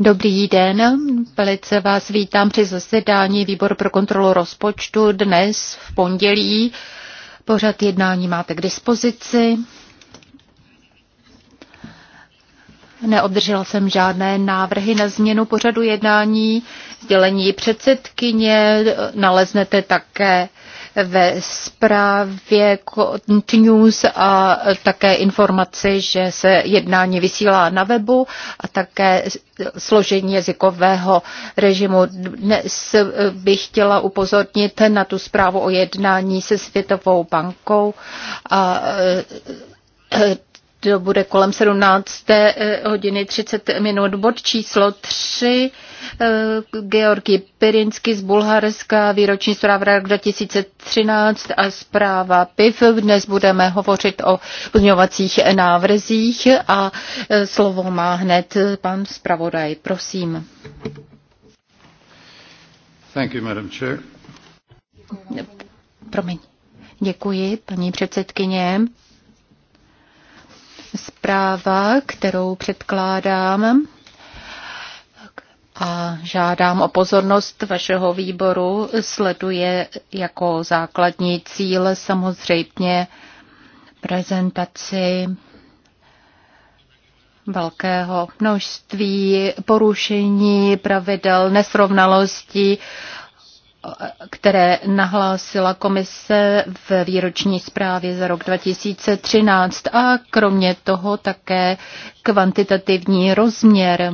Dobrý den, velice vás vítám při zasedání výboru pro kontrolu rozpočtu dnes v pondělí. Pořad jednání máte k dispozici. Neobdržela jsem žádné návrhy na změnu pořadu jednání, sdělení předsedkyně, naleznete také ve zprávě Code News a také informaci, že se jednání vysílá na webu a také složení jazykového režimu. Dnes bych chtěla upozornit na tu zprávu o jednání se Světovou bankou a to bude kolem 17. Eh, hodiny 30 minut. Bod číslo 3, eh, Georgi Pirinsky z Bulharska, výroční zpráva rok 2013 a zpráva PIV. Dnes budeme hovořit o pozměňovacích návrzích a eh, slovo má hned pan zpravodaj. Prosím. Thank you, Madam Chair. Promiň. Děkuji, paní předsedkyně. Zpráva, kterou předkládám a žádám o pozornost vašeho výboru, sleduje jako základní cíl samozřejmě prezentaci velkého množství porušení pravidel, nesrovnalostí které nahlásila komise v výroční zprávě za rok 2013 a kromě toho také kvantitativní rozměr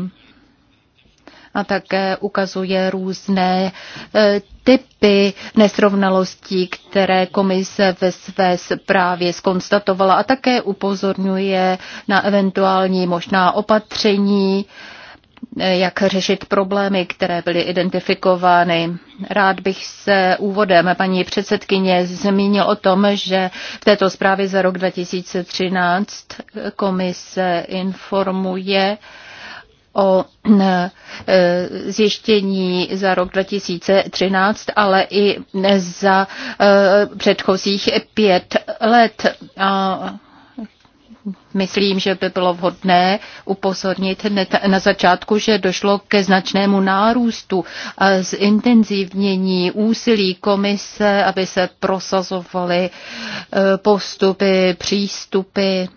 a také ukazuje různé eh, typy nesrovnalostí, které komise ve své zprávě skonstatovala a také upozorňuje na eventuální možná opatření, jak řešit problémy, které byly identifikovány. Rád bych se úvodem paní předsedkyně zmínil o tom, že v této zprávě za rok 2013 komise informuje o eh, zjištění za rok 2013, ale i za eh, předchozích pět let. A myslím, že by bylo vhodné upozornit hned na začátku, že došlo ke značnému nárůstu a zintenzivnění úsilí komise, aby se prosazovaly e, postupy, přístupy, e,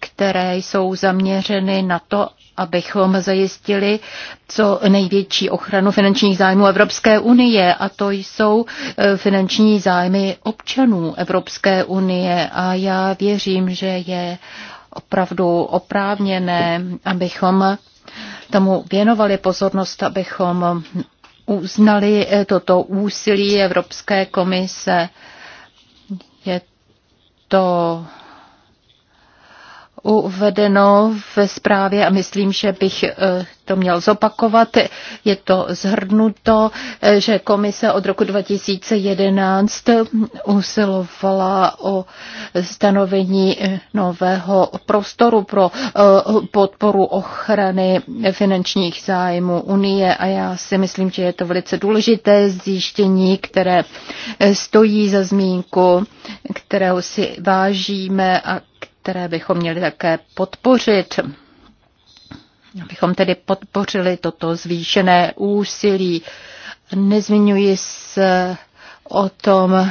které jsou zaměřeny na to, abychom zajistili co největší ochranu finančních zájmů Evropské unie a to jsou e, finanční zájmy občanů Evropské unie a já věřím, že je opravdu oprávněné, abychom tomu věnovali pozornost, abychom uznali e, toto úsilí Evropské komise. Je to uvedeno v zprávě a myslím, že bych eh, to měl zopakovat. Je to zhrnuto, eh, že komise od roku 2011 usilovala o stanovení eh, nového prostoru pro podporu ochrany finančních zájmů Unie a já si myslím, že je to velice důležité zjištění, které stojí za zmínku, kterého si vážíme a které bychom měli také podpořit. Abychom tedy podpořili toto zvýšené úsilí. Nezmiňuji se o tom,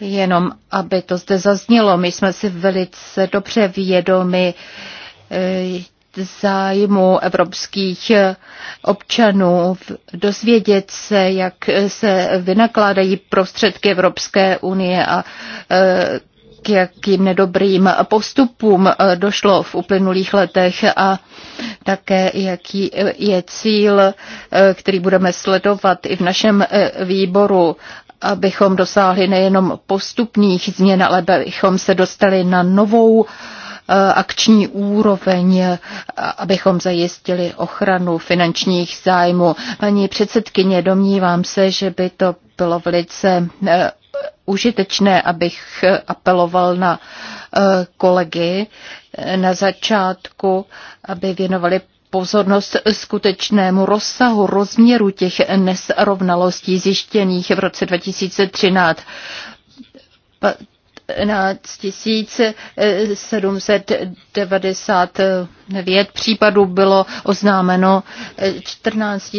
jenom aby to zde zaznělo. My jsme si velice dobře vědomi eh, zájmu evropských eh, občanů dozvědět se, jak se vynakládají prostředky Evropské unie a eh, k jakým nedobrým postupům eh, došlo v uplynulých letech a také jaký eh, je cíl, eh, který budeme sledovat i v našem výboru, abychom dosáhli nejenom postupných změn, ale abychom se dostali na novou akční úroveň, abychom zajistili ochranu finančních zájmů. Paní předsedkyně, domnívám se, že by to bylo velice užitečné, abych apeloval na eh, kolegy eh, na začátku, aby věnovali pozornost skutečnému rozsahu, rozměru těch nesrovnalostí zjištěných v roce 2013. 1799 případů bylo oznámeno, 14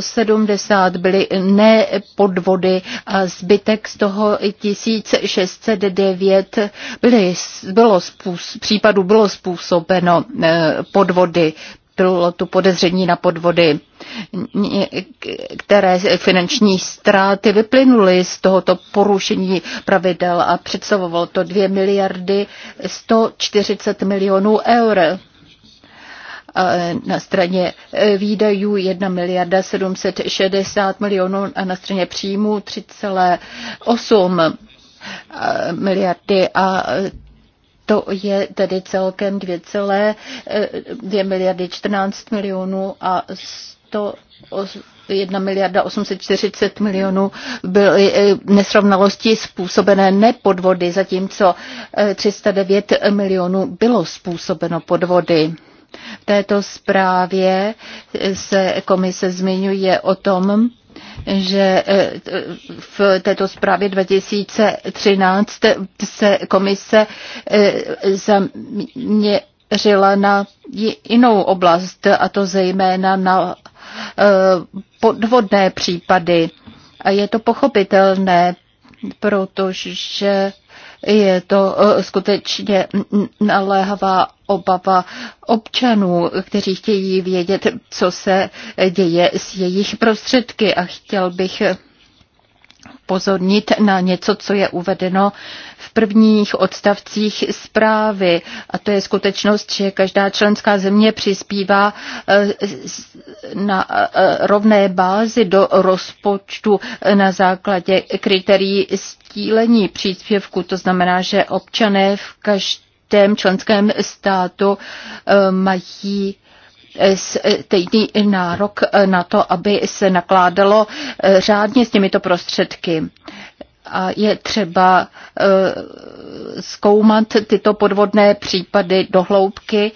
170 byly nepodvody a zbytek z toho 1609 byly, bylo způsob, případů bylo způsobeno eh, podvody bylo tu podezření na podvody, které finanční ztráty vyplynuly z tohoto porušení pravidel a představovalo to 2 miliardy 140 milionů eur. E, na straně e, výdajů 1 miliarda 760 milionů a na straně příjmů 3,8 e, miliardy a to je tedy celkem 2,2 miliardy 14 milionů a 100 1 miliarda 840 milionů byly nesrovnalosti způsobené nepodvody, zatímco 309 milionů bylo způsobeno podvody. V této zprávě se komise zmiňuje o tom, že eh, v této zprávě 2013 se komise eh, zaměřila na jinou oblast, a to zejména na eh, podvodné případy. A je to pochopitelné, protože je to eh, skutečně naléhavá obava občanů, kteří chtějí vědět, co se děje s jejich prostředky a chtěl bych pozornit na něco, co je uvedeno v prvních odstavcích zprávy. A to je skutečnost, že každá členská země přispívá eh, na eh, rovné bázi do rozpočtu na základě kritérií stílení příspěvku. To znamená, že občané v každém členském státu eh, mají stejný nárok na to, aby se nakládalo eh, řádně s těmito prostředky a je třeba eh, zkoumat tyto podvodné případy dohloubky.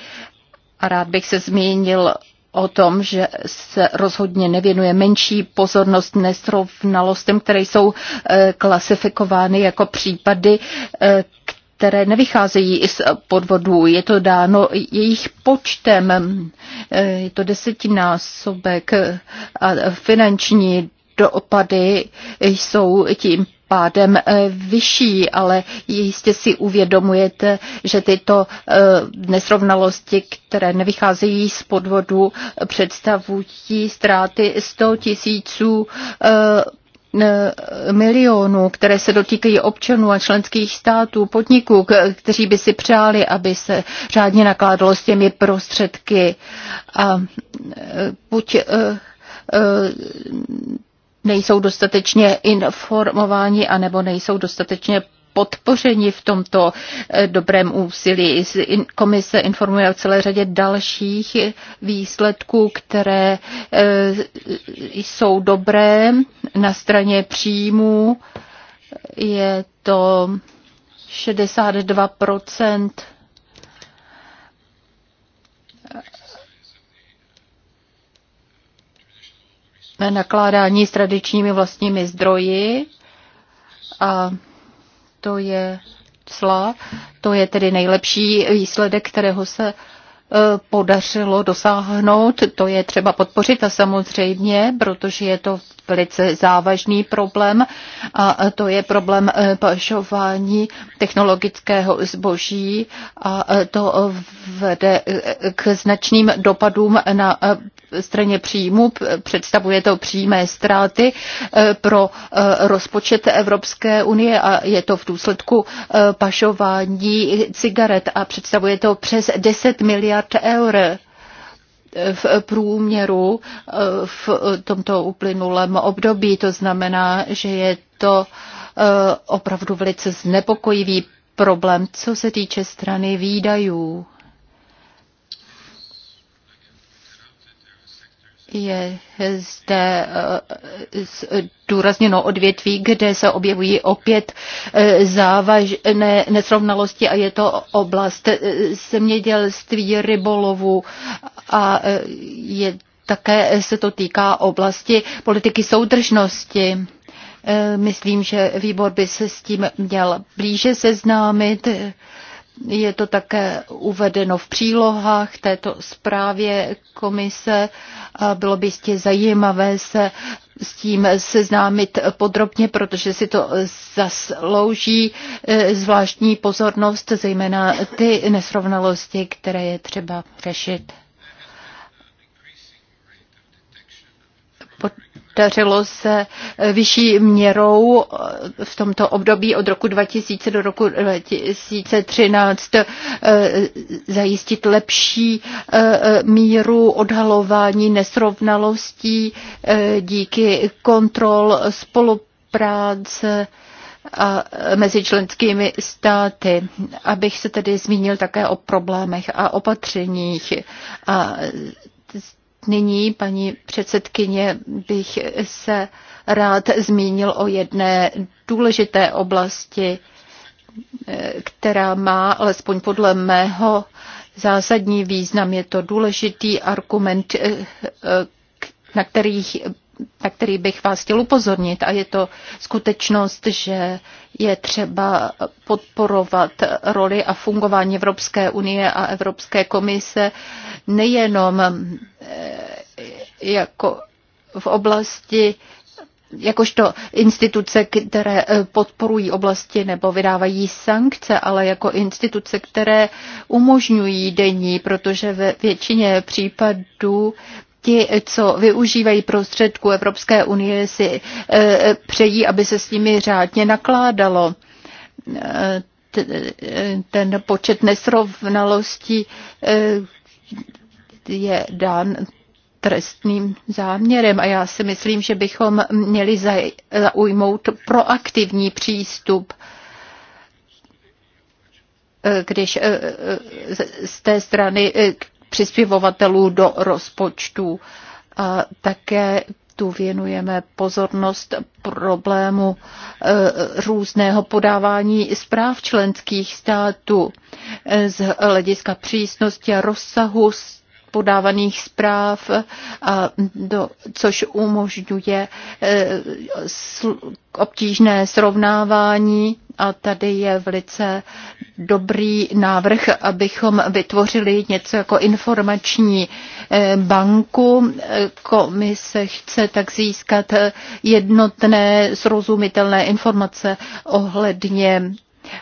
A rád bych se zmínil o tom, že se rozhodně nevěnuje menší pozornost nesrovnalostem, které jsou eh, klasifikovány jako případy které nevycházejí z podvodů. Je to dáno jejich počtem, eh, je to desetinásobek a finanční dopady jsou tím pádem eh, vyšší, ale jistě si uvědomujete, že tyto eh, nesrovnalosti, které nevycházejí z podvodu, představují ztráty 100 tisíců Eh, milionů, které se dotýkají občanů a členských států, podniků, kteří by si přáli, aby se řádně nakládalo s těmi prostředky. A eh, buď eh, nejsou dostatečně informováni, anebo nejsou dostatečně podpořeni v tomto eh, dobrém úsilí. Komise informuje o celé řadě dalších výsledků, které eh, jsou dobré na straně příjmů. Je to 62 nakládání s tradičními vlastními zdroji a to je cla. To je tedy nejlepší výsledek, kterého se e, podařilo dosáhnout. To je třeba podpořit a samozřejmě, protože je to velice závažný problém a to je problém e, pašování technologického zboží a to vede k značným dopadům na e, straně příjmu, představuje to přímé ztráty e, pro e, rozpočet Evropské unie a je to v důsledku e, pašování cigaret a představuje to přes 10 miliard eur v průměru v tomto uplynulém období. To znamená, že je to opravdu velice znepokojivý problém, co se týče strany výdajů. je zde eh, důrazněno odvětví, kde se objevují opět eh, závažné nesrovnalosti a je to oblast eh, zemědělství, rybolovu a je, také se to týká oblasti politiky soudržnosti. Myslím, že výbor by se s tím měl blíže seznámit. Je to také uvedeno v přílohách této zprávě komise. Bylo by jistě zajímavé se s tím seznámit podrobně, protože si to zaslouží e, zvláštní pozornost, zejména ty nesrovnalosti, které je třeba řešit. dařilo se eh, vyšší měrou eh, v tomto období od roku 2000 do roku 2013 eh, zajistit lepší míru odhalování nesrovnalostí díky kontrol spolupráce a mezi členskými státy, abych se tedy zmínil také o problémech a opatřeních. A Nyní, paní předsedkyně, bych se rád zmínil o jedné důležité oblasti, která má, alespoň podle mého, zásadní význam. Je to důležitý argument, na kterých na který bych vás chtěl upozornit, a je to skutečnost, že je třeba podporovat roli a fungování Evropské unie a Evropské komise nejenom eh, jako v oblasti jakožto instituce, které eh, podporují oblasti nebo vydávají sankce, ale jako instituce, které umožňují denní, protože ve většině případů ti, co využívají prostředku Evropské unie, si eh, přejí, aby se s nimi řádně nakládalo. Eh, eh, ten počet nesrovnalostí je dán trestným záměrem a já si myslím, že bychom měli zaujmout proaktivní přístup když z té strany, přispěvovatelů do rozpočtu. A také tu věnujeme pozornost problému e, různého podávání zpráv členských států e, z hlediska přísnosti a rozsahu podávaných zpráv, a do, což umožňuje e, obtížné srovnávání a tady je velice dobrý návrh, abychom vytvořili něco jako informační eh, banku. Komise chce tak získat eh, jednotné, srozumitelné informace ohledně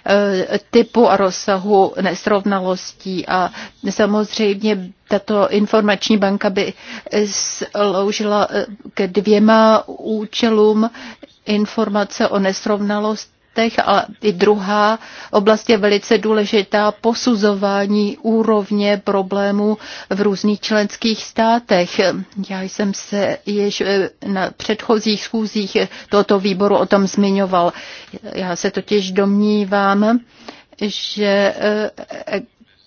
eh, typu a rozsahu nesrovnalostí a samozřejmě tato informační banka by sloužila ke dvěma účelům informace o nesrovnalost státech a i druhá oblast je velice důležitá posuzování úrovně problémů v různých členských státech. Já jsem se již eh, na předchozích schůzích tohoto výboru o tom zmiňoval. Já se totiž domnívám, že eh,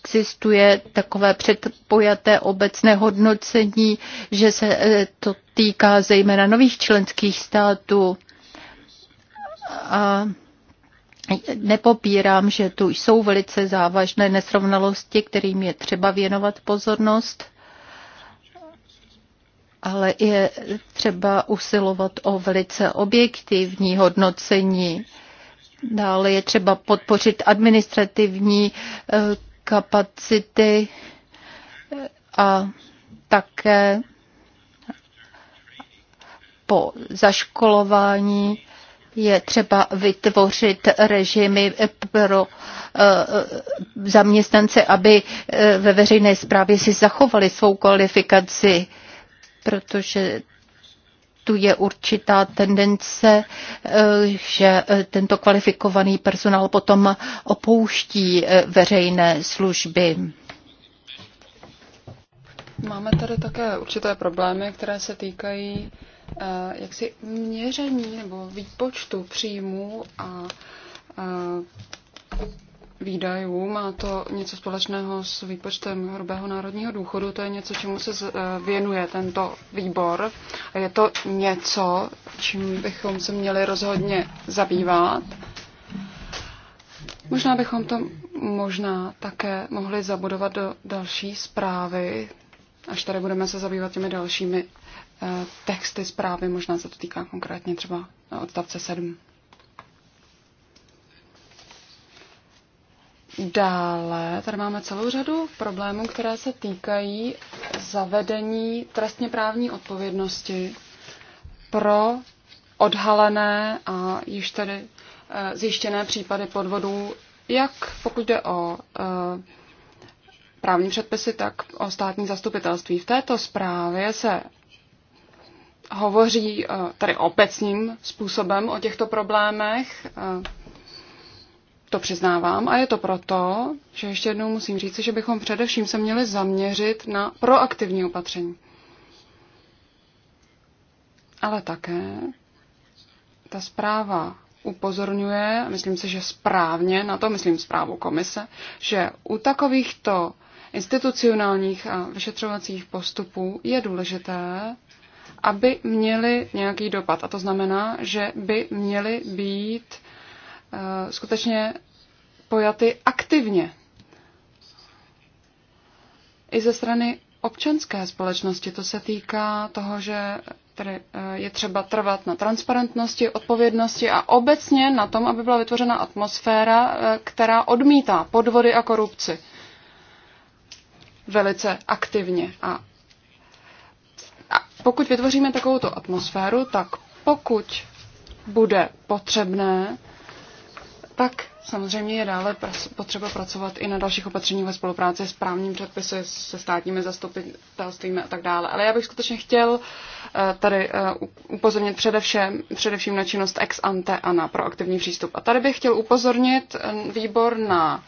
existuje takové předpojaté obecné hodnocení, že se eh, to týká zejména nových členských států. A Nepopírám, že tu jsou velice závažné nesrovnalosti, kterým je třeba věnovat pozornost, ale je třeba usilovat o velice objektivní hodnocení. Dále je třeba podpořit administrativní eh, kapacity eh, a také po zaškolování je třeba vytvořit režimy pro eh, zaměstnance, aby eh, ve veřejné správě si zachovali svou kvalifikaci, protože tu je určitá tendence, eh, že tento kvalifikovaný personál potom opouští veřejné služby. Máme tady také určité problémy, které se týkají Eh, jaksi měření nebo výpočtu příjmů a eh, výdajů. Má to něco společného s výpočtem hrubého národního důchodu. To je něco, čemu se eh, věnuje tento výbor. A je to něco, čím bychom se měli rozhodně zabývat. Možná bychom to možná také mohli zabudovat do další zprávy, až tady budeme se zabývat těmi dalšími Eh, texty zprávy, možná se to týká konkrétně třeba eh, odstavce 7. Dále tady máme celou řadu problémů, které se týkají zavedení trestně právní odpovědnosti pro odhalené a již tedy eh, zjištěné případy podvodů, jak pokud jde o právní předpisy, tak o státní zastupitelství. V této zprávě se hovoří eh, tady obecným způsobem o těchto problémech. Eh, to přiznávám a je to proto, že ještě jednou musím říct, že bychom především se měli zaměřit na proaktivní opatření. Ale také ta zpráva upozorňuje, myslím si, že správně, na to myslím zprávu komise, že u takovýchto institucionálních a vyšetřovacích postupů je důležité aby měly nějaký dopad. A to znamená, že by měly být eh, skutečně pojaty aktivně. I ze strany občanské společnosti. To se týká toho, že tedy eh, je třeba trvat na transparentnosti, odpovědnosti a obecně na tom, aby byla vytvořena atmosféra, eh, která odmítá podvody a korupci velice aktivně. A a pokud vytvoříme takovou atmosféru, tak pokud bude potřebné, tak samozřejmě je dále potřeba pracovat i na dalších opatřeních ve spolupráci s právním předpisy, se státními zastupitelstvími a tak dále. Ale já bych skutečně chtěl eh, tady eh, upozornit především, především na činnost ex ante a na proaktivní přístup. A tady bych chtěl upozornit eh, výbor na uh,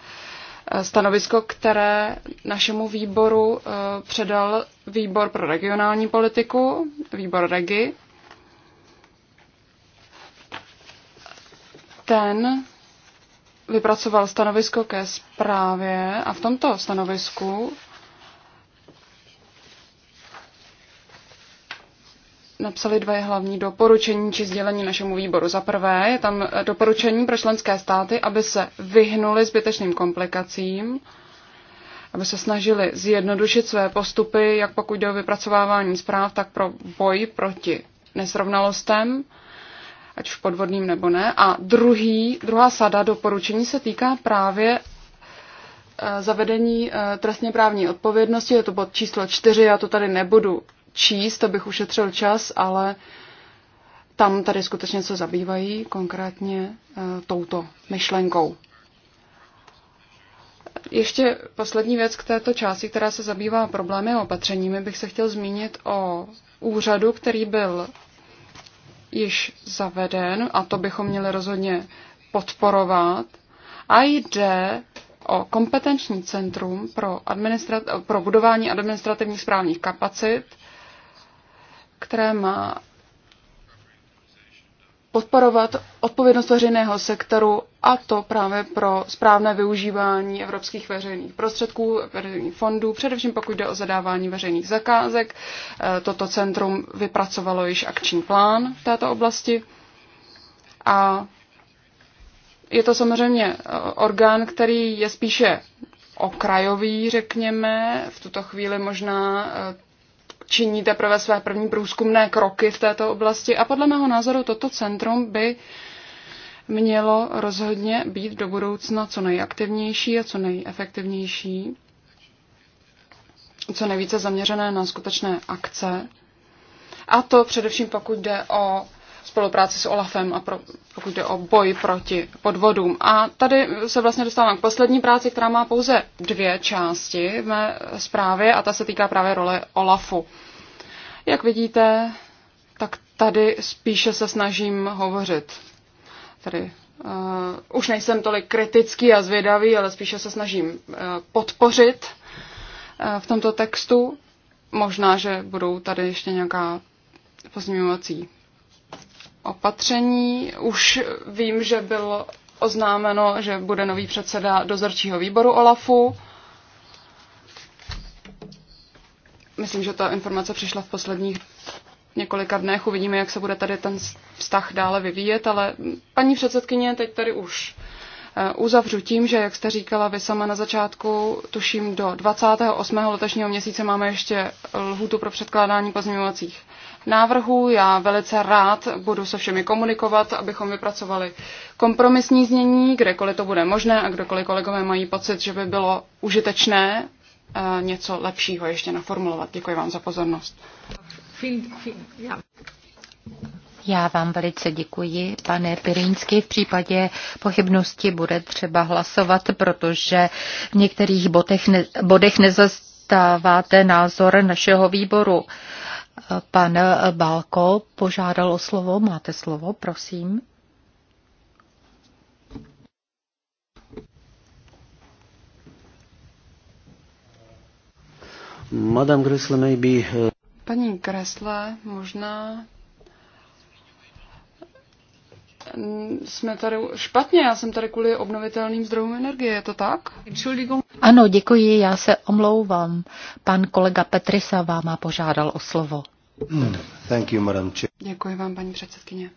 stanovisko, které našemu výboru eh, předal výbor pro regionální politiku, výbor REGI. Ten vypracoval stanovisko ke zprávě a v tomto stanovisku napsali dvě hlavní doporučení či sdělení našemu výboru. Za prvé je tam doporučení pro členské státy, aby se vyhnuli zbytečným komplikacím, aby se snažili zjednodušit své postupy, jak pokud jde o vypracovávání zpráv, tak pro boj proti nesrovnalostem, ať už podvodným nebo ne. A druhý, druhá sada doporučení se týká právě e, zavedení e, trestně právní odpovědnosti, je to bod číslo čtyři, já to tady nebudu číst, to bych ušetřil čas, ale tam tady skutečně se zabývají konkrétně eh, touto myšlenkou. Ještě poslední věc k této části, která se zabývá problémy a opatřeními, bych se chtěl zmínit o úřadu, který byl již zaveden, a to bychom měli rozhodně podporovat. A jde o kompetenční centrum pro, administrat- pro budování administrativních správních kapacit, které má podporovat odpovědnost veřejného sektoru a to právě pro správné využívání evropských veřejných prostředků, veřejných fondů, především pokud jde o zadávání veřejných zakázek. E, toto centrum vypracovalo již akční plán v této oblasti a je to samozřejmě e, orgán, který je spíše okrajový, řekněme. V tuto chvíli možná e, činí teprve své první průzkumné kroky v této oblasti a podle mého názoru toto centrum by mělo rozhodně být do budoucna co nejaktivnější a co nejefektivnější, co nejvíce zaměřené na skutečné akce. A to především pokud jde o spolupráci s OLAFem a pro, pokud jde o boj proti podvodům. A tady se vlastně dostávám k poslední práci, která má pouze dvě části v mé zprávě a ta se týká právě role OLAFu. Jak vidíte, tak tady spíše se snažím hovořit. Tady uh, už nejsem tolik kritický a zvědavý, ale spíše se snažím uh, podpořit uh, v tomto textu. Možná, že budou tady ještě nějaká pozměňovací opatření. Už vím, že bylo oznámeno, že bude nový předseda dozorčího výboru OLAFu. Myslím, že ta informace přišla v posledních několika dnech. Uvidíme, jak se bude tady ten vztah dále vyvíjet, ale paní předsedkyně, teď tady už eh, uzavřu tím, že, jak jste říkala vy sama na začátku, tuším do 28. letošního měsíce máme ještě lhutu pro předkládání pozměňovacích návrhů. Já velice rád budu se všemi komunikovat, abychom vypracovali kompromisní znění, kdekoliv to bude možné a kdokoliv kolegové mají pocit, že by bylo užitečné eh, něco lepšího ještě naformulovat. Děkuji vám za pozornost. Já vám velice děkuji, pane Pirinsky. V případě pochybnosti bude třeba hlasovat, protože v některých bodech, ne, bodech nezastáváte názor našeho výboru. Pan Balko požádal o slovo. Máte slovo, prosím. Madame Gressle maybe... Eh, Paní Gressle možná jsme tady špatně, já jsem tady kvůli obnovitelným zdrojům energie, je to tak? Ano, děkuji, já se omlouvám. Pan kolega Petrisa vám má požádal o slovo. Hmm. Thank you, madam. Děkuji vám, paní předsedkyně.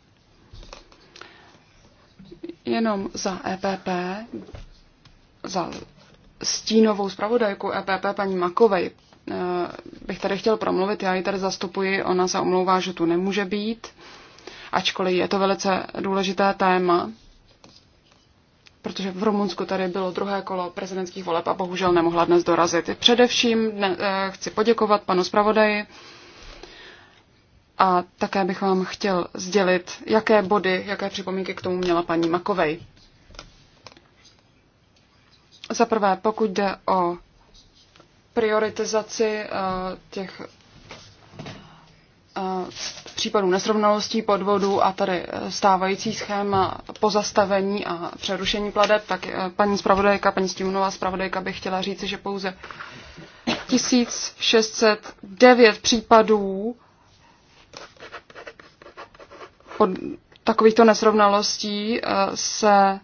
Jenom za EPP, za stínovou zpravodajku EPP paní Makovej, eh, bych tady chtěl promluvit, já ji tady zastupuji, ona se omlouvá, že tu nemůže být ačkoliv je to velice důležité téma, protože v Rumunsku tady bylo druhé kolo prezidentských voleb a bohužel nemohla dnes dorazit. Především dne, eh, chci poděkovat panu zpravodaji a také bych vám chtěl sdělit, jaké body, jaké připomínky k tomu měla paní Makovej. Za prvé, pokud jde o prioritizaci eh, těch Eh, případů nesrovnalostí, podvodu a tady eh, stávající schéma pozastavení a přerušení pladeb, tak eh, paní zpravodajka, paní Stimunová zpravodajka by chtěla říci, že pouze 1609 případů pod takovýchto nesrovnalostí se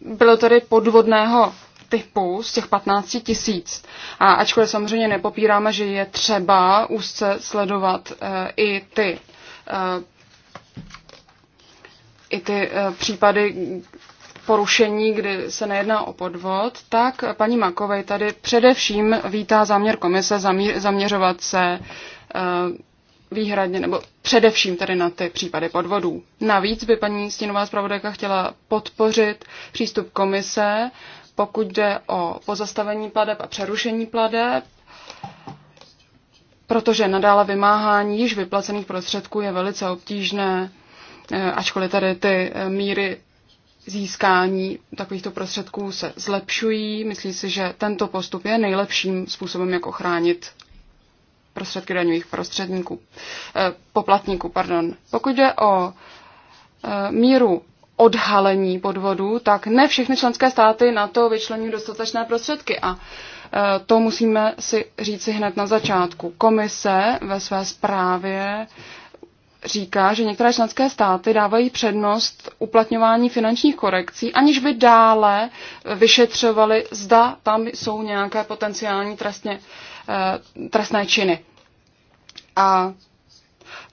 bylo tedy podvodného typu z těch 15 tisíc. A ačkoliv samozřejmě nepopíráme, že je třeba úzce sledovat eh, i ty eh, i ty eh, případy porušení, kdy se nejedná o podvod, tak paní Makovej tady především vítá záměr komise zamír, zaměřovat se výhradně nebo především tady na ty případy podvodů. Navíc by paní Stínová zpravodajka chtěla podpořit přístup komise pokud jde o pozastavení pladeb a přerušení pladeb, protože nadále vymáhání již vyplacených prostředků je velice obtížné, eh, ačkoliv tady ty eh, míry získání takovýchto prostředků se zlepšují. Myslí si, že tento postup je nejlepším způsobem, jak ochránit prostředky daňových prostředníků, eh, poplatníků. Pardon. Pokud jde o míru odhalení podvodů, tak ne všechny členské státy na to vyčlení dostatečné prostředky. A e, to musíme si říci hned na začátku. Komise ve své zprávě říká, že některé členské státy dávají přednost uplatňování finančních korekcí, aniž by dále vyšetřovali, zda tam jsou nějaké potenciální trestně, e, trestné činy. A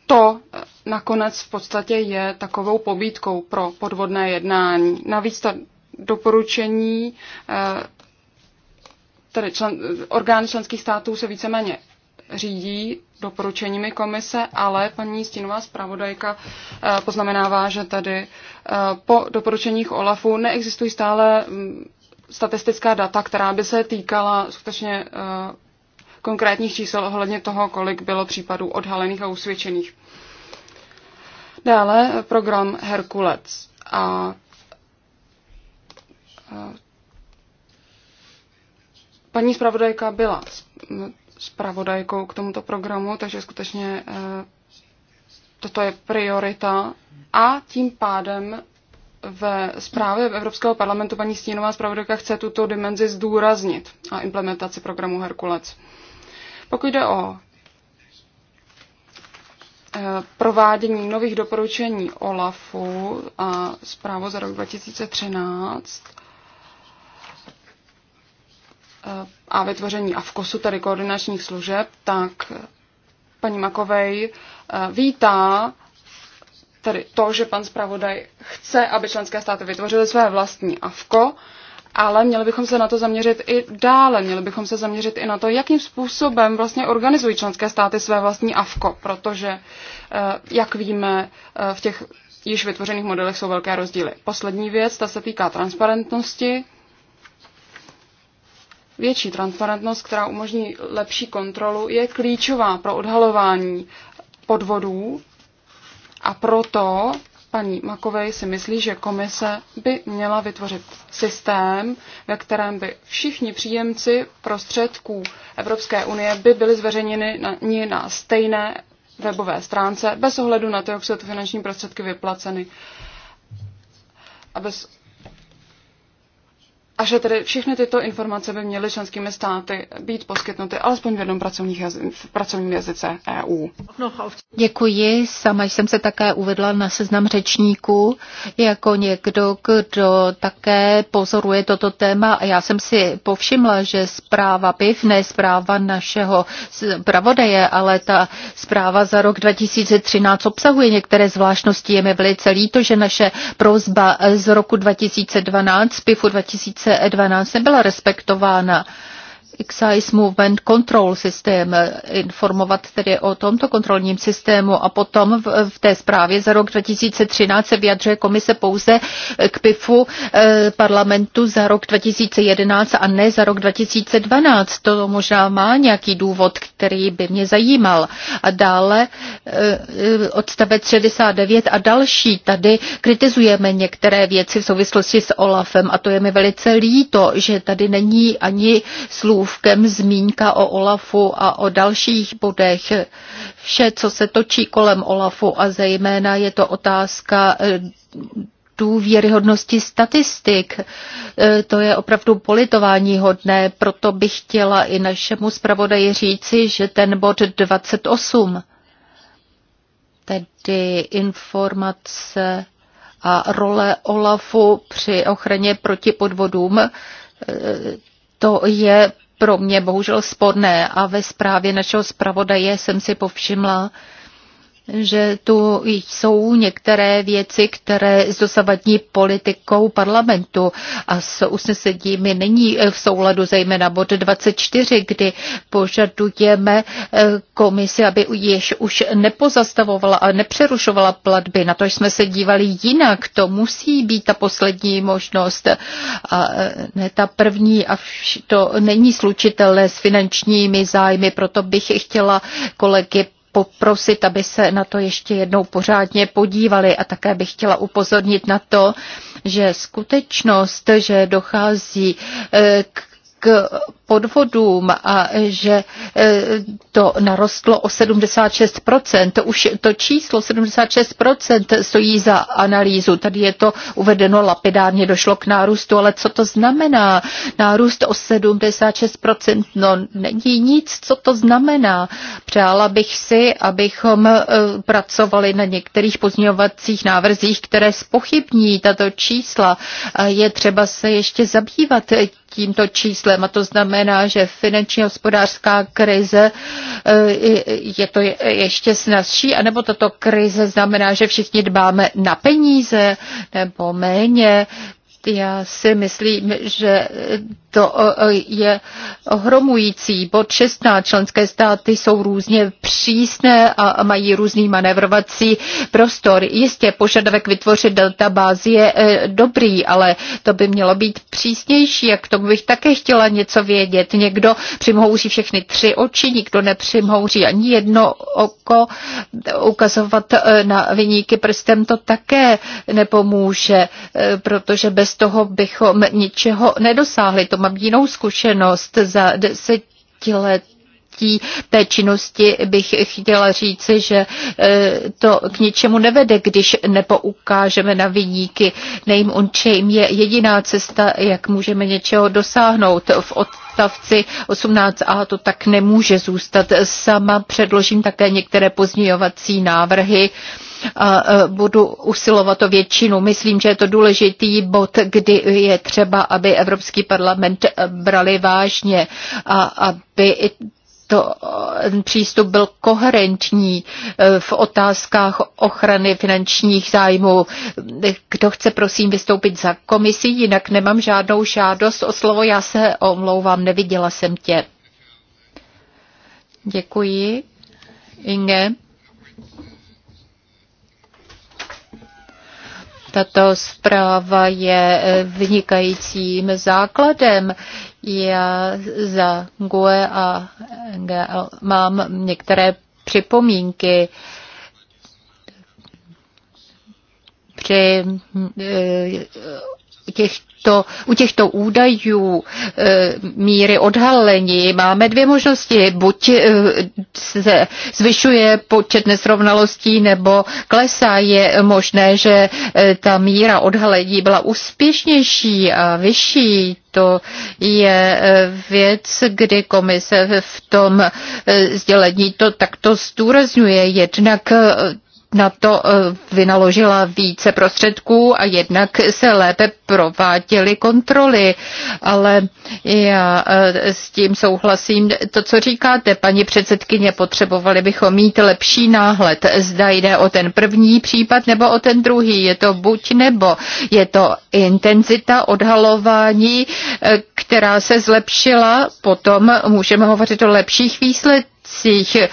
to nakonec v podstatě je takovou pobídkou pro podvodné jednání. Navíc to doporučení eh, tedy člen, orgány členských států se víceméně řídí doporučeními komise, ale paní stínová zpravodajka eh, poznamenává, že tady eh, po doporučeních OLAFu neexistují stále mm, statistická data, která by se týkala skutečně konkrétních čísel ohledně toho, kolik bylo případů odhalených a usvědčených. Dále program Herkulec. A paní zpravodajka byla zpravodajkou k tomuto programu, takže skutečně e, toto je priorita a tím pádem ve zprávě Evropského parlamentu paní Stínová zpravodajka chce tuto dimenzi zdůraznit a implementaci programu Herkulec. Pokud jde o eh, provádění nových doporučení OLAFu a zprávu za rok 2013 eh, a vytvoření AVKOSu, tedy koordinačních služeb, tak paní Makovej eh, vítá tedy to, že pan zpravodaj chce, aby členské státy vytvořily své vlastní AVKO ale měli bychom se na to zaměřit i dále. Měli bychom se zaměřit i na to, jakým způsobem vlastně organizují členské státy své vlastní AFKO, protože, eh, jak víme, eh, v těch již vytvořených modelech jsou velké rozdíly. Poslední věc, ta se týká transparentnosti. Větší transparentnost, která umožní lepší kontrolu, je klíčová pro odhalování podvodů a proto paní Makovej si myslí, že komise by měla vytvořit systém, ve kterém by všichni příjemci prostředků Evropské unie by byly zveřejněni na, na stejné webové stránce, bez ohledu na to, jak jsou ty finanční prostředky vyplaceny. A bez a že tedy všechny tyto informace by měly členskými státy být poskytnuty alespoň v jednom jazy, v pracovním jazyce EU. Děkuji, sama jsem se také uvedla na seznam řečníků jako někdo, kdo také pozoruje toto téma a já jsem si povšimla, že zpráva PIV, ne zpráva našeho pravodaje, ale ta zpráva za rok 2013 obsahuje některé zvláštnosti. Je mi velice líto, že naše prozba z roku 2012, PIVu 2012, 2012 nebyla respektována excise movement control systém, informovat tedy o tomto kontrolním systému a potom v, v té zprávě za rok 2013 se vyjadřuje komise pouze k PIFu eh, parlamentu za rok 2011 a ne za rok 2012. To možná má nějaký důvod, který by mě zajímal. A dále eh, odstavec 69 a další. Tady kritizujeme některé věci v souvislosti s OLAFem a to je mi velice líto, že tady není ani slův úvkem zmínka o Olafu a o dalších bodech. Vše, co se točí kolem Olafu a zejména je to otázka eh, důvěryhodnosti statistik. Eh, to je opravdu politování hodné, proto bych chtěla i našemu zpravodaji říci, že ten bod 28, tedy informace a role OLAFu při ochraně proti podvodům, eh, to je pro mě bohužel sporné a ve zprávě našeho zpravodaje jsem si povšimla, že tu jsou některé věci, které s dosavadní politikou parlamentu a s usneseními není v souladu, zejména bod 24, kdy požadujeme eh, komisi, aby již už nepozastavovala a nepřerušovala platby. Na to jsme se dívali jinak. To musí být ta poslední možnost, a eh, ne ta první a to není slučitelné s finančními zájmy, proto bych chtěla kolegy poprosit, aby se na to ještě jednou pořádně podívali a také bych chtěla upozornit na to, že skutečnost, že dochází eh, k k podvodům a že e, to narostlo o 76%. To už to číslo 76% stojí za analýzu. Tady je to uvedeno lapidárně, došlo k nárůstu, ale co to znamená? Nárůst o 76%, no není nic, co to znamená. Přála bych si, abychom e, pracovali na některých pozměňovacích návrzích, které spochybní tato čísla. Je třeba se ještě zabývat tímto číslem. A to znamená, že finanční hospodářská krize eh, je to ještě snazší, anebo tato krize znamená, že všichni dbáme na peníze nebo méně. Já si myslím, že to eh, je ohromující. Bod 16 členské státy jsou různě přísné a mají různý manevrovací prostor. Jistě požadavek vytvořit databázi je eh, dobrý, ale to by mělo být přísnější a k tomu bych také chtěla něco vědět. Někdo přimhouří všechny tři oči, nikdo nepřimhouří ani jedno oko. Ukazovat eh, na vyníky prstem to také nepomůže, protože bez toho bychom ničeho nedosáhli. To mám jinou zkušenost za desetiletí té činnosti bych chtěla říci, že e, to k ničemu nevede, když nepoukážeme na vyníky. Name on shame je jediná cesta, jak můžeme něčeho dosáhnout. V odstavci 18a to tak nemůže zůstat. Sama předložím také některé pozměňovací návrhy, a e, budu usilovat o většinu. Myslím, že je to důležitý bod, kdy je třeba, aby Evropský parlament e, brali vážně a aby to, e, přístup byl koherentní v otázkách ochrany finančních zájmů. Kdo chce, prosím, vystoupit za komisí, jinak nemám žádnou žádost o slovo, já se omlouvám, neviděla jsem tě. Děkuji. Inge. Tato zpráva je eh, vynikajícím základem. Já za GUE a NGL mám některé připomínky při eh, těch těchto, u těchto údajů e, míry odhalení máme dvě možnosti. Buď e, se zvyšuje počet nesrovnalostí nebo klesá. Je možné, že e, ta míra odhalení byla úspěšnější a vyšší to je věc, kdy komise v tom sdělení to takto zdůrazňuje. Jednak na to eh, vynaložila více prostředků a jednak se lépe prováděly kontroly. Ale já eh, s tím souhlasím. To, co říkáte, paní předsedkyně, potřebovali bychom mít lepší náhled. Zda jde o ten první případ nebo o ten druhý. Je to buď nebo. Je to intenzita odhalování, eh, která se zlepšila. Potom můžeme hovořit o lepších výsledcích krocích, eh,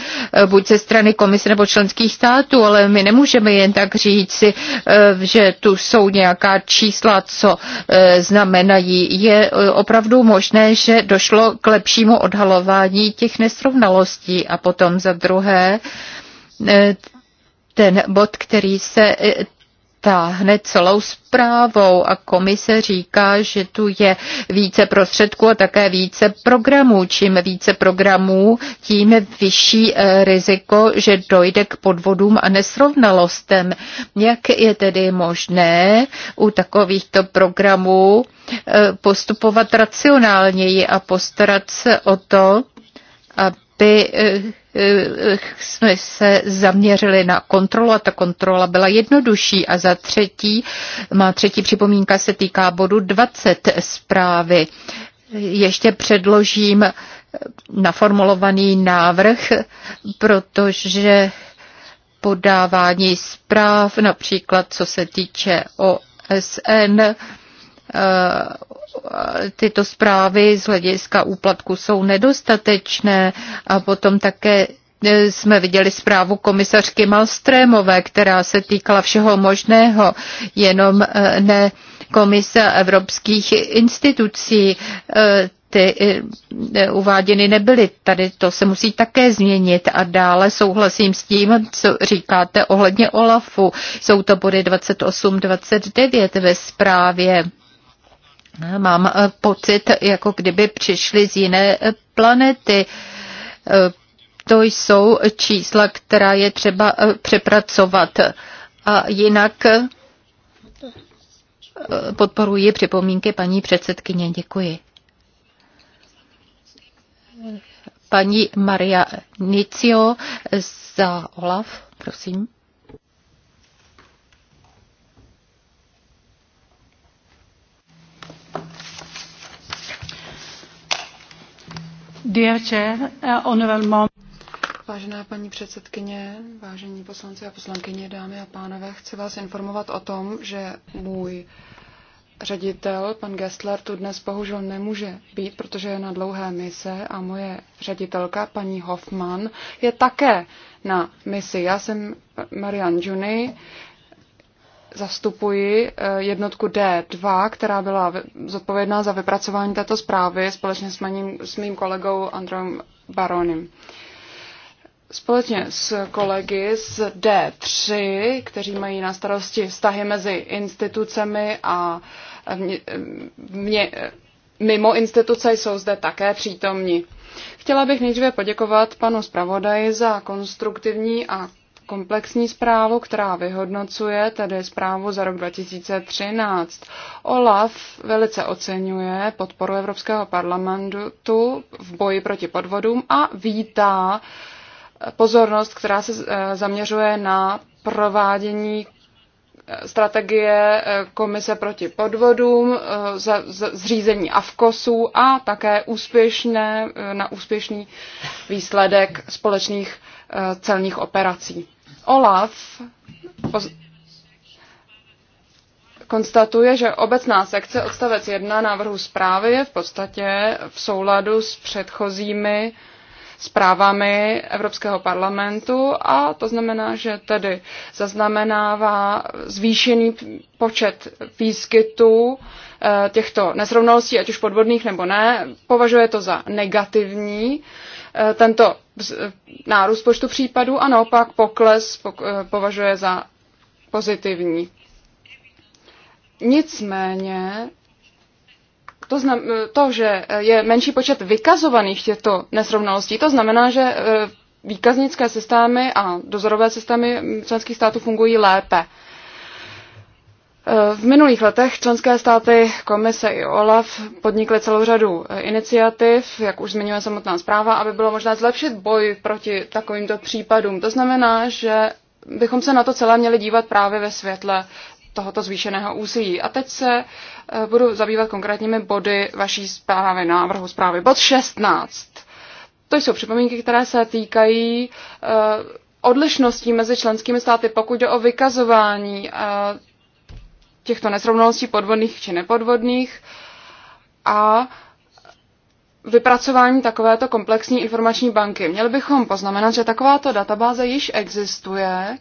buď ze strany komise nebo členských států, ale my nemůžeme jen tak říci, eh, že tu jsou nějaká čísla, co eh, znamenají. Je opravdu možné, že došlo k lepšímu odhalování těch nesrovnalostí a potom za druhé ten bod, který se táhne celou zprávou a komise říká, že tu je více prostředků a také více programů. Čím více programů, tím vyšší eh, riziko, že dojde k podvodům a nesrovnalostem. Jak je tedy možné u takovýchto programů eh, postupovat racionálněji a postarat se o to, aby eh, Eh, eh, jsme se zaměřili na kontrolu a ta kontrola byla jednodušší. A za třetí, má třetí připomínka se týká bodu 20 zprávy. Ještě předložím naformulovaný návrh, protože podávání zpráv, například co se týče OSN, Eh, tyto zprávy z hlediska úplatku jsou nedostatečné a potom také eh, jsme viděli zprávu komisařky Malstrémové, která se týkala všeho možného, jenom eh, ne komise evropských institucí. Ty uváděny nebyly. Tady to se musí také změnit. A dále souhlasím s tím, co říkáte ohledně OLAFu. Jsou to body 28-29 ve zprávě Mám eh, pocit, jako kdyby přišli z jiné eh, planety. Eh, to jsou čísla, která je třeba přepracovat. A jinak podporuji připomínky paní předsedkyně. Děkuji. Paní Maria Nicio za OLAF, prosím. Eh, Vážená paní předsedkyně, vážení poslanci a poslankyně, dámy a pánové, chci vás informovat o tom, že můj ředitel, pan Gessler, tu dnes bohužel nemůže být, protože je na dlouhé mise a moje ředitelka, paní Hoffman, je také na misi. Já jsem Marian Juni, zastupuji eh, jednotku D2, která byla zodpovědná za vypracování této zprávy společně s, maním, s mým kolegou Androm Baronem. Společně s kolegy z D3, kteří mají na starosti vztahy mezi institucemi a mě, mě, mimo instituce, jsou zde také přítomní. Chtěla bych nejdříve poděkovat panu zpravodaji za konstruktivní a komplexní zprávu, která vyhodnocuje tedy zprávu za rok 2013. OLAF velice oceňuje podporu Evropského parlamentu v boji proti podvodům a vítá pozornost, která se eh, zaměřuje na provádění eh, strategie eh, Komise proti podvodům, zřízení AFKOSů a také úspěšné, na úspěšný výsledek společných celních operací. Olaf konstatuje, že obecná sekce odstavec 1 návrhu zprávy je v podstatě v souladu s předchozími zprávami Evropského parlamentu a to znamená, že tedy zaznamenává zvýšený počet výskytů Eh, těchto nesrovnalostí, ať už podvodných nebo ne, považuje to za negativní eh, tento nárůst počtu případů a naopak pokles eh, považuje za pozitivní. Nicméně to, znam, to, že je menší počet vykazovaných těchto nesrovnalostí, to znamená, že výkaznické systémy a dozorové systémy členských států fungují lépe. Eh, v minulých letech členské státy, komise i OLAF podnikly celou řadu eh, iniciativ, jak už zmiňuje samotná zpráva, aby bylo možné zlepšit boj proti takovýmto případům. To znamená, že bychom se na to celé měli dívat právě ve světle tohoto zvýšeného úsilí. A teď se eh, budu zabývat konkrétními body vaší zprávy, návrhu zprávy. Bod 16. To jsou připomínky, které se týkají odlišností mezi členskými státy, pokud jde o vykazování těchto nesrovnalostí podvodných či nepodvodných a vypracování takovéto komplexní informační banky. Měli bychom poznamenat, že takováto databáze již existuje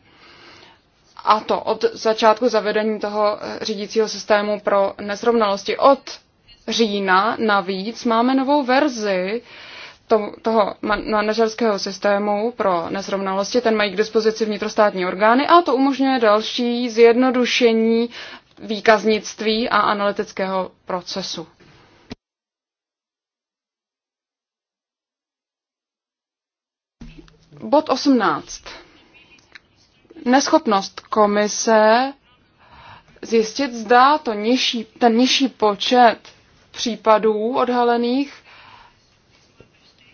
a to od začátku zavedení toho eh, řídícího systému pro nesrovnalosti. Od října navíc máme novou verzi toho manažerského systému pro nesrovnalosti. Ten mají k dispozici vnitrostátní orgány a to umožňuje další zjednodušení výkaznictví a analytického procesu. Bod 18. Neschopnost komise zjistit, zda to nižší, ten nižší počet případů odhalených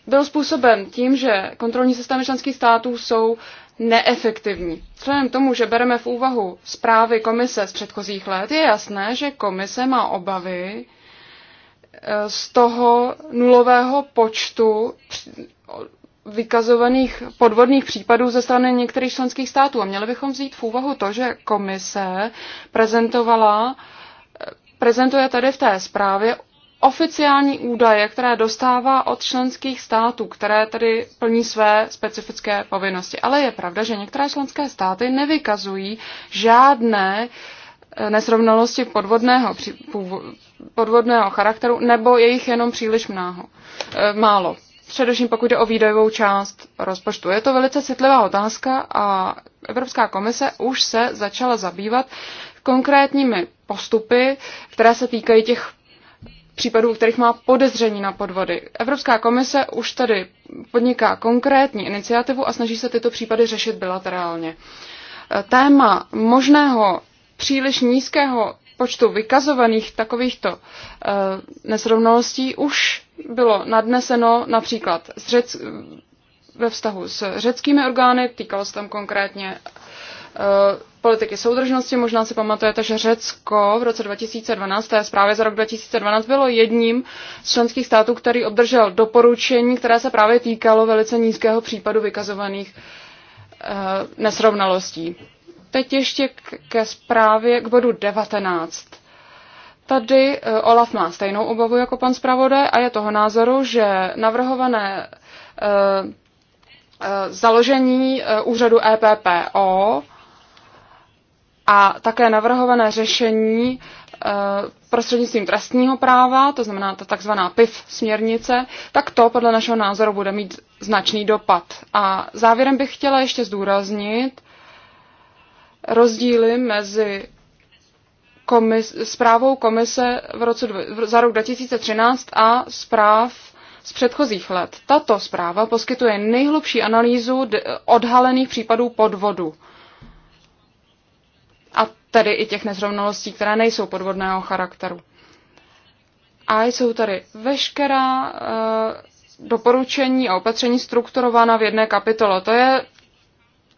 byl způsoben tím, že kontrolní systémy členských států jsou neefektivní. Vzhledem tomu, že bereme v úvahu zprávy komise z předchozích let, je jasné, že komise má obavy e, z toho nulového počtu vykazovaných podvodných případů ze strany některých členských států. A měli bychom vzít v úvahu to, že komise prezentovala e, prezentuje tady v té zprávě oficiální údaje, které dostává od členských států, které tedy plní své specifické povinnosti. Ale je pravda, že některé členské státy nevykazují žádné eh, nesrovnalosti podvodného, podvodného charakteru, nebo je jich jenom příliš mnáho, eh, málo. Především pokud jde o výdajovou část rozpočtu. Je to velice citlivá otázka a Evropská komise už se začala zabývat konkrétními postupy, které se týkají těch případů, v kterých má podezření na podvody. Evropská komise už tady podniká konkrétní iniciativu a snaží se tyto případy řešit bilaterálně. E, téma možného příliš nízkého počtu vykazovaných takovýchto e, nesrovnalostí už bylo nadneseno například z řec, ve vztahu s řeckými orgány, týkalo se tam konkrétně Eh, politiky soudržnosti. Možná si pamatujete, že Řecko v roce 2012, té zprávě za rok 2012, bylo jedním z členských států, který obdržel doporučení, které se právě týkalo velice nízkého případu vykazovaných eh, nesrovnalostí. Teď ještě ke zprávě k bodu 19. Tady eh, Olaf má stejnou obavu jako pan zpravodaj a je toho názoru, že navrhované založení úřadu EPPO a také navrhované řešení eh, prostřednictvím trestního práva, to znamená ta takzvaná PIF směrnice, tak to podle našeho názoru bude mít značný dopad. A závěrem bych chtěla ještě zdůraznit rozdíly mezi zprávou komise v roce, za rok 2013 a zpráv z předchozích let. Tato zpráva poskytuje nejhlubší analýzu odhalených případů podvodu a tedy i těch nezrovnalostí, které nejsou podvodného charakteru. A jsou tady veškerá uh, doporučení a opatření strukturována v jedné kapitole. To je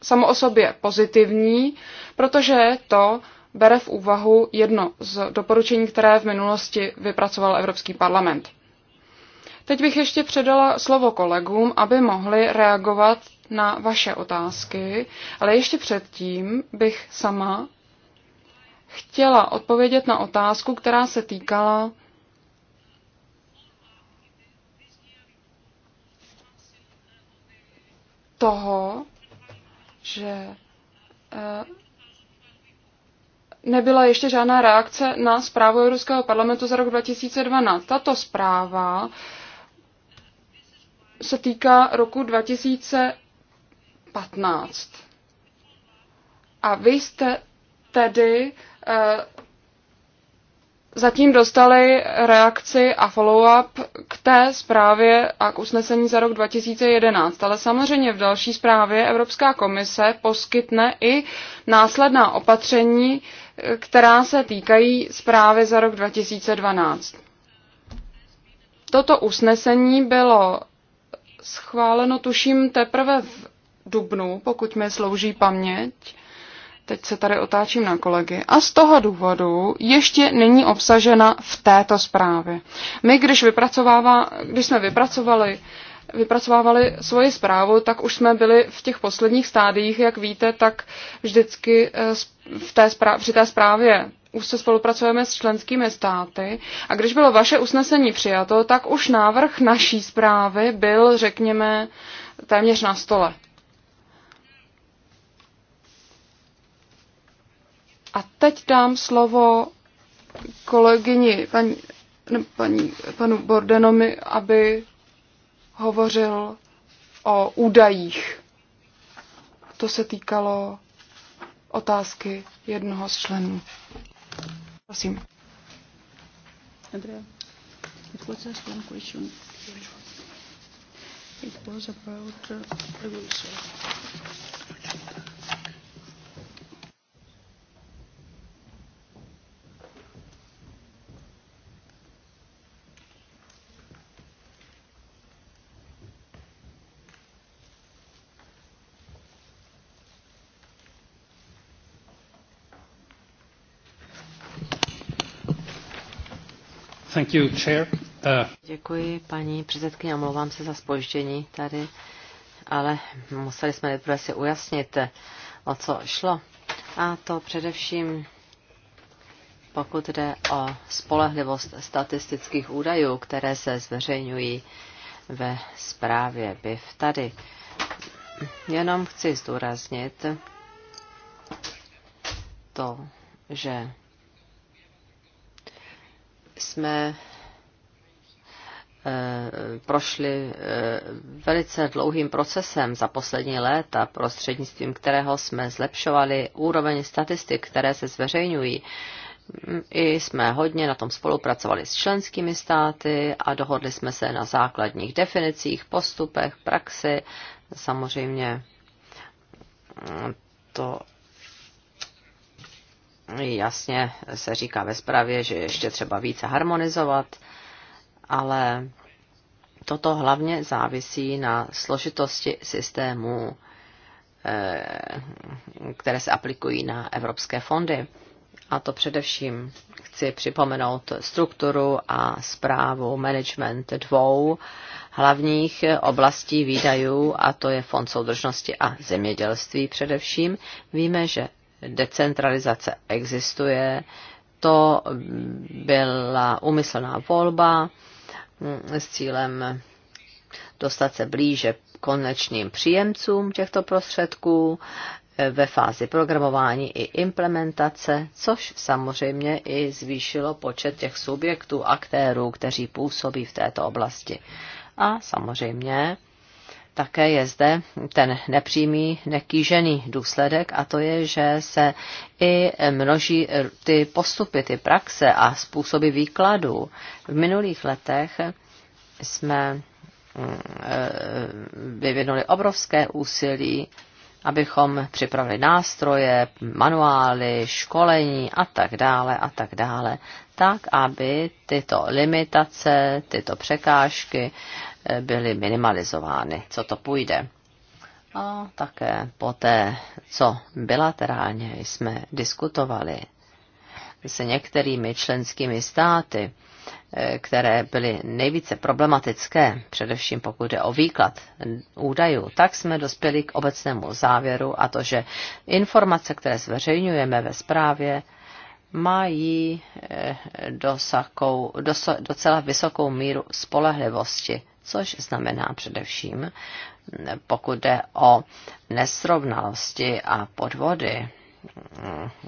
samo o sobě pozitivní, protože to bere v úvahu jedno z doporučení, které v minulosti vypracoval Evropský parlament. Teď bych ještě předala slovo kolegům, aby mohli reagovat na vaše otázky, ale ještě předtím bych sama chtěla odpovědět na otázku, která se týkala toho, že eh, nebyla ještě žádná reakce na zprávu Evropského parlamentu za rok 2012. Tato zpráva se týká roku 2015. A vy jste tedy Eh, zatím dostali reakci a follow-up k té zprávě a k usnesení za rok 2011. Ale samozřejmě v další zprávě Evropská komise poskytne i následná opatření, eh, která se týkají zprávy za rok 2012. Toto usnesení bylo schváleno, tuším, teprve v dubnu, pokud mi slouží paměť teď se tady otáčím na kolegy, a z toho důvodu ještě není obsažena v této zprávě. My, když, vypracovává, když jsme vypracovali vypracovávali svoji zprávu, tak už jsme byli v těch posledních stádiích, jak víte, tak vždycky eh, v té zprávě, při té zprávě už se spolupracujeme s členskými státy a když bylo vaše usnesení přijato, tak už návrh naší zprávy byl, řekněme, téměř na stole. A teď dám slovo kolegyni paní, ne, paní, panu Bordenomi, aby hovořil o údajích. To se týkalo otázky jednoho z členů. Prosím. it was It was about uh, revolution. Thank you, chair. Uh... Děkuji, paní předsedkyně, omlouvám se za spoždění tady, ale museli jsme nejprve si ujasnit, o co šlo. A to především pokud jde o spolehlivost statistických údajů, které se zveřejňují ve zprávě BIF tady. Jenom chci zdůraznit to, že jsme eh, prošli eh, velice dlouhým procesem za poslední léta, prostřednictvím kterého jsme zlepšovali úroveň statistik, které se zveřejňují. I jsme hodně na tom spolupracovali s členskými státy a dohodli jsme se na základních definicích, postupech, praxi. Samozřejmě to jasně se říká ve zprávě, že ještě třeba více harmonizovat, ale toto hlavně závisí na složitosti systémů, eh, které se aplikují na evropské fondy. A to především chci připomenout strukturu a zprávu management dvou hlavních oblastí výdajů, a to je Fond soudržnosti a zemědělství především. Víme, že decentralizace existuje. To byla umyslná volba mm, s cílem dostat se blíže konečným příjemcům těchto prostředků e, ve fázi programování i implementace, což samozřejmě i zvýšilo počet těch subjektů, aktérů, kteří působí v této oblasti. A samozřejmě také je zde ten nepřímý, nekýžený důsledek a to je, že se i množí ty postupy, ty praxe a způsoby výkladu. V minulých letech jsme mm, e, vyvinuli obrovské úsilí, abychom připravili nástroje, manuály, školení a tak dále a tak dále, tak aby tyto limitace, tyto překážky byly minimalizovány, co to půjde. A také poté, co bilaterálně jsme diskutovali se některými členskými státy, eh, které byly nejvíce problematické, především pokud je o výklad údajů, tak jsme dospěli k obecnému závěru a to, že informace, které zveřejňujeme ve zprávě, mají eh, dosakou, dosa, docela vysokou míru spolehlivosti což znamená především, pokud jde o nesrovnalosti a podvody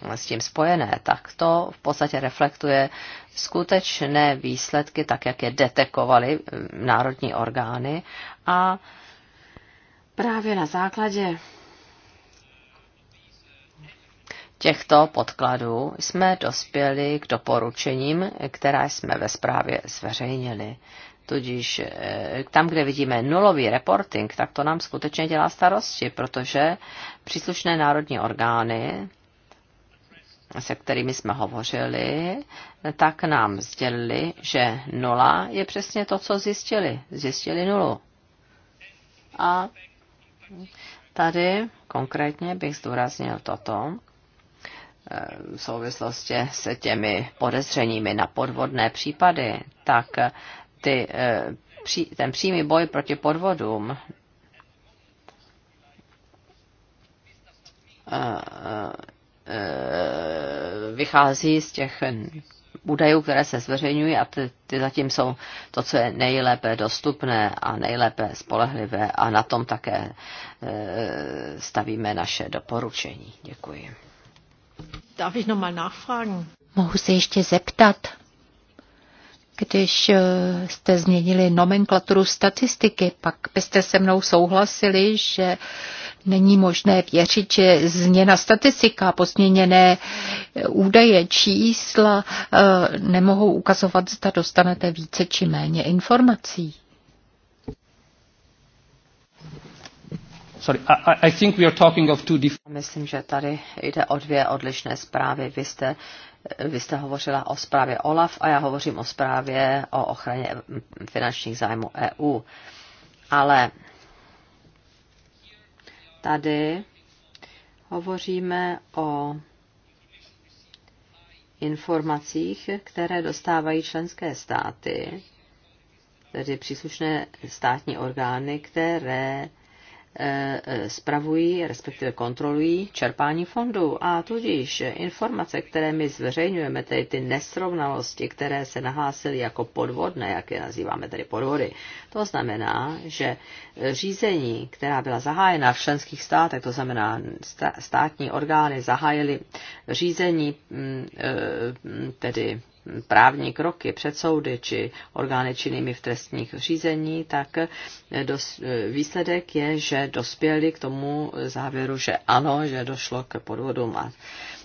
mm, s tím spojené, tak to v podstatě reflektuje skutečné výsledky, tak jak je detekovaly mm, národní orgány a právě na základě těchto podkladů jsme dospěli k doporučením, která jsme ve zprávě zveřejnili. Tudíž eh, tam, kde vidíme nulový reporting, tak to nám skutečně dělá starosti, protože příslušné národní orgány, se kterými jsme hovořili, tak nám sdělili, že nula je přesně to, co zjistili. Zjistili nulu. A tady konkrétně bych zdůraznil toto eh, v souvislosti se těmi podezřeními na podvodné případy, tak ty, eh, ten přímý boj proti podvodům eh, eh, vychází z těch údajů, které se zveřejňují a ty, ty zatím jsou to, co je nejlépe dostupné a nejlépe spolehlivé a na tom také stavíme naše doporučení. Děkuji. Darf ich nachfragen? Mohu se ještě zeptat když eh, jste změnili nomenklaturu statistiky, pak byste se mnou souhlasili, že není možné věřit, že změna statistika, posměněné eh, údaje, čísla eh, nemohou ukazovat, zda dostanete více či méně informací. Sorry, I, I think we are talking of two different... Myslím, že tady jde o dvě odlišné zprávy. Vy jste vy jste hovořila o zprávě OLAF a já hovořím o zprávě o ochraně finančních zájmů EU. Ale tady hovoříme o informacích, které dostávají členské státy, tedy příslušné státní orgány, které Eh, eh, spravují, respektive kontrolují čerpání fondů. A tudíž informace, které my zveřejňujeme, tedy ty nesrovnalosti, které se nahlásily jako podvodné, jak je nazýváme tedy podvody, to znamená, že řízení, která byla zahájena v členských státech, to znamená státní orgány zahájily řízení mm, eh, tedy právní kroky před soudy či orgány činnými v trestních řízení, tak eh, dos, eh, výsledek je, že dospěli k tomu závěru, že ano, že došlo k podvodům a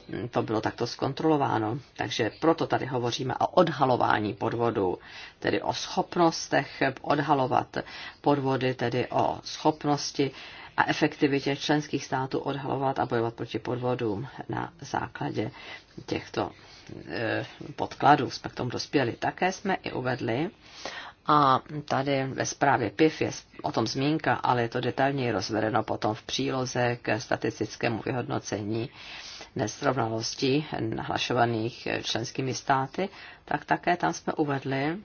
hm, to bylo takto zkontrolováno. Takže proto tady hovoříme o odhalování podvodů, tedy o schopnostech odhalovat podvody, tedy o schopnosti a efektivitě členských států odhalovat a bojovat proti podvodům na základě těchto E, podkladů jsme k tomu dospěli. Také jsme i uvedli, a tady ve zprávě PIF je o tom zmínka, ale je to detailněji rozvedeno potom v příloze k statistickému vyhodnocení nesrovnalostí nahlašovaných členskými státy, tak také tam jsme uvedli,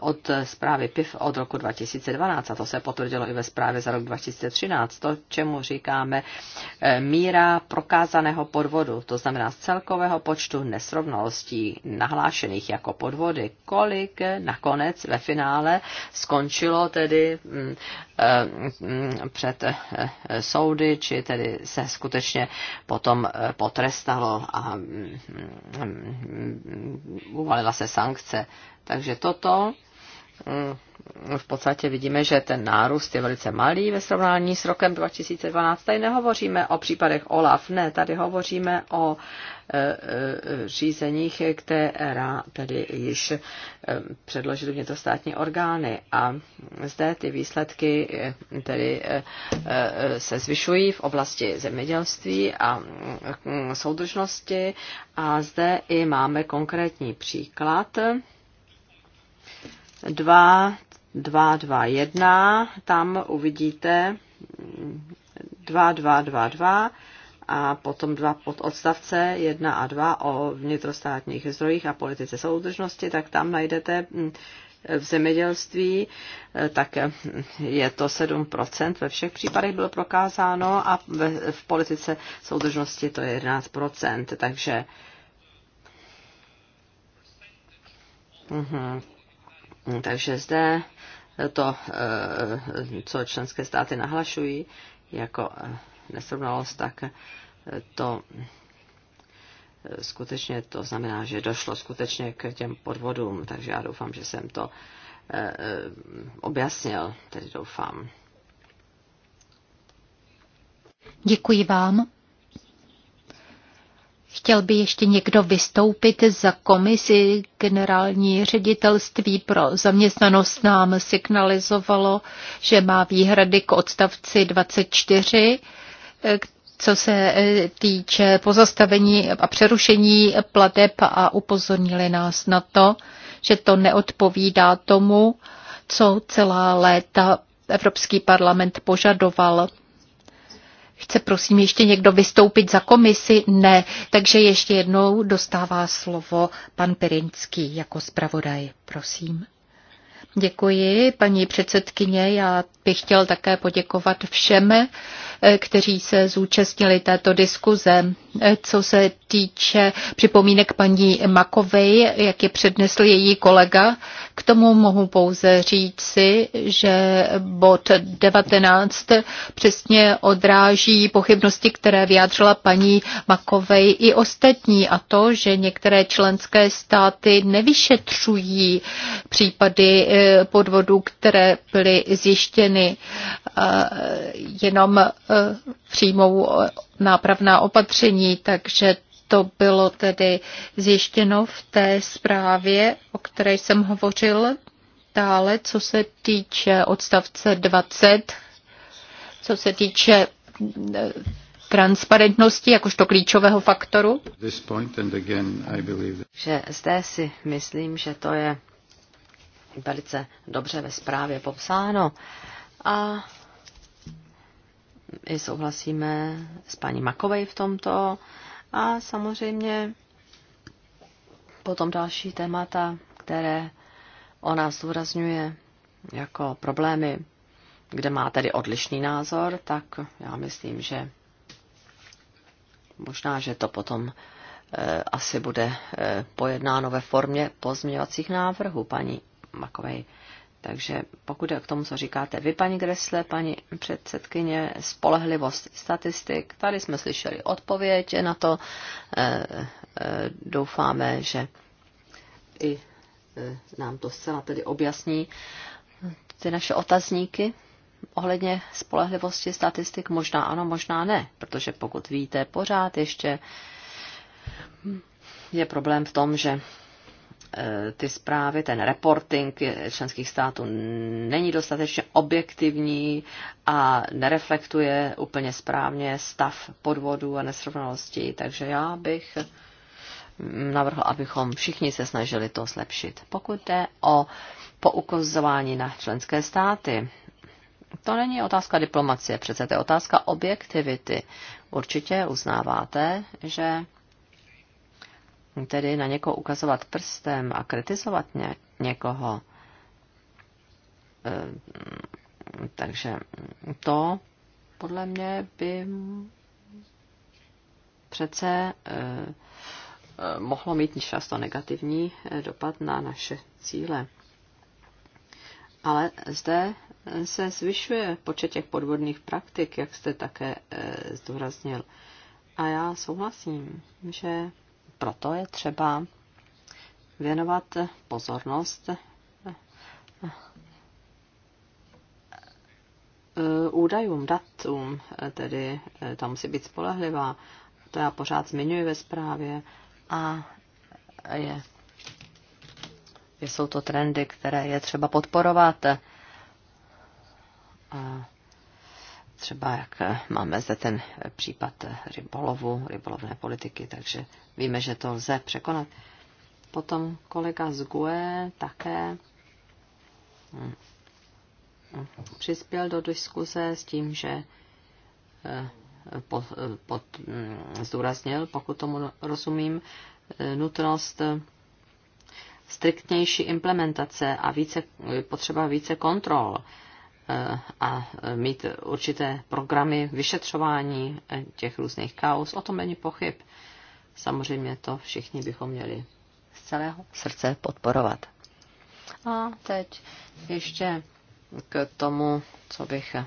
od zprávy PIF od roku 2012, a to se potvrdilo i ve zprávě za rok 2013, to, čemu říkáme eh, míra prokázaného podvodu, to znamená z celkového počtu nesrovnalostí nahlášených jako podvody, kolik nakonec ve finále skončilo tedy mm, eh, před eh, soudy, či tedy se skutečně potom potrestalo a mm, mm, uvalila se sankce takže toto mm, v podstatě vidíme, že ten nárůst je velice malý ve srovnání s rokem 2012. Tady nehovoříme o případech OLAF, ne, tady hovoříme o e, e, řízeních, která tedy již e, předložily vnitrostátní orgány. A zde ty výsledky e, tedy se zvyšují v oblasti zemědělství a mm, soudržnosti. A zde i máme konkrétní příklad. 2, 2, 2, 1, tam uvidíte 2, 2, 2, 2 a potom dva pododstavce 1 a 2 o vnitrostátních zdrojích a politice soudržnosti, tak tam najdete hm, v zemědělství, eh, tak hm, je to 7%, ve všech případech bylo prokázáno a v politice soudržnosti to je 11%, takže Uh-huh. Takže zde to, eh, co členské státy nahlašují jako eh, nesrovnalost, tak eh, to skutečně to znamená, že došlo skutečně k těm podvodům, takže já doufám, že jsem to objasnil, tedy doufám. Děkuji vám. Chtěl by ještě někdo vystoupit za komisi generální ředitelství pro zaměstnanost nám signalizovalo, že má výhrady k odstavci 24, co se eh, týče pozastavení a přerušení plateb a upozornili nás na to, že to neodpovídá tomu, co celá léta Evropský parlament požadoval. Chce prosím ještě někdo vystoupit za komisi? Ne, takže ještě jednou dostává slovo pan Pirinský jako zpravodaj. Prosím. Děkuji, paní předsedkyně. Já bych chtěl také poděkovat všem, eh, kteří se zúčastnili této diskuze. Eh, co se týče připomínek paní Makovej, jak je přednesl její kolega, k tomu mohu pouze říci, že bod 19 přesně odráží pochybnosti, které vyjádřila paní Makovej i ostatní a to, že některé členské státy nevyšetřují případy eh, podvodů, které byly zjištěny eh, jenom eh, přímou nápravná opatření, takže to bylo tedy zjištěno v té zprávě, o které jsem hovořil. Dále, co se týče odstavce 20, co se týče eh, transparentnosti jakožto klíčového faktoru? Že zde si myslím, že to je velice dobře ve zprávě popsáno. A i souhlasíme s paní Makovej v tomto. A samozřejmě potom další témata, které ona zdůrazňuje jako problémy, kde má tedy odlišný názor, tak já myslím, že možná, že to potom e, asi bude e, pojednáno ve formě pozměňovacích návrhů. Paní Makovej. Takže pokud je k tomu, co říkáte vy, paní Gresle, paní předsedkyně, spolehlivost statistik, tady jsme slyšeli odpověď na to. Eh, eh, doufáme, že i eh, nám to zcela tedy objasní ty naše otazníky ohledně spolehlivosti statistik. Možná ano, možná ne, protože pokud víte, pořád ještě je problém v tom, že Eh, ty zprávy, ten reporting členských států není dostatečně objektivní a nereflektuje úplně správně stav podvodů a nesrovnalostí. Takže já bych mm, navrhl, abychom všichni se snažili to zlepšit. Pokud jde o poukazování na členské státy, to není otázka diplomacie, přece to je otázka objektivity. Určitě uznáváte, že tedy na někoho ukazovat prstem a kritizovat ně, někoho. Eh, takže to podle mě by přece eh, mohlo mít často negativní eh, dopad na naše cíle. Ale zde se zvyšuje počet těch podvodných praktik, jak jste také zdůraznil. A já souhlasím, že proto je třeba věnovat pozornost eh, údajům, datům, eh, tedy eh, tam musí být spolehlivá. To já pořád zmiňuji ve zprávě. A je, jsou to trendy, které je třeba podporovat. A třeba jak máme zde ten případ rybolovu, rybolovné politiky, takže víme, že to lze překonat. Potom kolega z GUE také hm, hm, přispěl do diskuze s tím, že eh, pod, pod, hm, zdůraznil, pokud tomu rozumím, eh, nutnost striktnější implementace a více, potřeba více kontrol Eh, a mít určité programy vyšetřování eh, těch různých kaus. O tom není pochyb. Samozřejmě to všichni bychom měli z celého srdce podporovat. A teď ještě k tomu, co bych. Eh,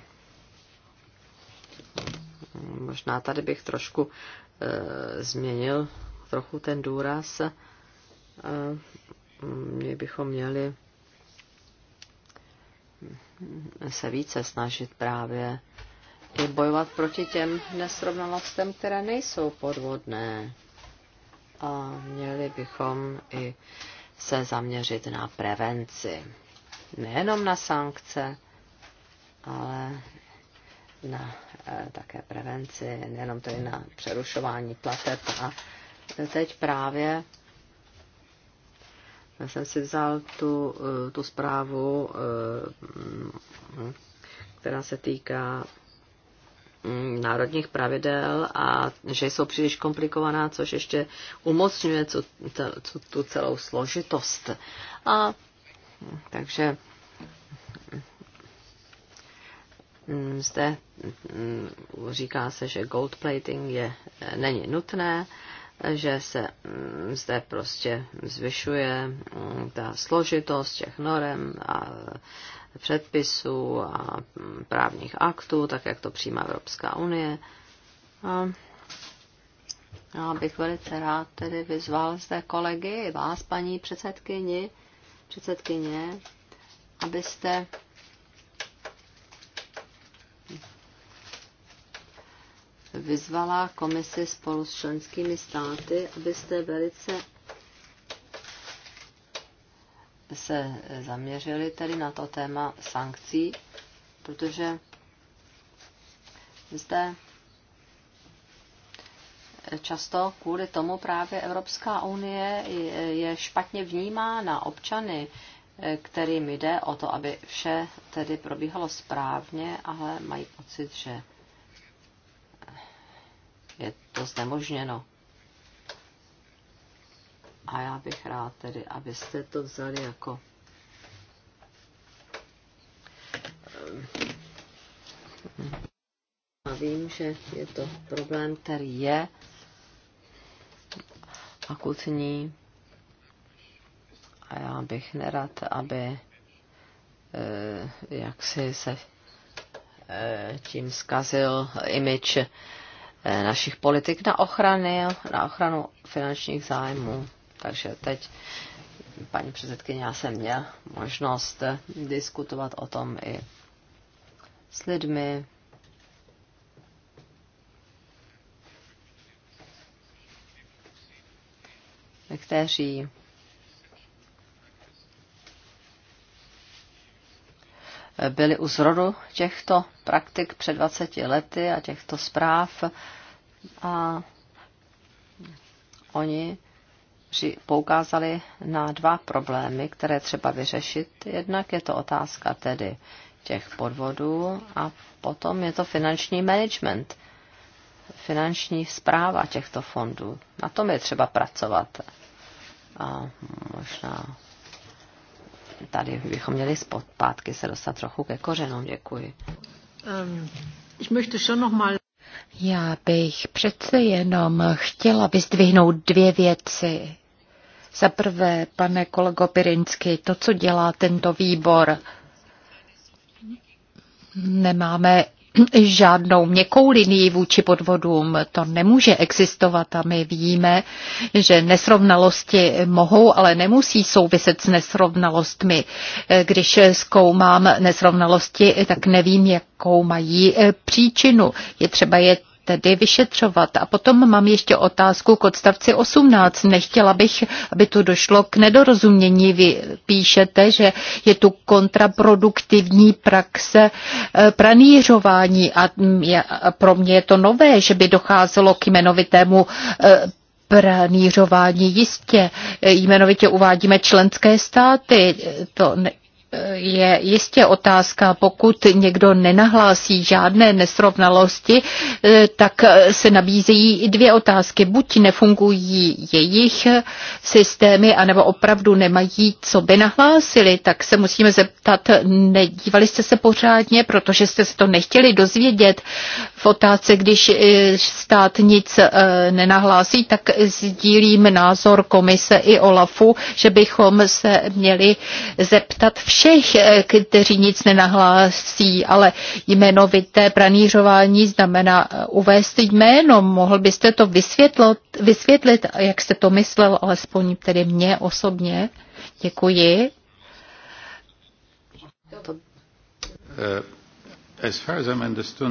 možná tady bych trošku e, změnil trochu ten důraz. E, my bychom měli se více snažit právě i bojovat proti těm nesrovnalostem, které nejsou podvodné. A měli bychom i se zaměřit na prevenci. Nejenom na sankce, ale na e, také prevenci, nejenom tedy na přerušování plateb. A teď právě já jsem si vzal tu, eh, tu zprávu, eh, která se týká mm, národních pravidel a že jsou příliš komplikovaná, což ještě umocňuje co, co, tu celou složitost. A takže mm, zde mm, říká se, že gold plating je, není nutné že se mm, zde prostě zvyšuje mm, ta složitost těch norem a předpisů a mm, právních aktů, tak jak to přijímá Evropská unie. A já bych velice rád tedy vyzval zde kolegy, vás, paní předsedkyni, předsedkyně, abyste vyzvala komisi spolu s členskými státy, abyste velice se zaměřili tedy na to téma sankcí, protože zde často kvůli tomu právě Evropská unie je špatně vnímána občany, kterým jde o to, aby vše tedy probíhalo správně, ale mají pocit, že je to znemožněno. A já bych rád tedy, abyste to vzali jako ehm, a vím, že je to problém, který je akutní a já bych nerad, aby eh, jak si se eh, tím zkazil image. Eh, našich politik na, ochrany, na ochranu finančních zájmů. Takže teď, paní předsedkyně, já jsem měl možnost diskutovat o tom i s lidmi. kteří byli u zrodu těchto praktik před 20 lety a těchto zpráv a oni poukázali na dva problémy, které třeba vyřešit. Jednak je to otázka tedy těch podvodů a potom je to finanční management, finanční zpráva těchto fondů. Na tom je třeba pracovat. A možná tady bychom měli zpátky se dostat trochu ke kořenům. Děkuji. Um, ich schon noch mal... Já bych přece jenom chtěla vyzdvihnout dvě věci. Za prvé, pane kolego Pirinsky, to, co dělá tento výbor, nemáme žádnou měkkou linii vůči podvodům. To nemůže existovat a my víme, že nesrovnalosti mohou, ale nemusí souviset s nesrovnalostmi. Když zkoumám nesrovnalosti, tak nevím, jakou mají příčinu. Je třeba je tedy vyšetřovat. A potom mám ještě otázku k odstavci 18. Nechtěla bych, aby tu došlo k nedorozumění. Vy píšete, že je tu kontraproduktivní praxe eh, pranířování a pro mě je to nové, že by docházelo k jmenovitému eh, pranířování. Jistě eh, jmenovitě uvádíme členské státy, to ne, je jistě otázka, pokud někdo nenahlásí žádné nesrovnalosti, eh, tak eh, se nabízejí dvě otázky. Buď nefungují jejich systémy, anebo opravdu nemají, co by nahlásili, tak se musíme zeptat, nedívali jste se pořádně, protože jste se to nechtěli dozvědět v otázce, když eh, stát nic eh, nenahlásí, tak sdílím názor komise i OLAFu, že bychom se měli zeptat všech, eh, kteří nic nenahlásí, ale jmenovité pranířování znamená uvést jméno. Mohl byste to vysvětlit, vysvětlit jak jste to myslel, alespoň tedy mě osobně? Děkuji. To...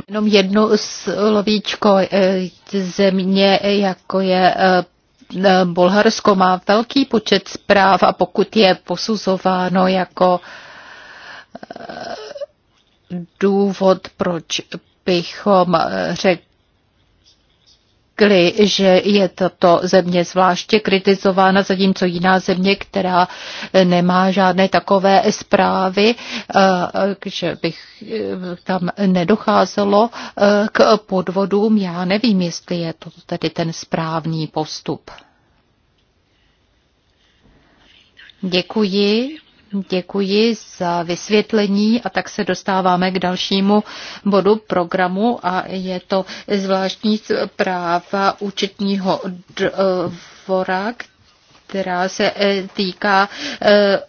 Jenom jedno slovíčko eh, země, eh, jako je eh, Bulharsko, má velký počet zpráv a pokud je posuzováno jako důvod, proč bychom řekli, řekli, že je tato země zvláště kritizována, zatímco jiná země, která eh, nemá žádné takové zprávy, eh, že bych eh, tam nedocházelo k podvodům. Já nevím, jestli je to tedy ten správný postup. Děkuji. Děkuji za vysvětlení a tak se dostáváme k dalšímu bodu programu a je to zvláštní práva účetního dvora, která se eh, týká eh,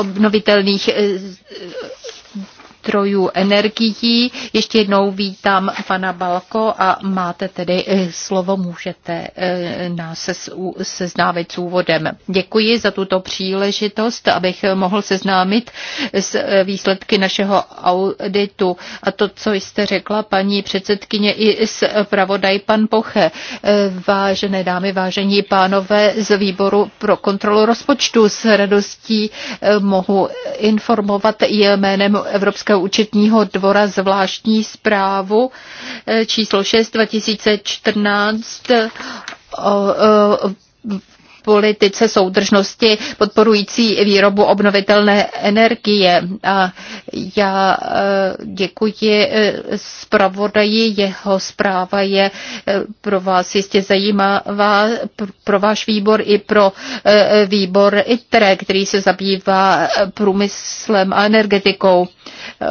obnovitelných eh, zdrojů energií. Ještě jednou vítám pana Balko a máte tedy eh, slovo, můžete eh, nás seznámit s úvodem. Děkuji za tuto příležitost, abych eh, mohl seznámit s výsledky našeho auditu a to, co jste řekla, paní předsedkyně i s pravodaj pan Poche. Vážené dámy, vážení pánové z výboru pro kontrolu rozpočtu s radostí mohu informovat jménem Evropského Evropského účetního dvora zvláštní zprávu eh, číslo 6 2014 o, o, politice soudržnosti podporující výrobu obnovitelné energie. A já eh, děkuji eh, zpravodaji, jeho zpráva je eh, pro vás jistě zajímavá, pro váš výbor i pro výbor ITRE, který se zabývá průmyslem a energetikou.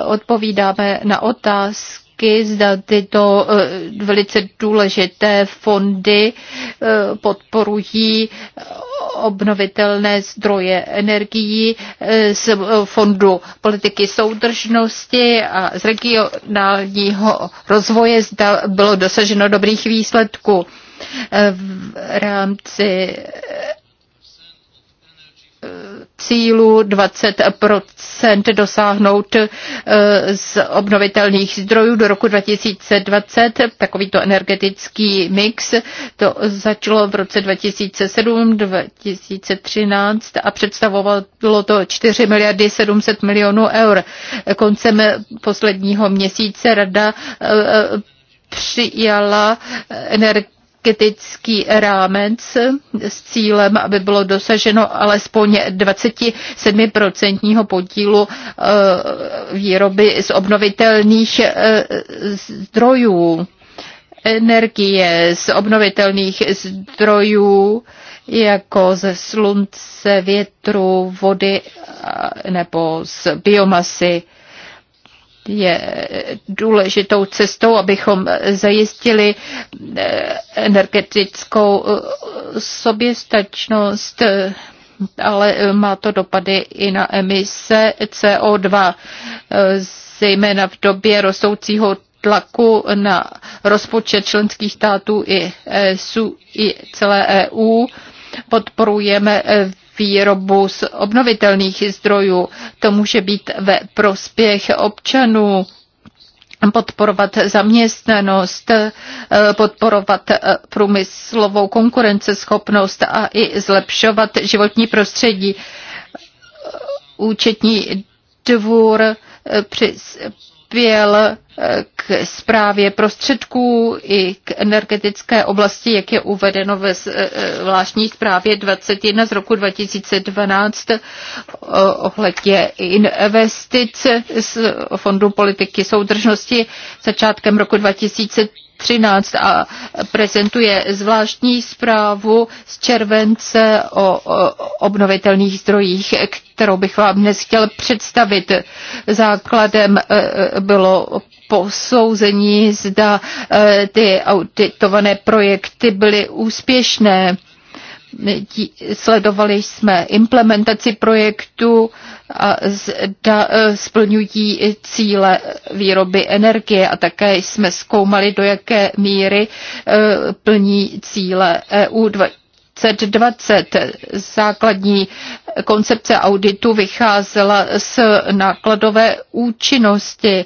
Odpovídáme na otázky, otázky, zda tyto eh, velice důležité fondy eh, podporují obnovitelné zdroje energií eh, z fondu politiky soudržnosti a z regionálního rozvoje, zda bylo dosaženo dobrých výsledků v rámci cílu 20 dosáhnout eh, z obnovitelných zdrojů do roku 2020. Takovýto energetický mix to začalo v roce 2007-2013 a představovalo to 4 miliardy 700 milionů eur. Koncem posledního měsíce rada eh, eh, přijala energetický energetický rámec s cílem, aby bylo dosaženo alespoň 27% podílu eh, výroby z obnovitelných eh, zdrojů energie z obnovitelných zdrojů, jako ze slunce, větru, vody nebo z biomasy je důležitou cestou, abychom zajistili eh, energetickou eh, soběstačnost, eh, ale má to dopady i na emise CO2, zejména v době rostoucího tlaku na rozpočet členských států i, e i celé EU podporujeme výrobu z obnovitelných zdrojů. To může být ve prospěch občanů podporovat zaměstnanost, podporovat průmyslovou konkurenceschopnost a i zlepšovat životní prostředí. Účetní dvůr při přispěl eh, k zprávě prostředků i k energetické oblasti, jak je uvedeno ve eh, eh, zvláštní zprávě 21 z roku 2012 ohledně investic z Fondu politiky soudržnosti začátkem roku 2013. 13 a prezentuje zvláštní zprávu z července o obnovitelných zdrojích, kterou bych vám dnes chtěl představit. Základem e, e, bylo posouzení, zda e, ty auditované projekty byly úspěšné. Sledovali jsme implementaci projektu, a zda e, splňují cíle výroby energie a také jsme zkoumali, do jaké míry e, plní cíle EU 2020. Základní koncepce auditu vycházela z nákladové účinnosti e,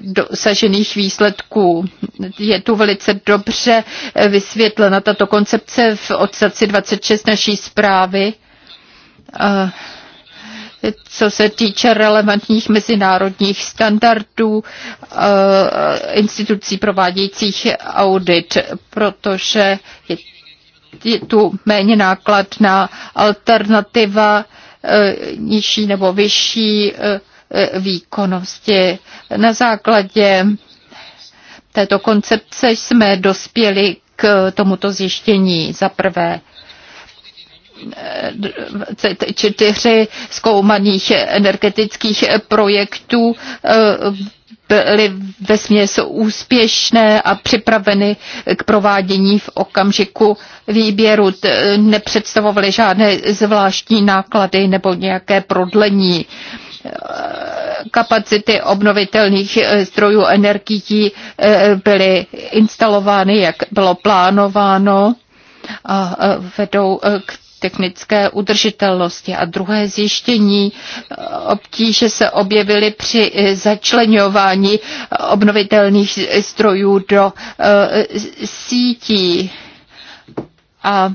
dosažených výsledků. Je tu velice dobře vysvětlena tato koncepce v odstavci 26 naší zprávy co se týče relevantních mezinárodních standardů eh, institucí provádějících audit, protože je tu méně nákladná alternativa eh, nižší nebo vyšší eh, výkonnosti. Na základě této koncepce jsme dospěli k tomuto zjištění. Za prvé, čtyři zkoumaných energetických projektů eh, byly ve směs úspěšné a připraveny k provádění v okamžiku výběru. Nepředstavovaly žádné zvláštní náklady nebo nějaké prodlení eh, kapacity obnovitelných eh, zdrojů energií byly instalovány, jak bylo plánováno a vedou k technické udržitelnosti. A druhé zjištění e, obtíže se objevily při e, začlenování obnovitelných strojů do e, sítí. A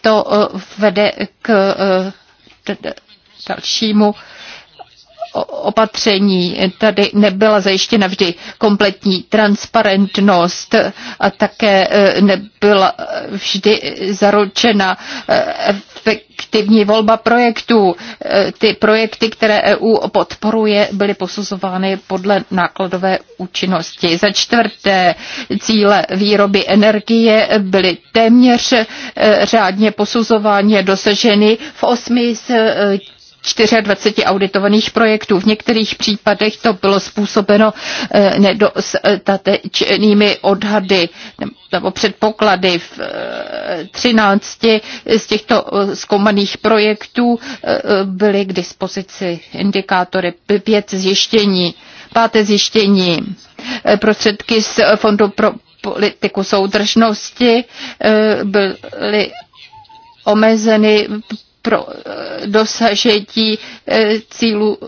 to vede k dalšímu opatření. Tady nebyla zajištěna vždy kompletní transparentnost a také e, nebyla vždy zaručena e, efektivní volba projektů. E, ty projekty, které EU podporuje, byly posuzovány podle nákladové účinnosti. Za čtvrté, cíle výroby energie byly téměř řádně posuzovány a dosaženy v osmi z 24 auditovaných projektů. V některých případech to bylo způsobeno eh, nedostatečnými eh, odhady nebo předpoklady v 13 eh, z těchto zkoumaných projektů byly k dispozici indikátory pět zjištění. Páté zjištění prostředky z Fondu pro politiku soudržnosti byly omezeny pro eh, dosažení eh, cílu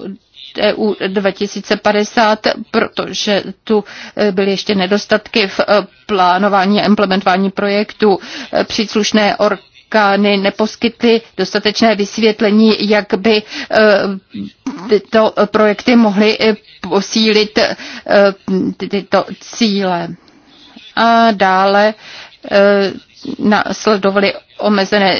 EU 2050, protože tu eh, byly ještě nedostatky v plánování a implementování projektu. Příslušné orgány neposkytly dostatečné vysvětlení, jak by tyto projekty mohly posílit tyto cíle. A dále nasledovaly omezené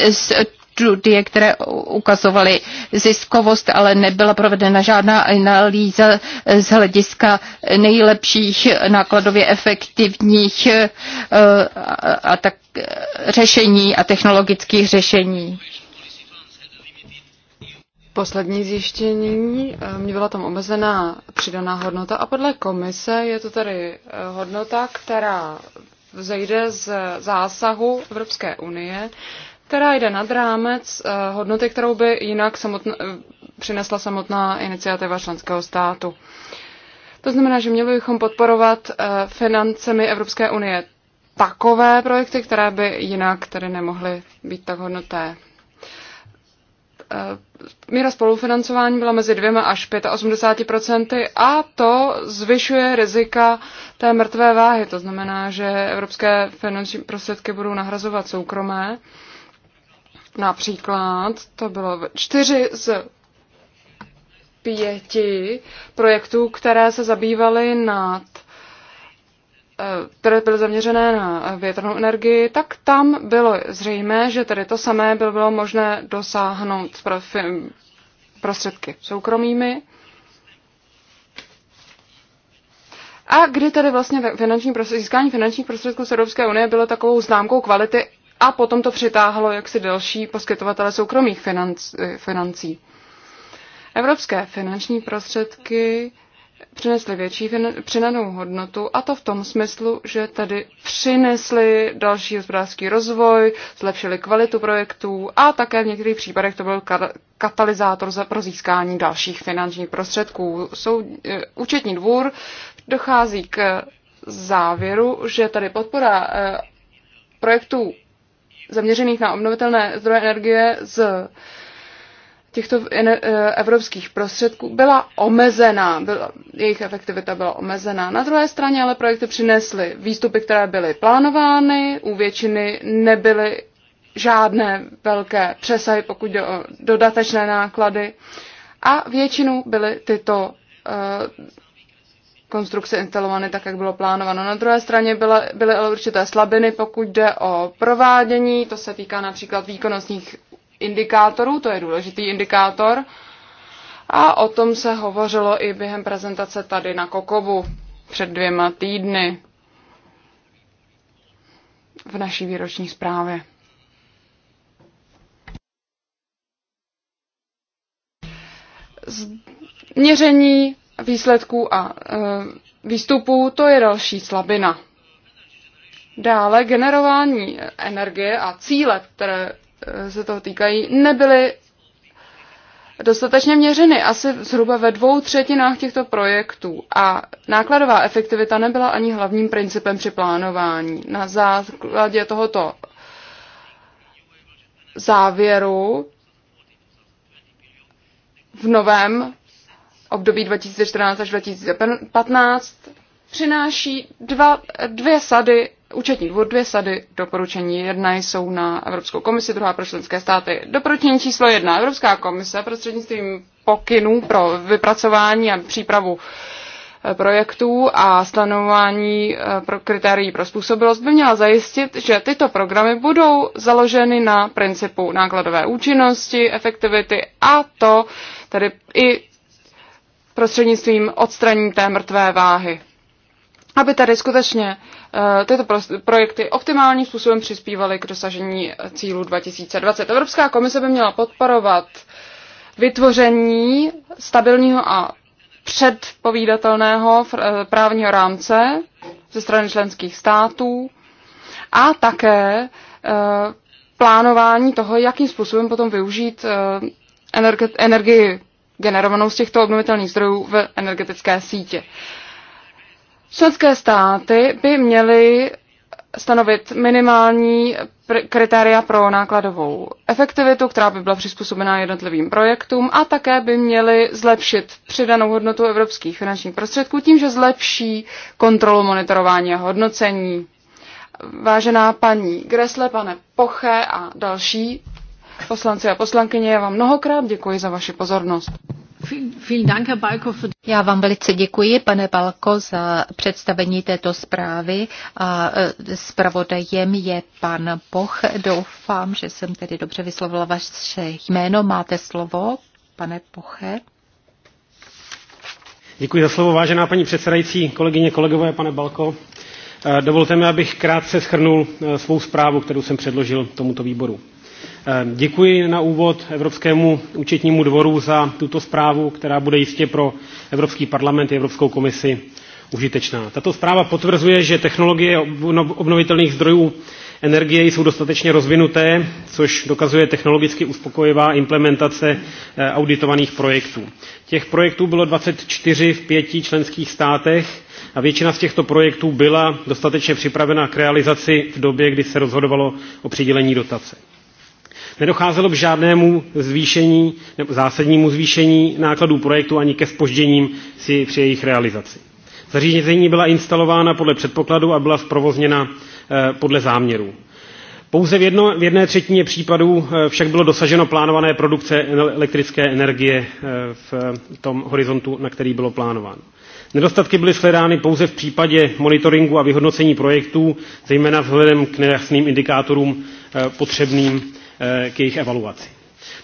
studie, které ukazovaly ziskovost, ale nebyla provedena žádná analýza z hlediska nejlepších nákladově efektivních eh, a tak řešení a technologických řešení. Poslední zjištění, eh, mě byla tam omezená přidaná hodnota a podle komise je to tady eh, hodnota, která vzejde z zásahu Evropské unie která jde nad rámec eh, hodnoty, kterou by jinak samotná, eh, přinesla samotná iniciativa členského státu. To znamená, že měli bychom podporovat eh, financemi Evropské unie takové projekty, které by jinak tedy nemohly být tak hodnoté. Míra spolufinancování byla mezi dvěma až 85 a to zvyšuje rizika té mrtvé váhy. To znamená, že evropské finanční prostředky budou nahrazovat soukromé. Například to bylo čtyři z pěti projektů, které se zabývaly nad eh, které byly zaměřené na větrnou energii, tak tam bylo zřejmé, že tedy to samé bylo, bylo možné dosáhnout prostředky soukromými. A kdy tedy vlastně finanční prostředky, získání finančních prostředků z Evropské unie bylo takovou známkou kvality a potom to přitáhlo jaksi další poskytovatele soukromých financ, eh, financí. Evropské finanční prostředky přinesly větší přinanou hodnotu a to v tom smyslu, že tady přinesly další hospodářský rozvoj, zlepšili kvalitu projektů a také v některých případech to byl katalyzátor za, pro získání dalších finančních prostředků. Jsou, e, eh, účetní dvůr dochází k závěru, že tady podpora e, projektů zaměřených na obnovitelné zdroje energie z těchto eh, evropských prostředků byla omezená, byla, jejich efektivita byla omezená. Na druhé straně ale projekty přinesly výstupy, které byly plánovány, u většiny nebyly žádné velké přesahy, pokud jde o dodatečné náklady a většinou byly tyto eh, konstrukce instalovány tak, jak bylo plánováno. Na druhé straně byla, byly ale určité slabiny, pokud jde o provádění, to se týká například výkonnostních indikátorů, to je důležitý indikátor, a o tom se hovořilo i během prezentace tady na Kokovu před dvěma týdny v naší výroční zprávě. Měření výsledků a e, výstupů, to je další slabina. Dále generování energie a cíle, které e, se toho týkají, nebyly dostatečně měřeny asi zhruba ve dvou třetinách těchto projektů a nákladová efektivita nebyla ani hlavním principem při plánování. Na základě tohoto závěru v novém období 2014 až 2015 přináší dva, dvě sady, účetní dvůr dvě sady doporučení. Jedna jsou na Evropskou komisi, druhá pro členské státy. Doporučení číslo jedna. Evropská komise prostřednictvím pokynů pro vypracování a přípravu eh, projektů a stanování eh, pro kritérií pro způsobilost by měla zajistit, že tyto programy budou založeny na principu nákladové účinnosti, efektivity a to tedy i prostřednictvím odstranění té mrtvé váhy. Aby tady skutečně eh, tyto projekty optimálním způsobem přispívaly k dosažení cílu 2020. Evropská komise by měla podporovat vytvoření stabilního a předpovídatelného eh, právního rámce ze strany členských států a také eh, plánování toho, jakým způsobem potom využít energii generovanou z těchto obnovitelných zdrojů v energetické sítě. Členské státy by měly stanovit minimální kritéria pro nákladovou efektivitu, která by byla přizpůsobená jednotlivým projektům a také by měly zlepšit přidanou hodnotu evropských finančních prostředků tím, že zlepší kontrolu monitorování a hodnocení. Vážená paní Gresle, pane Poche a další Poslanci a poslankyně, já vám mnohokrát děkuji za vaši pozornost. Já vám velice děkuji, pane Balko, za představení této zprávy a e, zpravodajem je pan Poch. Doufám, že jsem tedy dobře vyslovila vaše jméno. Máte slovo, pane Poche. Děkuji za slovo, vážená paní předsedající, kolegyně, kolegové, pane Balko. E, dovolte mi, abych krátce schrnul e, svou zprávu, kterou jsem předložil tomuto výboru. Ehm, děkuji na úvod Evropskému účetnímu dvoru za tuto zprávu, která bude jistě pro Evropský parlament i Evropskou komisi užitečná. Tato zpráva potvrzuje, že technologie obnovitelných zdrojů energie jsou dostatečně rozvinuté, což dokazuje technologicky uspokojivá implementace eh, auditovaných projektů. Těch projektů bylo 24 v pěti členských státech a většina z těchto projektů byla dostatečně připravena k realizaci v době, kdy se rozhodovalo o přidělení dotace. Nedocházelo k žádnému zvýšení, nebo zásadnímu zvýšení nákladů projektu ani ke spožděním si při jejich realizaci. Zařízení byla instalována podle předpokladu a byla zprovozněna eh, podle záměrů. Pouze v, jedno, v jedné třetině případů eh, však bylo dosaženo plánované produkce elektrické energie eh, v tom horizontu, na který bylo plánováno. Nedostatky byly shledány pouze v případě monitoringu a vyhodnocení projektů, zejména vzhledem k nejasným indikátorům potřebným Eh, k jejich evaluaci.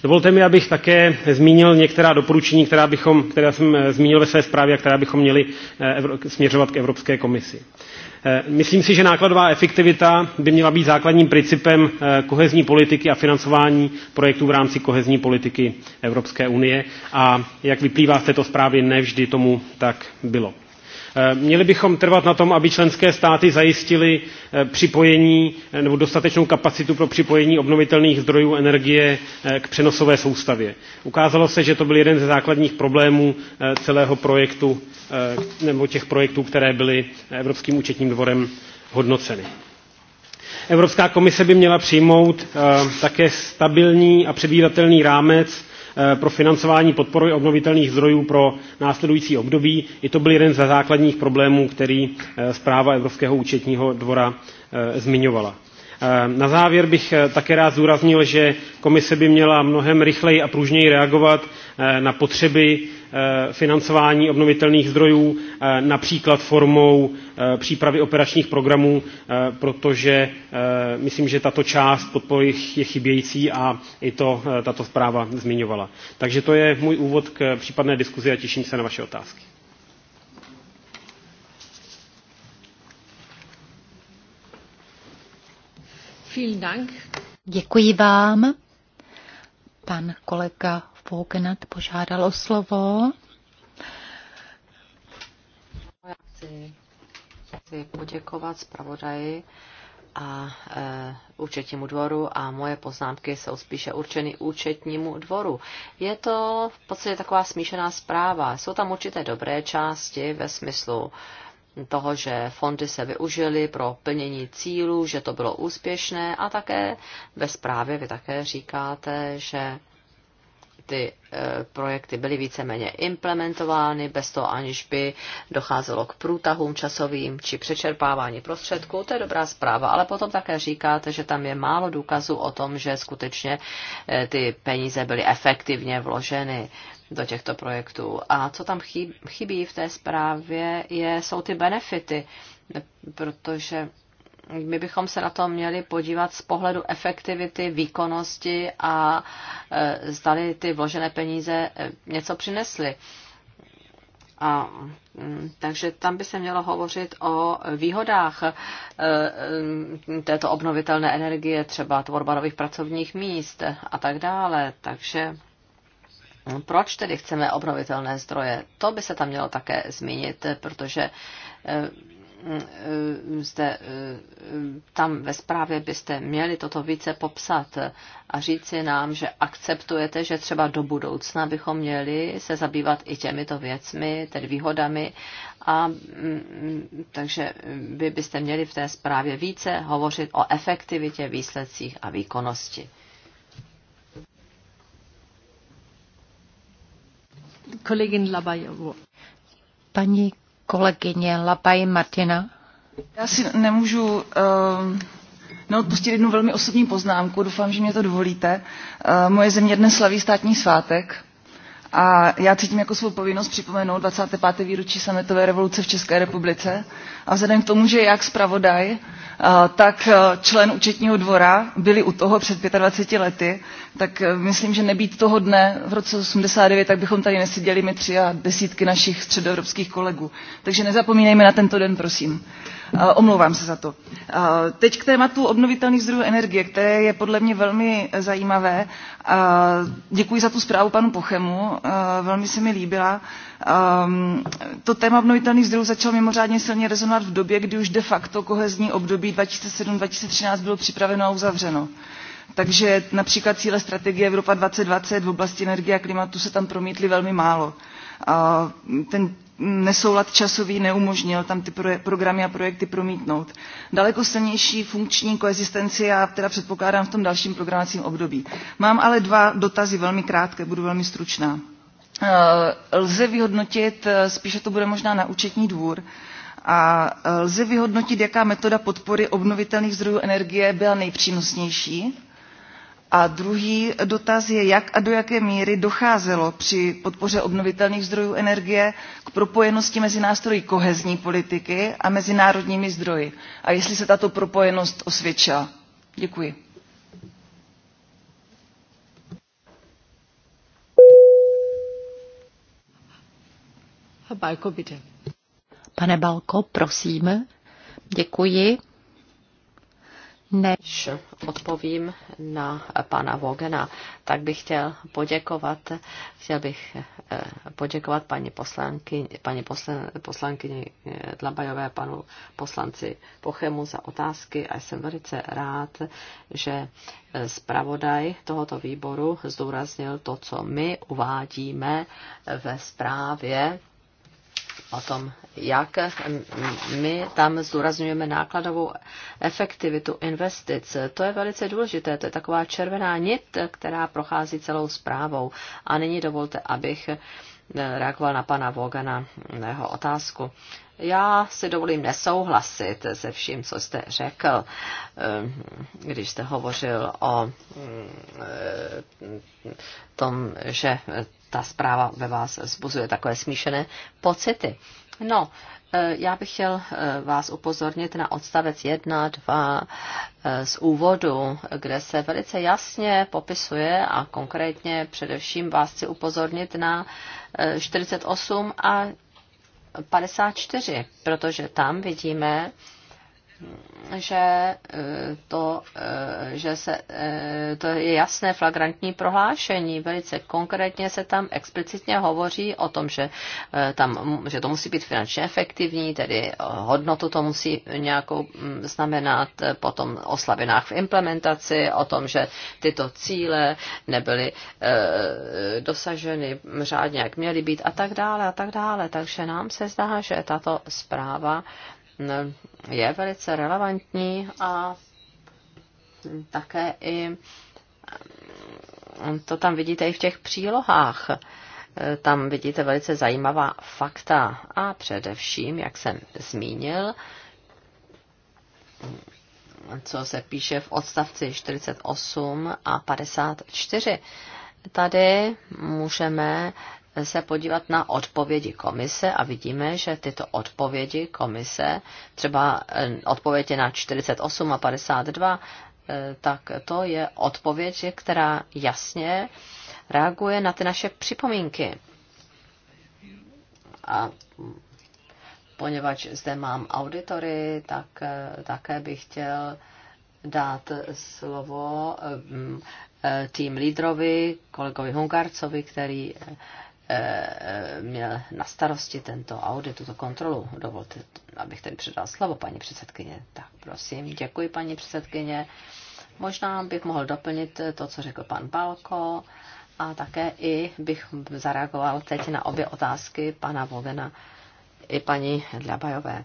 Dovolte mi, abych také zmínil některá doporučení, která, bychom, která jsem eh, zmínil ve své zprávě a která bychom měli eh, směřovat k Evropské komisi. Myslím si, že nákladová efektivita by měla být základním principem kohezní politiky a financování projektů v rámci kohezní politiky Evropské unie a jak vyplývá z této zprávy, nevždy tomu tak bylo. Eh, měli bychom trvat na tom, aby členské státy zajistily eh, připojení eh, nebo dostatečnou kapacitu pro připojení obnovitelných zdrojů energie k přenosové soustavě. Ukázalo se, že to byl jeden ze základních problémů celého projektu nebo těch projektů, které byly Evropským účetním dvorem hodnoceny. Evropská komise by měla přijmout také stabilní a předvídatelný rámec Eh, pro financování podpory obnovitelných zdrojů pro následující období. I to byl jeden ze základních problémů, který eh, zpráva Evropského účetního dvora eh, zmiňovala. Na závěr bych také rád zúraznil, že komise by měla mnohem rychleji a pružněji reagovat na potřeby Eh, financování obnovitelných zdrojů, eh, například formou eh, přípravy operačních programů, protože myslím, že tato část podpory je chybějící a i to tato zpráva zmiňovala. Takže to je můj úvod k případné diskuzi a těším se na vaše otázky. Vielen Dank. Děkuji vám. Pan kolega Vognat požádal o slovo. Já chci, chci poděkovat zpravodaji a e, účetnímu dvoru a moje poznámky jsou spíše určeny účetnímu dvoru. Je to v podstatě taková smíšená zpráva. Jsou tam určité dobré části ve smyslu toho, že fondy se využily pro plnění cílů, že to bylo úspěšné a také ve zprávě vy také říkáte, že ty e, projekty byly víceméně implementovány, bez toho aniž by docházelo k průtahům časovým či přečerpávání prostředků. To je dobrá zpráva, ale potom také říkáte, že tam je málo důkazů o tom, že skutečně e, ty peníze byly efektivně vloženy do těchto projektů. A co tam chybí v té zprávě, je, jsou ty benefity, protože my bychom se na to měli podívat z pohledu efektivity, výkonnosti a e, zdali ty vložené peníze e, něco přinesly. A, mm, takže tam by se mělo hovořit o výhodách e, této obnovitelné energie, třeba tvorba nových pracovních míst a tak dále. Takže no, proč tedy chceme obnovitelné zdroje? To by se tam mělo také zmínit, protože Eh, zde, eh, tam ve zprávě byste měli toto více popsat a říci nám, že akceptujete, že třeba do budoucna bychom měli se zabývat i těmito věcmi, tedy výhodami. A mm, takže eh, vy byste měli v té zprávě více hovořit o efektivitě, výsledcích a výkonnosti. Kolegin Labajovo. Paní kolegyně Lapaj Martina. Já si nemůžu uh, neodpustit jednu velmi osobní poznámku, doufám, že mě to dovolíte. Uh, moje země dnes slaví státní svátek a já cítím jako svou povinnost připomenout 25. výročí sametové revoluce v České republice. A vzhledem k tomu, že jak zpravodaj, eh, tak eh, člen účetního dvora byli u toho před 25 lety, tak eh, myslím, že nebýt toho dne v roce 89, tak bychom tady neseděli my tři a desítky našich středoevropských kolegů. Takže nezapomínejme na tento den, prosím. Eh, omlouvám se za to. Eh, teď k tématu obnovitelných zdrojů energie, které je podle mě velmi eh, zajímavé. Děkuji za tu zprávu panu Pochemu, velmi se mi líbila. Ehm, to téma obnovitelných zdrojů začalo mimořádně silně rezonovat v době, kdy už de facto kohezní období 2007-2013 bylo připraveno a uzavřeno. Takže například cíle strategie Evropa 2020 v oblasti energie a klimatu se tam promítly velmi málo. Ten nesoulad časový neumožnil tam ty programy a projekty promítnout. Daleko silnější funkční koexistenci já teda předpokládám v tom dalším programacím období. Mám ale dva dotazy velmi krátké, budu velmi stručná. Eh, lze vyhodnotit, eh, spíše to bude možná na účetní dvůr, a eh, lze vyhodnotit, jaká metoda podpory obnovitelných zdrojů energie byla nejpřínosnější a druhý dotaz je, jak a do jaké míry docházelo při podpoře obnovitelných zdrojů energie k propojenosti mezi nástroji kohezní politiky a mezinárodními zdroji. A jestli se tato propojenost osvědčila. Děkuji. Pane Balko, prosím. Děkuji. Než odpovím na pana Vogena, tak bych chtěl poděkovat, chtěl bych eh, poděkovat paní, poslanky, paní poslen, poslankyni eh, Dlabajové, panu poslanci Pochemu za otázky a jsem velice rád, že eh, zpravodaj tohoto výboru zdůraznil to, co my uvádíme ve zprávě o tom, jak my tam zdůrazňujeme nákladovou efektivitu investic. To je velice důležité, to je taková červená nit, která prochází celou zprávou. A nyní dovolte, abych eh, reagoval na pana Vogana, na jeho otázku. Já si dovolím nesouhlasit se vším, co jste řekl, eh, když jste hovořil o mm, eh, tom, že ta zpráva ve vás zbuzuje takové smíšené pocity. No, e, já bych chtěl e, vás upozornit na odstavec 1, 2 e, z úvodu, kde se velice jasně popisuje a konkrétně především vás chci upozornit na 48 a 54, protože tam vidíme, že eh, to, eh, že se, eh, to je jasné flagrantní prohlášení. Velice konkrétně se tam explicitně hovoří o tom, že, tam, že to musí být finančně efektivní, tedy hodnotu to musí nějakou mm, znamenat, potom o slabinách v implementaci, o tom, že tyto cíle nebyly dosaženy mm, řádně, jak měly být a tak dále a tak dále. Takže nám se zdá, že tato zpráva je velice relevantní a také i eh, to tam vidíte i v těch přílohách. Eh, tam vidíte velice zajímavá fakta a především, jak jsem zmínil, co se píše v odstavci 48 a 54. Tady můžeme se podívat na odpovědi komise a vidíme, že tyto odpovědi komise, třeba eh, odpovědi na 48 a 52, eh, tak to je odpověď, která jasně reaguje na ty naše připomínky. A poněvadž zde mám auditory, tak eh, také bych chtěl dát slovo mm, tým lídrovi, kolegovi Hungarcovi, který Eh, měl na starosti tento audit, tuto kontrolu. Dovolte, abych tady předal slovo paní předsedkyně. Tak prosím, děkuji paní předsedkyně. Možná bych mohl doplnit to, co řekl pan Balko a také i bych zareagoval teď na obě otázky pana Vogena i paní Dlabajové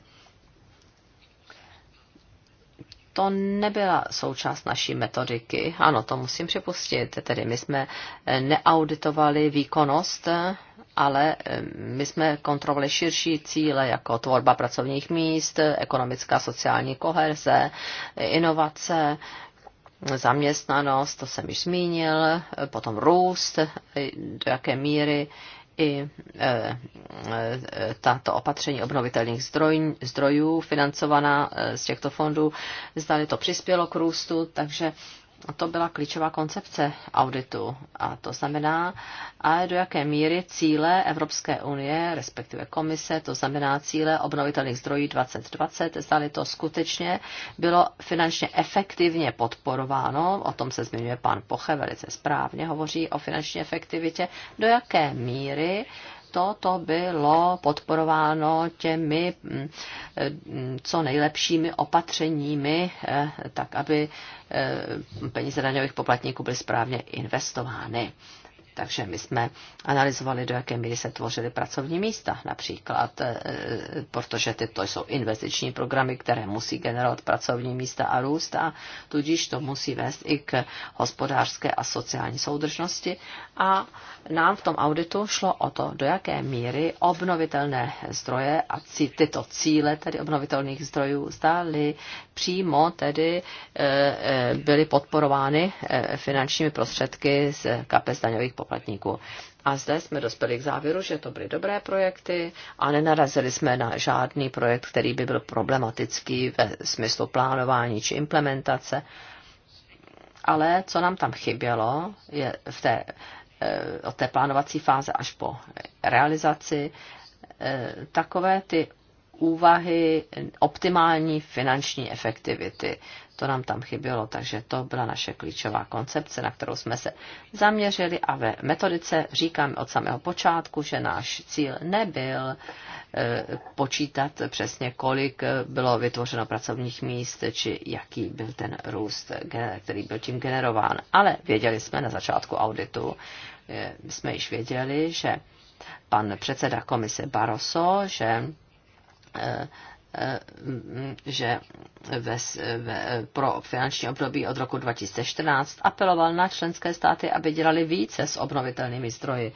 to nebyla součást naší metodiky. Ano, to musím připustit. Tedy my jsme eh, neauditovali výkonnost, ale eh, my jsme kontrolovali širší cíle, jako tvorba pracovních míst, ekonomická sociální koherze, inovace, zaměstnanost, to jsem již zmínil, eh, potom růst, do jaké míry i e, e, tato opatření obnovitelných zdroj, zdrojů financovaná e, z těchto fondů, zdali to přispělo k růstu, takže to byla klíčová koncepce auditu. A to znamená, a do jaké míry cíle Evropské unie, respektive komise, to znamená cíle obnovitelných zdrojů 2020, zdali to skutečně bylo finančně efektivně podporováno, o tom se zmiňuje pan Poche, velice správně hovoří o finanční efektivitě, do jaké míry toto bylo podporováno těmi mm, eh, co nejlepšími opatřeními, eh, tak aby eh, peníze daňových poplatníků byly správně investovány. Takže my jsme analyzovali, do jaké míry se tvořily pracovní místa například, eh, protože tyto jsou investiční programy, které musí generovat pracovní místa a růst a tudíž to musí vést i k hospodářské a sociální soudržnosti. A nám v tom auditu šlo o to, do jaké míry obnovitelné zdroje a tyto cíle tedy obnovitelných zdrojů stály přímo tedy eh, eh, byly podporovány eh, finančními prostředky z kapes daňových poplatníků. A zde jsme dospěli k závěru, že to byly dobré projekty a nenarazili jsme na žádný projekt, který by byl problematický ve smyslu plánování či implementace. Ale co nám tam chybělo je v té, od té plánovací fáze až po realizaci, takové ty úvahy optimální finanční efektivity. To nám tam chybělo, takže to byla naše klíčová koncepce, na kterou jsme se zaměřili a ve metodice říkám od samého počátku, že náš cíl nebyl eh, počítat přesně, kolik bylo vytvořeno pracovních míst, či jaký byl ten růst, který byl tím generován. Ale věděli jsme na začátku auditu, eh, jsme již věděli, že pan předseda komise Barroso, že že ve, ve, pro finanční období od roku 2014 apeloval na členské státy, aby dělali více s obnovitelnými zdroji,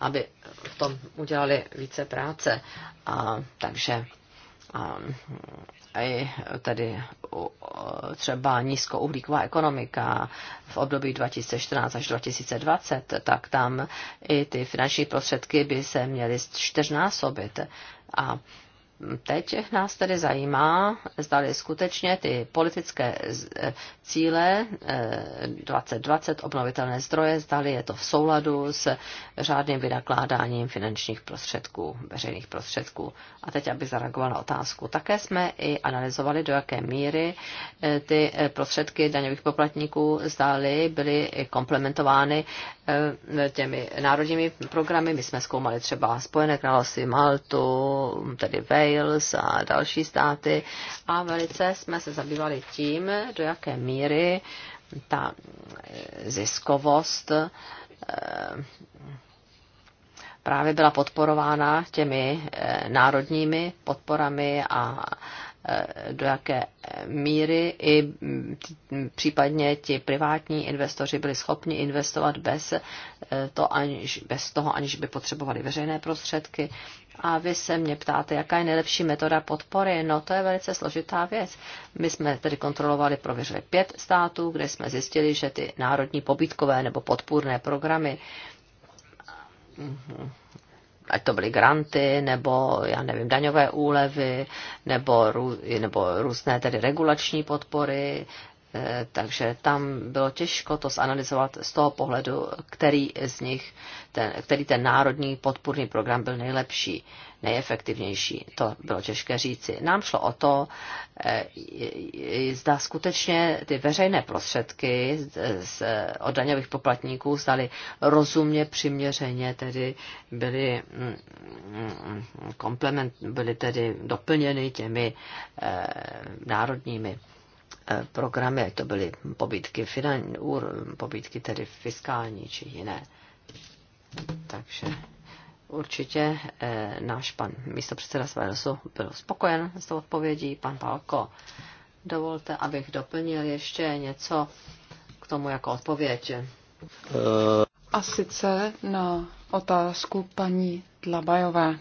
aby v tom udělali více práce. A, takže a, i tedy třeba nízkouhlíková ekonomika v období 2014 až 2020, tak tam i ty finanční prostředky by se měly čtyřnásobit. A Teď nás tedy zajímá, zda skutečně ty politické eh, cíle 2020 eh, obnovitelné zdroje, zda je to v souladu s řádným vynakládáním finančních prostředků, veřejných prostředků. A teď, aby zareagoval na otázku. Také jsme i analyzovali, do jaké míry eh, ty prostředky daňových poplatníků zdály byly komplementovány Eh, těmi národními programy. My jsme zkoumali třeba Spojené království, Maltu, tedy Wales a další státy a velice jsme se zabývali tím, do jaké míry ta eh, ziskovost eh, právě byla podporována těmi národními podporami a Eh, do jaké míry i případně ti privátní investoři byli schopni investovat bez, eh, to, aniž, bez toho, aniž by potřebovali veřejné prostředky. A vy se mě ptáte, jaká je nejlepší metoda podpory. No to je velice složitá věc. My jsme tedy kontrolovali, prověřili pět států, kde jsme zjistili, že ty národní pobytkové nebo podpůrné programy ať to byly granty, nebo, já nevím, daňové úlevy, nebo, rů, nebo různé tedy regulační podpory, Eh, takže tam bylo těžko to zanalizovat z toho pohledu, který z nich, ten, který ten národní podpůrný program byl nejlepší, nejefektivnější. To bylo těžké říci. Nám šlo o to, eh, zda skutečně ty veřejné prostředky z, od daňových poplatníků zdali rozumně, přiměřeně tedy byly, mm, mm, mm, komplement, byly tedy doplněny těmi eh, národními Eh, programy, to byly pobytky, finan, pobytky tedy fiskální či jiné. Takže určitě eh, náš pan místopředseda Svajrosu byl spokojen s tou odpovědí. Pan Palko, dovolte, abych doplnil ještě něco k tomu jako odpověď. A sice na otázku paní Dlabajové.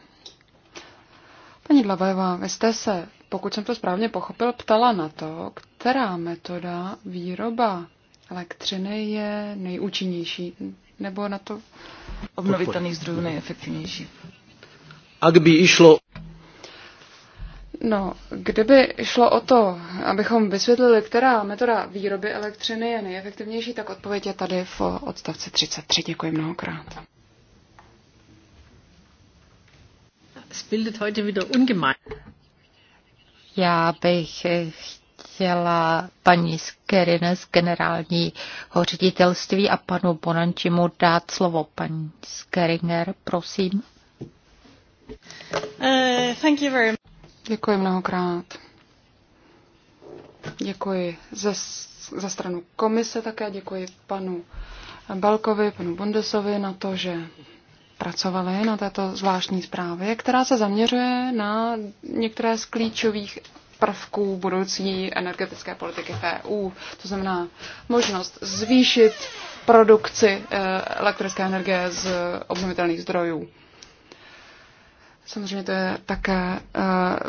Paní Dlabajová, vy jste se pokud jsem to správně pochopil, ptala na to, která metoda výroba elektřiny je nejúčinnější, nebo na to obnovitelných zdrojů nejefektivnější. A kdyby išlo No, kdyby šlo o to, abychom vysvětlili, která metoda výroby elektřiny je nejefektivnější, tak odpověď je tady v odstavci 33. Děkuji mnohokrát. Já bych chtěla paní Skerine z generálního ředitelství a panu Bonančimu dát slovo. Paní Skeringer, prosím. Uh, thank you very much. Děkuji mnohokrát. Děkuji ze, za stranu komise také, děkuji panu Balkovi, panu Bondesovi na to, že pracovali na této zvláštní zprávě, která se zaměřuje na některé z klíčových prvků budoucí energetické politiky v EU. To znamená možnost zvýšit produkci eh, elektrické energie z obnovitelných zdrojů. Samozřejmě to je také eh,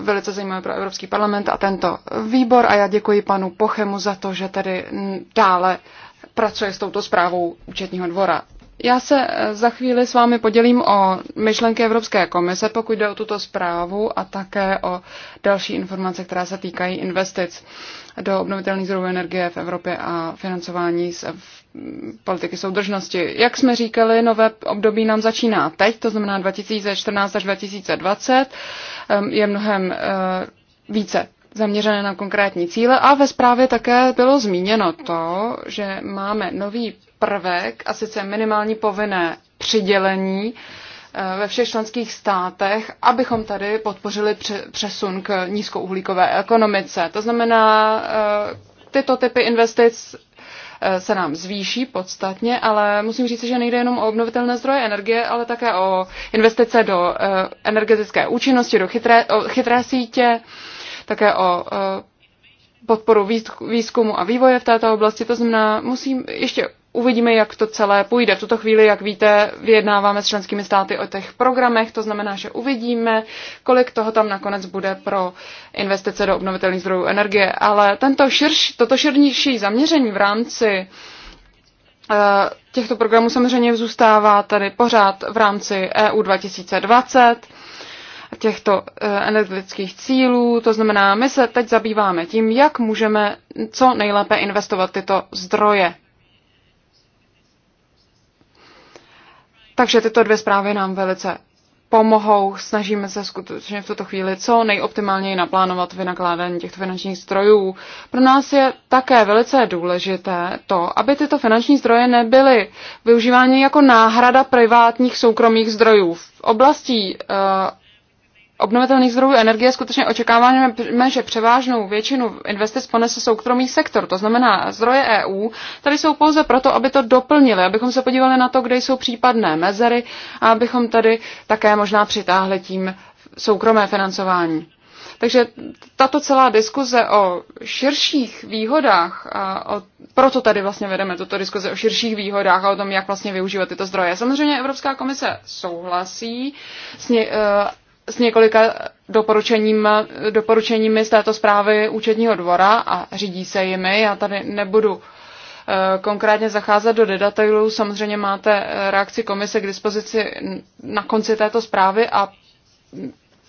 velice zajímavé pro Evropský parlament a tento výbor a já děkuji panu Pochemu za to, že tedy dále pracuje s touto zprávou účetního dvora. Já se eh, za chvíli s vámi podělím o myšlenky Evropské komise, pokud jde o tuto zprávu a také o další informace, která se týkají investic do obnovitelných zdrojů energie v Evropě a financování z eh, mm, politiky soudržnosti. Jak jsme říkali, nové období nám začíná teď, to znamená 2014 až 2020. Je mnohem eh, více zaměřené na konkrétní cíle a ve zprávě také bylo zmíněno to, že máme nový prvek a sice minimální povinné přidělení eh, ve všech členských státech, abychom tady podpořili přesun k nízkouhlíkové ekonomice. To znamená, eh, tyto typy investic eh, se nám zvýší podstatně, ale musím říct, že nejde jenom o obnovitelné zdroje energie, ale také o investice do energetické účinnosti, do chytré, chytré sítě, také o eh, podporu výzkumu a vývoje v této oblasti. To znamená, musím ještě uvidíme, jak to celé půjde. V tuto chvíli, jak víte, vyjednáváme s členskými státy o těch programech, to znamená, že uvidíme, kolik toho tam nakonec bude pro investice do obnovitelných zdrojů energie. Ale tento širš, toto širnější zaměření v rámci eh, těchto programů samozřejmě zůstává tady pořád v rámci EU 2020 těchto eh, energetických cílů. To znamená, my se teď zabýváme tím, jak můžeme co nejlépe investovat tyto zdroje. Takže tyto dvě zprávy nám velice pomohou. Snažíme se skutečně v tuto chvíli co nejoptimálněji naplánovat vynakládání těchto finančních zdrojů. Pro nás je také velice důležité to, aby tyto finanční zdroje nebyly využívány jako náhrada privátních soukromých zdrojů. V oblasti eh, obnovitelných zdrojů energie skutečně očekáváme, že převážnou většinu investic ponese soukromý sektor, to znamená zdroje EU, tady jsou pouze proto, aby to doplnili, abychom se podívali na to, kde jsou případné mezery a abychom tady také možná přitáhli tím soukromé financování. Takže tato celá diskuze o širších výhodách, a o, proto tady vlastně vedeme tuto diskuze o širších výhodách a o tom, jak vlastně využívat tyto zdroje. Samozřejmě Evropská komise souhlasí s ně, eh, s několika doporučením, doporučeními z této zprávy účetního dvora a řídí se jimi. Já tady nebudu eh, konkrétně zacházet do detailů. Samozřejmě máte eh, reakci komise k dispozici na konci této zprávy a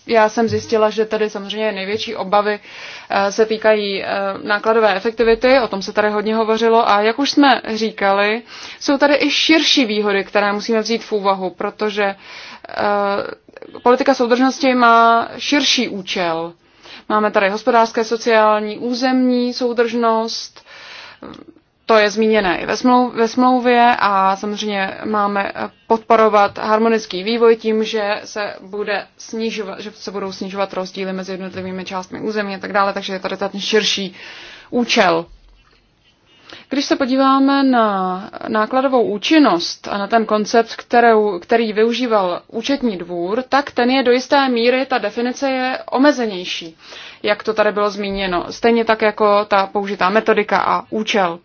já jsem zjistila, že tady samozřejmě největší obavy eh, se týkají nákladové efektivity, o tom se tady hodně hovořilo a jak už jsme říkali, jsou tady i širší výhody, které musíme vzít v úvahu, protože politika soudržnosti má širší účel. Máme tady hospodářské, sociální, územní soudržnost, to je zmíněné i ve, ve smlouvě a samozřejmě máme podporovat harmonický vývoj tím, že se, bude snižovat, že se budou snižovat rozdíly mezi jednotlivými částmi území a tak dále, takže je tady ten širší účel. Když se podíváme na nákladovou účinnost a na ten koncept, kterou, který využíval účetní dvůr, tak ten je do jisté míry, ta definice je omezenější, jak to tady bylo zmíněno. Stejně tak jako ta použitá metodika a účel.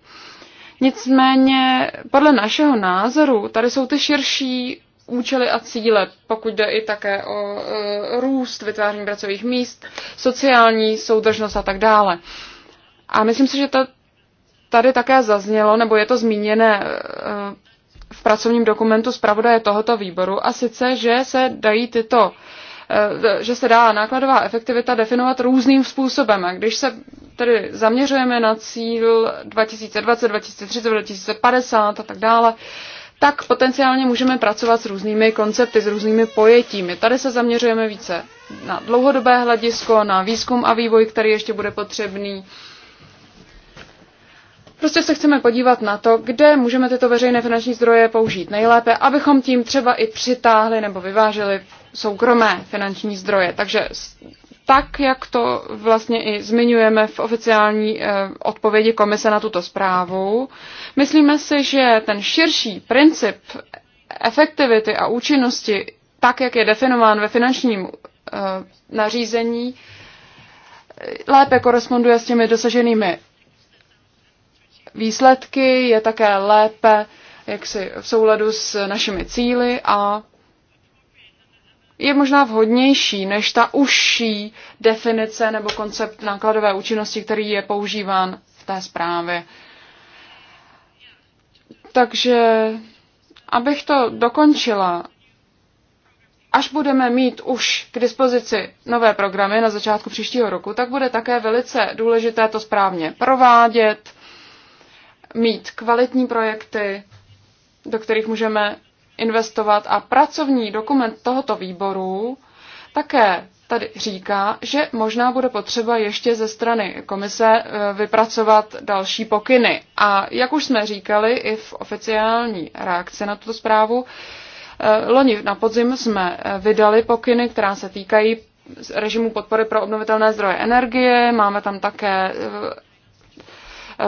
Nicméně, podle našeho názoru, tady jsou ty širší účely a cíle, pokud jde i také o e, růst, vytváření pracovních míst, sociální soudržnost a tak dále. A myslím si, že ta, tady také zaznělo, nebo je to zmíněné eh, v pracovním dokumentu zpravodaje tohoto výboru, a sice, že se dají tyto eh, že se dá nákladová efektivita definovat různým způsobem. A když se tedy zaměřujeme na cíl 2020, 2030, 2050 a tak dále, tak potenciálně můžeme pracovat s různými koncepty, s různými pojetími. Tady se zaměřujeme více na dlouhodobé hledisko, na výzkum a vývoj, který ještě bude potřebný, Prostě se chceme podívat na to, kde můžeme tyto veřejné finanční zdroje použít nejlépe, abychom tím třeba i přitáhli nebo vyvážili soukromé finanční zdroje. Takže tak, jak to vlastně i zmiňujeme v oficiální eh, odpovědi komise na tuto zprávu, myslíme si, že ten širší princip efektivity a účinnosti, tak, jak je definován ve finančním eh, nařízení, eh, lépe koresponduje s těmi dosaženými výsledky, je také lépe jaksi v souladu s našimi cíly a je možná vhodnější než ta užší definice nebo koncept nákladové účinnosti, který je používán v té zprávě. Takže, abych to dokončila, až budeme mít už k dispozici nové programy na začátku příštího roku, tak bude také velice důležité to správně provádět, mít kvalitní projekty, do kterých můžeme investovat a pracovní dokument tohoto výboru také tady říká, že možná bude potřeba ještě ze strany komise eh, vypracovat další pokyny. A jak už jsme říkali i v oficiální reakci na tuto zprávu, eh, loni na podzim jsme eh, vydali pokyny, která se týkají režimu podpory pro obnovitelné zdroje energie, máme tam také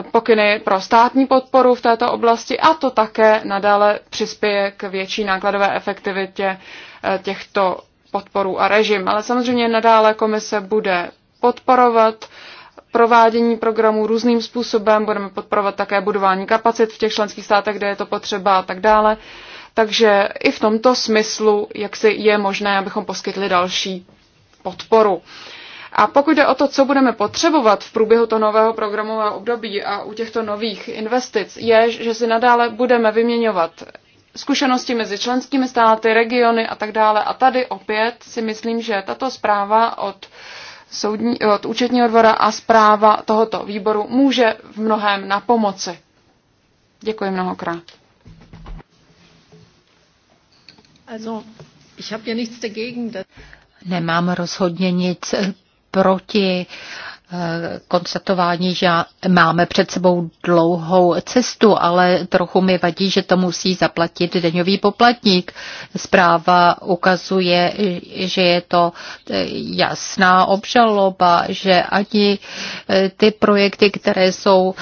pokyny pro státní podporu v této oblasti a to také nadále přispěje k větší nákladové efektivitě eh, těchto podporů a režim. Ale samozřejmě nadále komise bude podporovat provádění programů různým způsobem, budeme podporovat také budování kapacit v těch členských státech, kde je to potřeba a tak dále. Takže i v tomto smyslu, jak si je možné, abychom poskytli další podporu. Uh, a pokud jde o to, co budeme potřebovat v průběhu toho nového programového období a u těchto nových investic, je, že si nadále budeme vyměňovat zkušenosti mezi členskými státy, regiony a tak dále. A tady opět si myslím, že tato zpráva od, soudní, od účetního dvora a zpráva tohoto výboru může v mnohem na pomoci. Děkuji mnohokrát. Also, ich habe ja nichts dagegen, dass Nemám rozhodně nic proti eh, konstatování, že máme před sebou dlouhou cestu, ale trochu mi vadí, že to musí zaplatit daňový poplatník. Zpráva ukazuje, že je to eh, jasná obžaloba, že ani eh, ty projekty, které jsou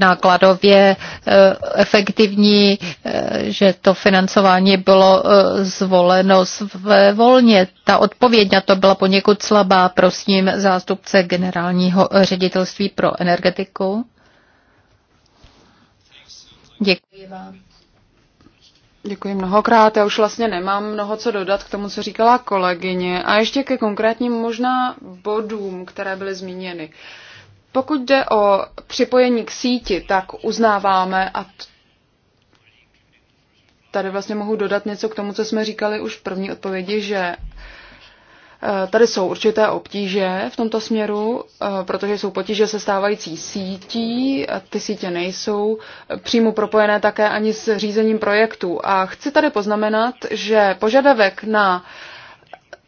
nákladově eh, efektivní, eh, že to financování bylo eh, zvoleno své volně. Ta odpověď na to byla poněkud slabá. Prosím zástupce generálního ředitelství pro energetiku. Děkuji vám. Děkuji mnohokrát. Já už vlastně nemám mnoho co dodat k tomu, co říkala kolegyně. A ještě ke konkrétním možná bodům, které byly zmíněny. Uh, pokud jde o připojení k síti, tak uznáváme a tady vlastně mohu dodat něco k tomu, co jsme říkali už v první odpovědi, že e, Tady jsou určité obtíže v tomto směru, e, protože jsou potíže se stávající sítí, ty sítě nejsou přímo propojené také ani s řízením projektů. A chci tady poznamenat, že požadavek na uh,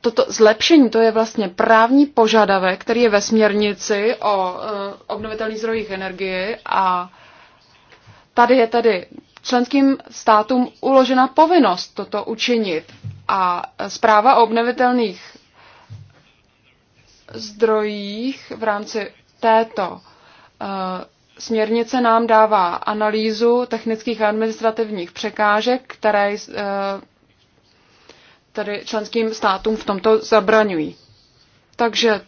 toto zlepšení, to je vlastně právní požadavek, který je ve směrnici o eh, obnovitelných zdrojích energie a tady je tedy členským státům uložena povinnost toto učinit. A zpráva o obnovitelných zdrojích v rámci této eh, směrnice nám dává analýzu technických a administrativních překážek, které eh, tedy členským státům v tomto zabraňují. Takže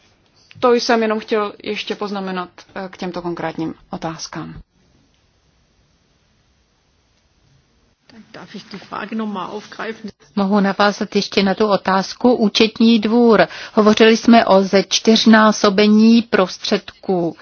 to jsem jenom chtěl ještě poznamenat eh, k těmto konkrétním otázkám. Mohu navázat ještě na tu otázku. Účetní dvůr. Hovořili jsme o ze čtyřnásobení prostředků. Uh,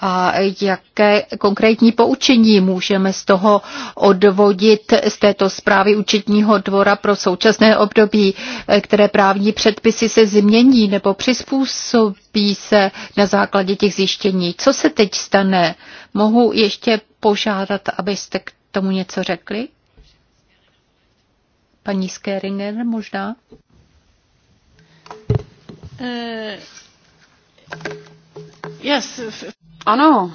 a jaké konkrétní poučení můžeme z toho odvodit z této zprávy účetního dvora pro současné období, eh, které právní předpisy se změní nebo přizpůsobí se na základě těch zjištění. Co se teď stane? Mohu ještě požádat, abyste k tomu něco řekli? Paní Skeringer možná? Uh, yes. Ano,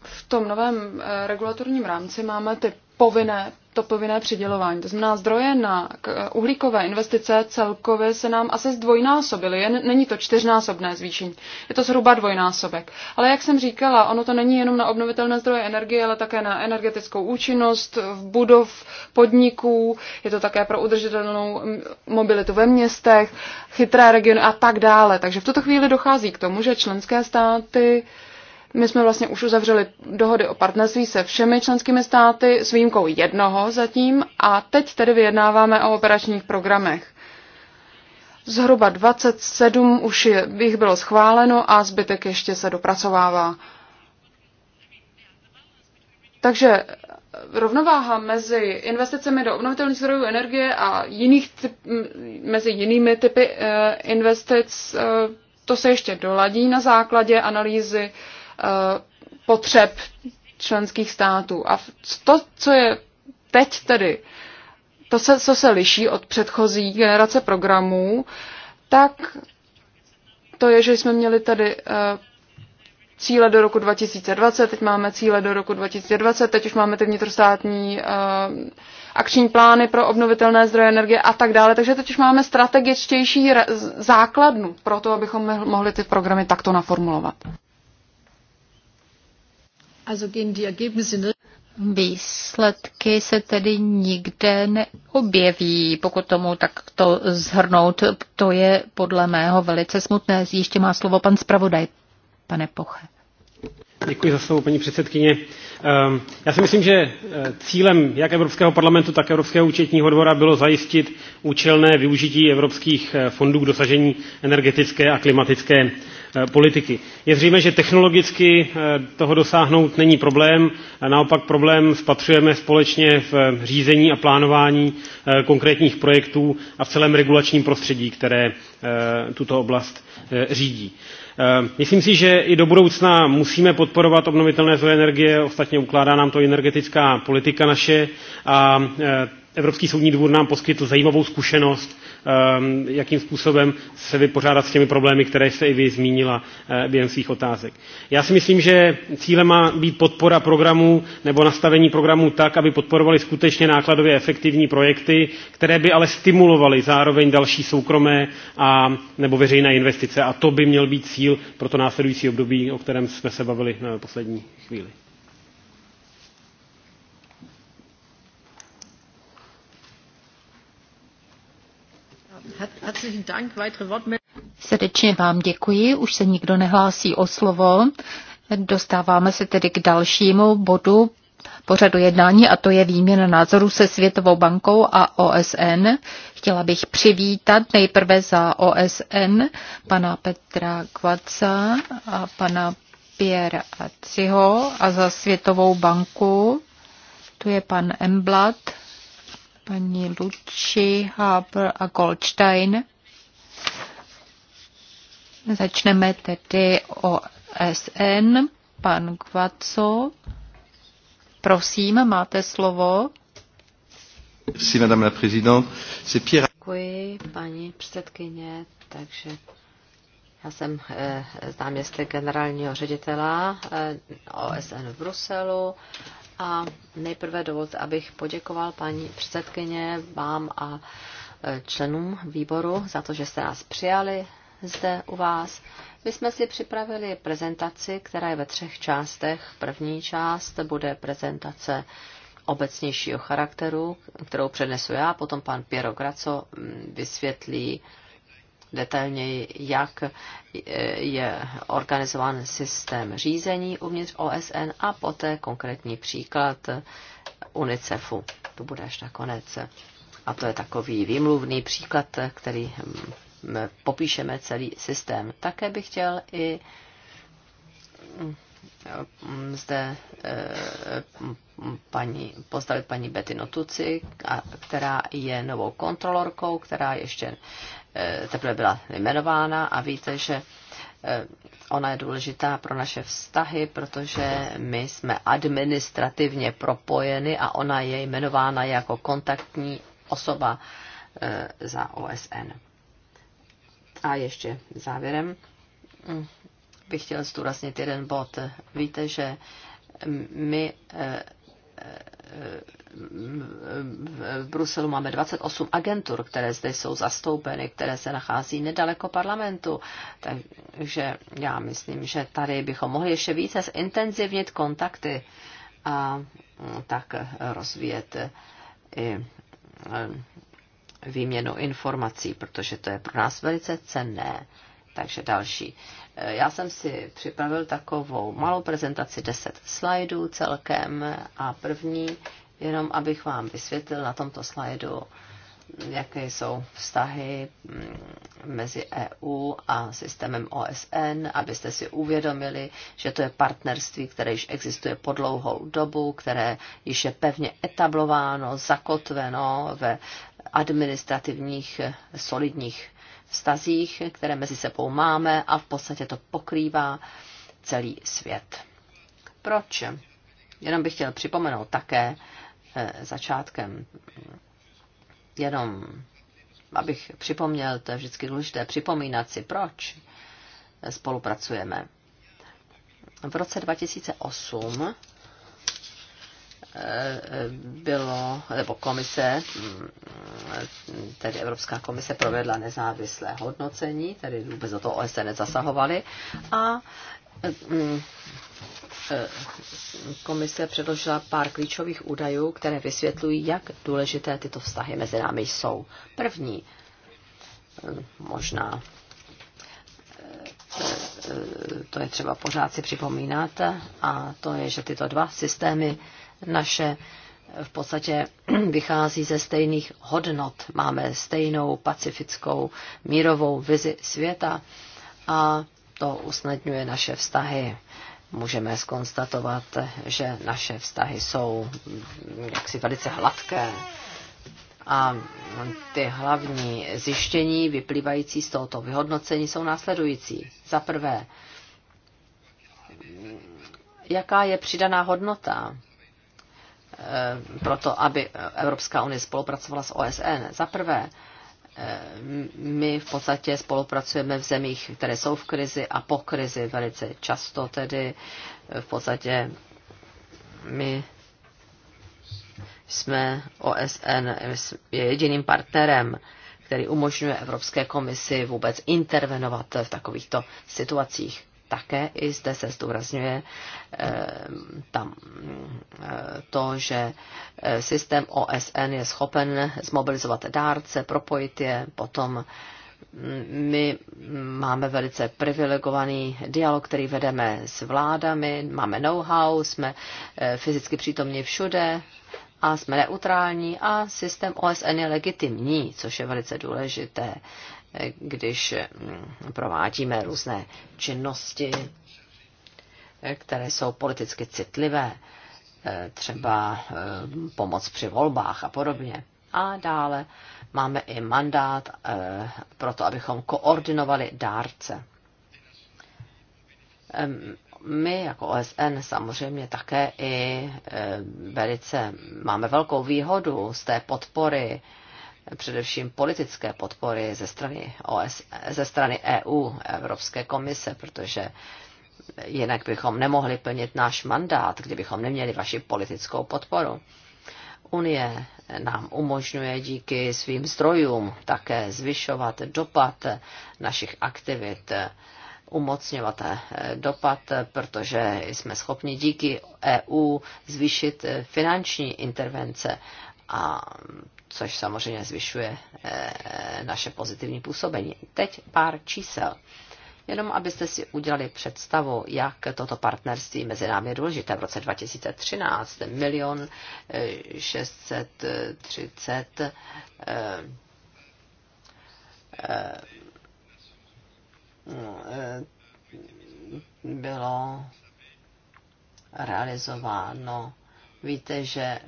v tom novém eh, regulatorním rámci máme ty povinné to povinné přidělování. To znamená, zdroje na uhlíkové investice celkově se nám asi zdvojnásobily. Není to čtyřnásobné zvýšení, je to zhruba dvojnásobek. Ale jak jsem říkala, ono to není jenom na obnovitelné zdroje energie, ale také na energetickou účinnost v budov, podniků, je to také pro udržitelnou mobilitu ve městech, chytré regiony a tak dále. Takže v tuto chvíli dochází k tomu, že členské státy my jsme vlastně už uzavřeli dohody o partnerství se všemi členskými státy s výjimkou jednoho zatím a teď tedy vyjednáváme o operačních programech. Zhruba 27 už bych bylo schváleno a zbytek ještě se dopracovává. Takže rovnováha mezi investicemi do obnovitelných zdrojů energie a jiných typ, mezi jinými typy eh, investic, eh, to se ještě doladí na základě analýzy Eh, potřeb členských států. A to, co je teď tedy, to, se, co se liší od předchozí generace programů, tak to je, že jsme měli tady eh, cíle do roku 2020, teď máme cíle do roku 2020, teď už máme ty vnitrostátní uh, akční plány pro obnovitelné zdroje energie a tak dále. Takže teď už máme strategičtější základnu pro to, abychom mohli ty programy takto naformulovat. Výsledky se tedy nikde neobjeví, pokud tomu tak to zhrnout. To je podle mého velice smutné. Ještě má slovo pan zpravodaj, pane Poche. Děkuji za slovo, paní předsedkyně. Ehm, já si myslím, že eh, cílem jak Evropského parlamentu, tak Evropského účetního dvora bylo zajistit účelné využití evropských eh, fondů k dosažení energetické a klimatické Eh, politiky. Je zřejmé, že technologicky eh, toho dosáhnout není problém, naopak problém spatřujeme společně v eh, řízení a plánování konkrétních projektů a v celém regulačním prostředí, které tuto oblast řídí. Myslím si, že i do budoucna musíme podporovat obnovitelné zdroje energie, ostatně ukládá nám to energetická politika naše a Evropský soudní dvůr nám poskytl zajímavou zkušenost, ehm, jakým způsobem se vypořádat s těmi problémy, které jste i vy zmínila eh, během svých otázek. Já si myslím, že cílem má být podpora programů nebo nastavení programů tak, aby podporovali skutečně nákladově efektivní projekty, které by ale stimulovaly zároveň další soukromé a, nebo veřejné investice. A to by měl být cíl pro to následující období, o kterém jsme se bavili na poslední chvíli. Srdečně vám děkuji, už se nikdo nehlásí o slovo. Dostáváme se tedy k dalšímu bodu pořadu jednání a to je výměna názorů se Světovou bankou a OSN. Chtěla bych přivítat nejprve za OSN pana Petra Kvaca a pana Pierre Atsiho a za Světovou banku tu je pan Emblat paní Luči, Haber a Goldstein. Začneme tedy o SN. Pan Kvaco, prosím, máte slovo. Si, madame la présidente. Pierre... Děkuji, paní předsedkyně. Takže já jsem eh, náměstek generálního ředitela eh, OSN v Bruselu a nejprve dovolte, abych poděkoval paní předsedkyně, vám a e, členům výboru za to, že jste nás přijali zde u vás. My jsme si připravili prezentaci, která je ve třech částech. První část bude prezentace obecnějšího charakteru, kterou přednesu já, potom pan Piero Graco mm, vysvětlí detailněji, jak je organizován systém řízení uvnitř OSN a poté konkrétní příklad UNICEFu. To bude až nakonec. A to je takový výmluvný příklad, který hm, popíšeme celý systém. Také bych chtěl i hm, zde eh, paní, postavit paní Betty Notuci, která je novou kontrolorkou, která ještě Eh, teprve byla jmenována a víte, že eh, ona je důležitá pro naše vztahy, protože my jsme administrativně propojeny a ona je jmenována jako kontaktní osoba eh, za OSN. A ještě závěrem hm, bych chtěl zdůraznit jeden bod. Víte, že hm, my v Bruselu máme 28 agentur, které zde jsou zastoupeny, které se nachází nedaleko parlamentu. Takže já myslím, že tady bychom mohli ještě více zintenzivnit kontakty a tak rozvíjet i e, výměnu informací, protože to je pro nás velice cenné. Takže další. Eh, já jsem si připravil takovou malou prezentaci 10 slajdů celkem a první, jenom abych vám vysvětlil na tomto slajdu, jaké jsou vztahy mm, mezi EU a systémem OSN, abyste si uvědomili, že to je partnerství, které již existuje po dlouhou dobu, které již je pevně etablováno, zakotveno ve administrativních solidních vztazích, které mezi sebou máme a v podstatě to pokrývá celý svět. Proč? Jenom bych chtěl připomenout také eh, začátkem, jenom abych připomněl, to je vždycky důležité připomínat si, proč spolupracujeme. V roce 2008 bylo, nebo komise, tedy Evropská komise provedla nezávislé hodnocení, tedy vůbec do toho OSN nezasahovali a mm, komise předložila pár klíčových údajů, které vysvětlují, jak důležité tyto vztahy mezi námi jsou. První, možná to je třeba pořád si připomínat, a to je, že tyto dva systémy naše v podstatě vychází ze stejných hodnot. Máme stejnou pacifickou mírovou vizi světa a to usnadňuje naše vztahy. Můžeme skonstatovat, že naše vztahy jsou jaksi velice hladké. A ty hlavní zjištění vyplývající z tohoto vyhodnocení jsou následující. Za prvé, jaká je přidaná hodnota Eh, proto, aby Evropská unie spolupracovala s OSN. Za prvé, eh, my v podstatě spolupracujeme v zemích, které jsou v krizi a po krizi velice často tedy eh, v podstatě my jsme OSN je jediným partnerem, který umožňuje Evropské komisi vůbec intervenovat v takovýchto situacích také i zde se zdůrazňuje eh, tam eh, to, že eh, systém OSN je schopen zmobilizovat dárce, propojit je, potom mm, my máme velice privilegovaný dialog, který vedeme s vládami, máme know-how, jsme fyzicky přítomní všude a jsme neutrální a systém OSN je legitimní, což je velice důležité když hm, provádíme různé činnosti, které jsou politicky citlivé, eh, třeba hm, pomoc při volbách a podobně. A dále máme i mandát eh, pro to, abychom koordinovali dárce. My jako OSN samozřejmě také i eh, velice máme velkou výhodu z té podpory především politické podpory ze strany, OS, ze strany EU, Evropské komise, protože jinak bychom nemohli plnit náš mandát, kdybychom neměli vaši politickou podporu. Unie nám umožňuje díky svým zdrojům také zvyšovat dopad našich aktivit, umocňovat dopad, protože jsme schopni díky EU zvýšit finanční intervence a což samozřejmě zvyšuje eh, naše pozitivní působení. Teď pár čísel. Jenom abyste si udělali představu, jak toto partnerství mezi námi je důležité. V roce 2013 milion 630 eh, eh, mm, bylo realizováno. Víte, že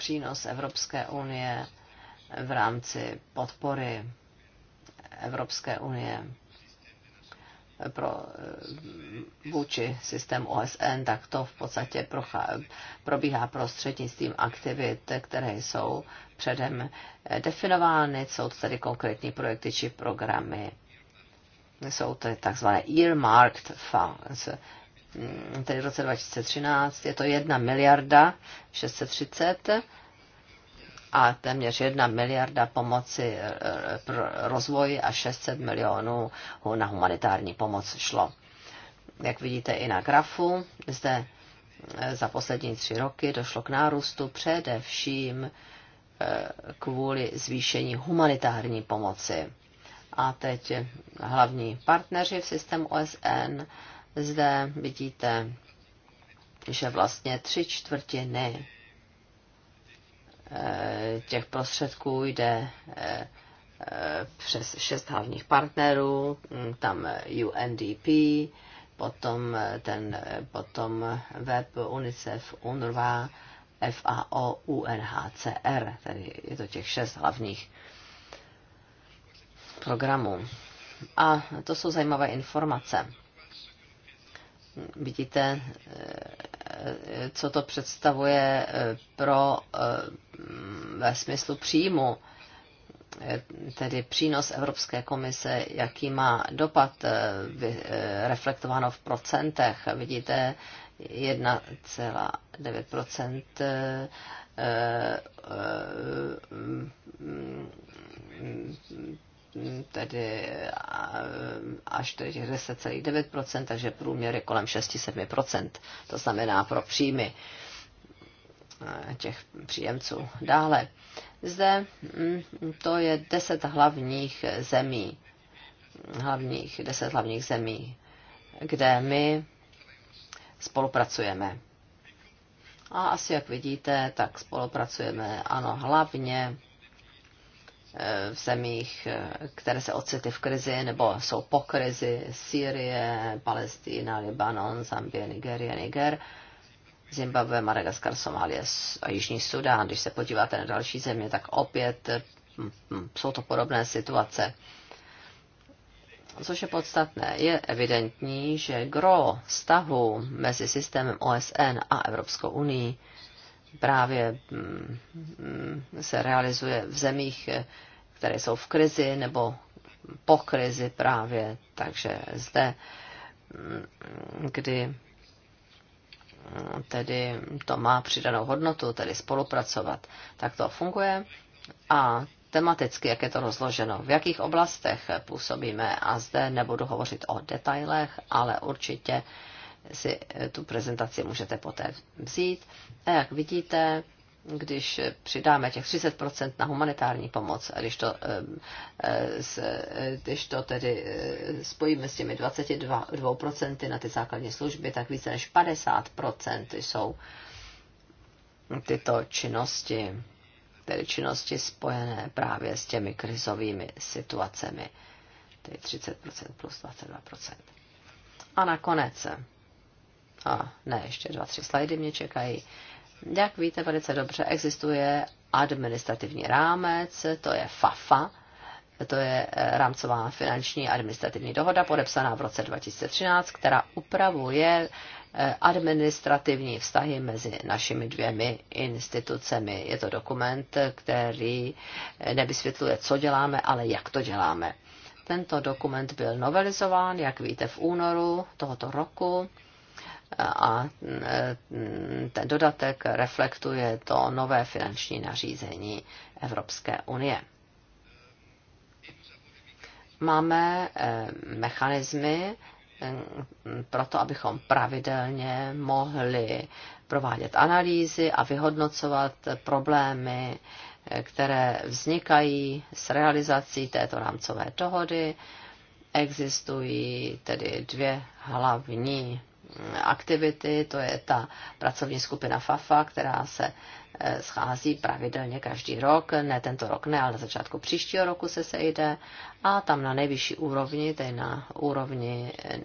přínos Evropské unie v rámci podpory Evropské unie pro, eh, vůči systém OSN, tak to v podstatě probíhá prostřednictvím aktivit, které jsou předem eh, definovány, jsou to tedy konkrétní projekty či programy. Jsou to takzvané earmarked funds, Mm, tedy v roce 2013, je to 1 miliarda 630 a téměř 1 miliarda pomoci eh, pro rozvoj a 600 milionů na humanitární pomoc šlo. Jak vidíte i na grafu, zde eh, za poslední tři roky došlo k nárůstu především eh, kvůli zvýšení humanitární pomoci. A teď hlavní partneři v systému OSN zde vidíte, že vlastně tři čtvrtiny eh, těch prostředků jde eh, eh, přes šest hlavních partnerů, hm, tam UNDP, potom, ten, potom web UNICEF, UNRWA, FAO, UNHCR, tedy je to těch šest hlavních programů. A to jsou zajímavé informace vidíte, eh, co to představuje eh, pro eh, ve smyslu příjmu, tedy přínos Evropské komise, jaký má dopad reflektováno v procentech. Vidíte, 1,9 tedy až tedy 10,9%, takže průměr je kolem 6-7%, to znamená pro příjmy eh, těch příjemců. Dále, zde mm, to je 10 hlavních zemí, hlavních, 10 hlavních zemí, kde my spolupracujeme. A asi jak vidíte, tak spolupracujeme, ano, hlavně Eh, v zemích, eh, které se ocitly v krizi nebo jsou po krizi, Sýrie, Palestína, Libanon, Zambie, Nigerie, Niger, Zimbabwe, Madagaskar, Somálie a Jižní Sudán. Když se podíváte na další země, tak opět eh, jsou to podobné situace. Což je podstatné, je evidentní, že gro vztahu mezi systémem OSN a Evropskou unii právě mm, se realizuje v zemích, které jsou v krizi nebo po krizi právě. Takže zde, mm, kdy mm, tedy to má přidanou hodnotu, tedy spolupracovat, tak to funguje. A tematicky, jak je to rozloženo, v jakých oblastech působíme. A zde nebudu hovořit o detailech, ale určitě si eh, tu prezentaci můžete poté vzít. A jak vidíte, když přidáme těch 30% na humanitární pomoc a když to, eh, eh, když to tedy spojíme s těmi 22% na ty základní služby, tak více než 50% jsou tyto činnosti, tedy činnosti spojené právě s těmi krizovými situacemi, tedy 30% plus 22%. A nakonec a ne, ještě dva, tři slajdy mě čekají. Jak víte velice dobře, existuje administrativní rámec, to je FAFA, to je eh, rámcová finanční administrativní dohoda podepsaná v roce 2013, která upravuje eh, administrativní vztahy mezi našimi dvěmi institucemi. Je to dokument, který eh, nevysvětluje, co děláme, ale jak to děláme. Tento dokument byl novelizován, jak víte, v únoru tohoto roku a mm, ten dodatek reflektuje to nové finanční nařízení Evropské unie. Máme eh, mechanismy mm, pro to, abychom pravidelně mohli provádět analýzy a vyhodnocovat problémy, eh, které vznikají s realizací této rámcové dohody. Existují tedy dvě hlavní aktivity, to je ta pracovní skupina FAFA, která se schází pravidelně každý rok, ne tento rok ne, ale na začátku příštího roku se sejde a tam na nejvyšší úrovni, tedy na úrovni eh,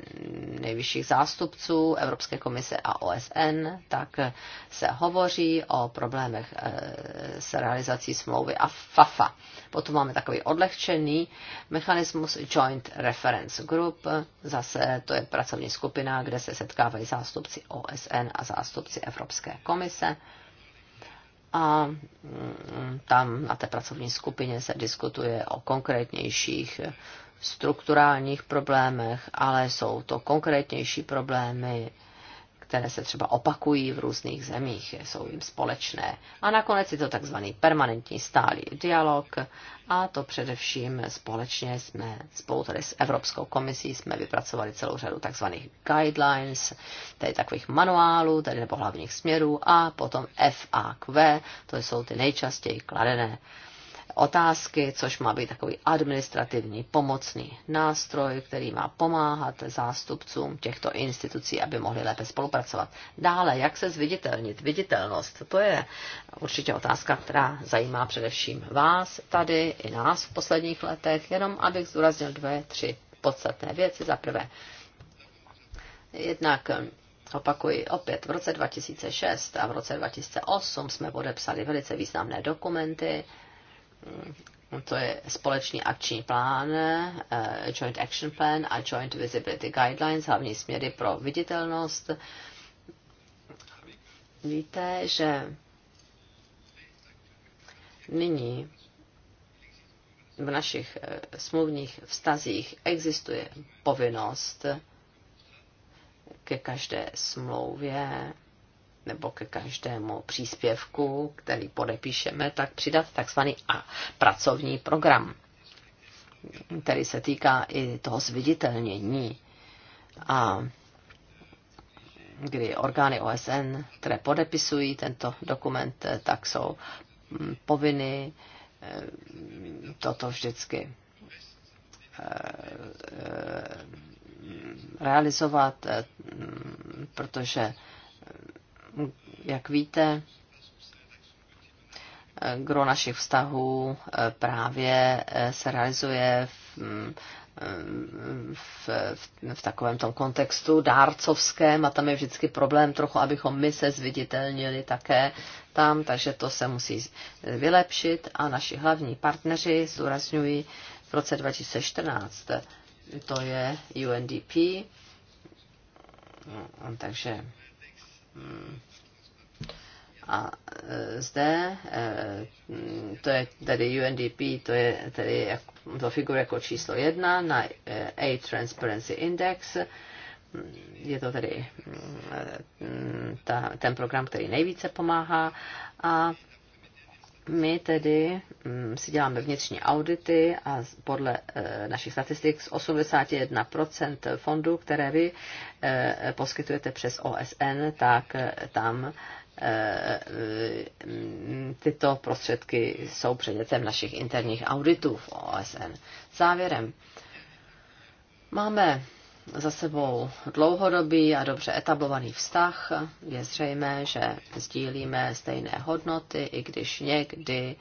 nejvyšších zástupců Evropské komise a OSN, tak se hovoří o problémech eh, s realizací smlouvy a FAFA. Potom máme takový odlehčený mechanismus Joint Reference Group, zase to je pracovní skupina, kde se setkávají zástupci OSN a zástupci Evropské komise a mm, tam na té pracovní skupině se diskutuje o konkrétnějších strukturálních problémech, ale jsou to konkrétnější problémy, které se třeba opakují v různých zemích, jsou jim společné. A nakonec je to takzvaný permanentní stálý dialog a to především společně jsme spolu tady s Evropskou komisí jsme vypracovali celou řadu takzvaných guidelines, tedy takových manuálů, tedy nebo hlavních směrů a potom FAQ, to jsou ty nejčastěji kladené otázky, což má být takový administrativní pomocný nástroj, který má pomáhat zástupcům těchto institucí, aby mohli lépe spolupracovat. Dále, jak se zviditelnit? Viditelnost, to je určitě otázka, která zajímá především vás tady i nás v posledních letech, jenom abych zdůraznil dvě, tři podstatné věci. Za prvé, jednak hm, Opakuji opět, v roce 2006 a v roce 2008 jsme podepsali velice významné dokumenty, No, to je společný akční plán, eh, Joint Action Plan a Joint Visibility Guidelines, hlavní směry pro viditelnost. Víte, že nyní v našich eh, smluvních vztazích existuje povinnost ke každé smlouvě nebo ke každému příspěvku, který podepíšeme, tak přidat takzvaný a pracovní program, který se týká i toho zviditelnění. A kdy orgány OSN, které podepisují tento dokument, tak jsou mm, povinny eh, toto vždycky eh, eh, realizovat, mm, protože jak víte, gro našich vztahů eh, právě eh, se realizuje v, mm, mm, v, v, v takovém tom kontextu dárcovském a tam je vždycky problém trochu, abychom my se zviditelnili také tam, takže to se musí vylepšit a naši hlavní partneři, zdůrazňují, v roce 2014 to je UNDP, mm, takže a e, zde, e, to je tedy UNDP, to je tedy to figura jako číslo jedna na e, A Transparency Index. Je to tedy ten program, který nejvíce pomáhá a my tedy mm, si děláme vnitřní audity a podle e, našich statistik z 81% fondů, které vy e, poskytujete přes OSN, tak e, tam tyto prostředky jsou předmětem našich interních auditů v OSN. Závěrem. Máme za sebou dlouhodobý a dobře etablovaný vztah. Je zřejmé, že sdílíme stejné hodnoty, i když někdy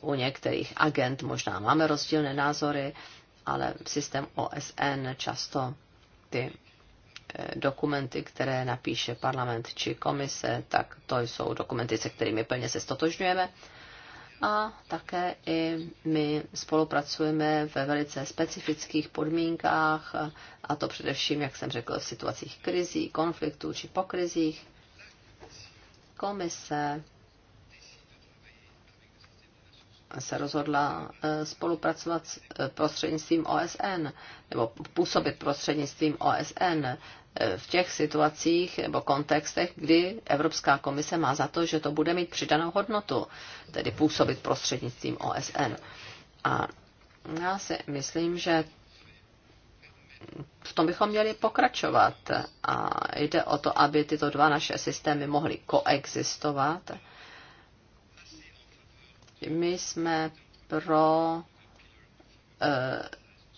u některých agent možná máme rozdílné názory, ale systém OSN často ty e, dokumenty, které napíše parlament či komise, tak to jsou dokumenty, se kterými plně se stotožňujeme a také i my spolupracujeme ve velice specifických podmínkách, a to především, jak jsem řekl, v situacích krizí, konfliktů či pokrizích. Komise se rozhodla eh, spolupracovat eh, prostřednictvím OSN nebo působit prostřednictvím OSN eh, v těch situacích nebo kontextech, kdy Evropská komise má za to, že to bude mít přidanou hodnotu, tedy působit prostřednictvím OSN. A já si myslím, že v tom bychom měli pokračovat a jde o to, aby tyto dva naše systémy mohly koexistovat my jsme pro eh,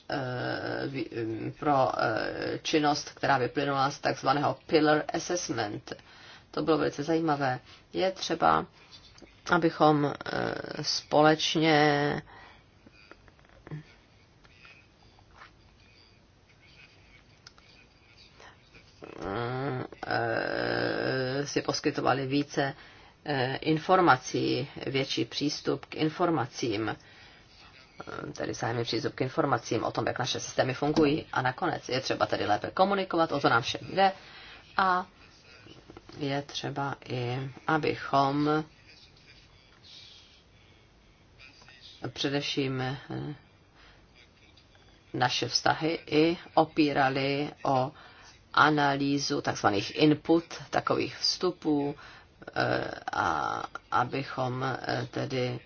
eh, mm, pro eh, činnost, která vyplynula z takzvaného pillar assessment. To bylo velice zajímavé. Je třeba, abychom společně si poskytovali více Eh, informací, větší přístup k informacím, eh, tedy zájemný přístup k informacím o tom, jak naše systémy fungují. A nakonec je třeba tedy lépe komunikovat, o to nám všem jde. A je třeba i, abychom především eh, naše vztahy i opírali o analýzu takzvaných input, takových vstupů, a abychom e, tedy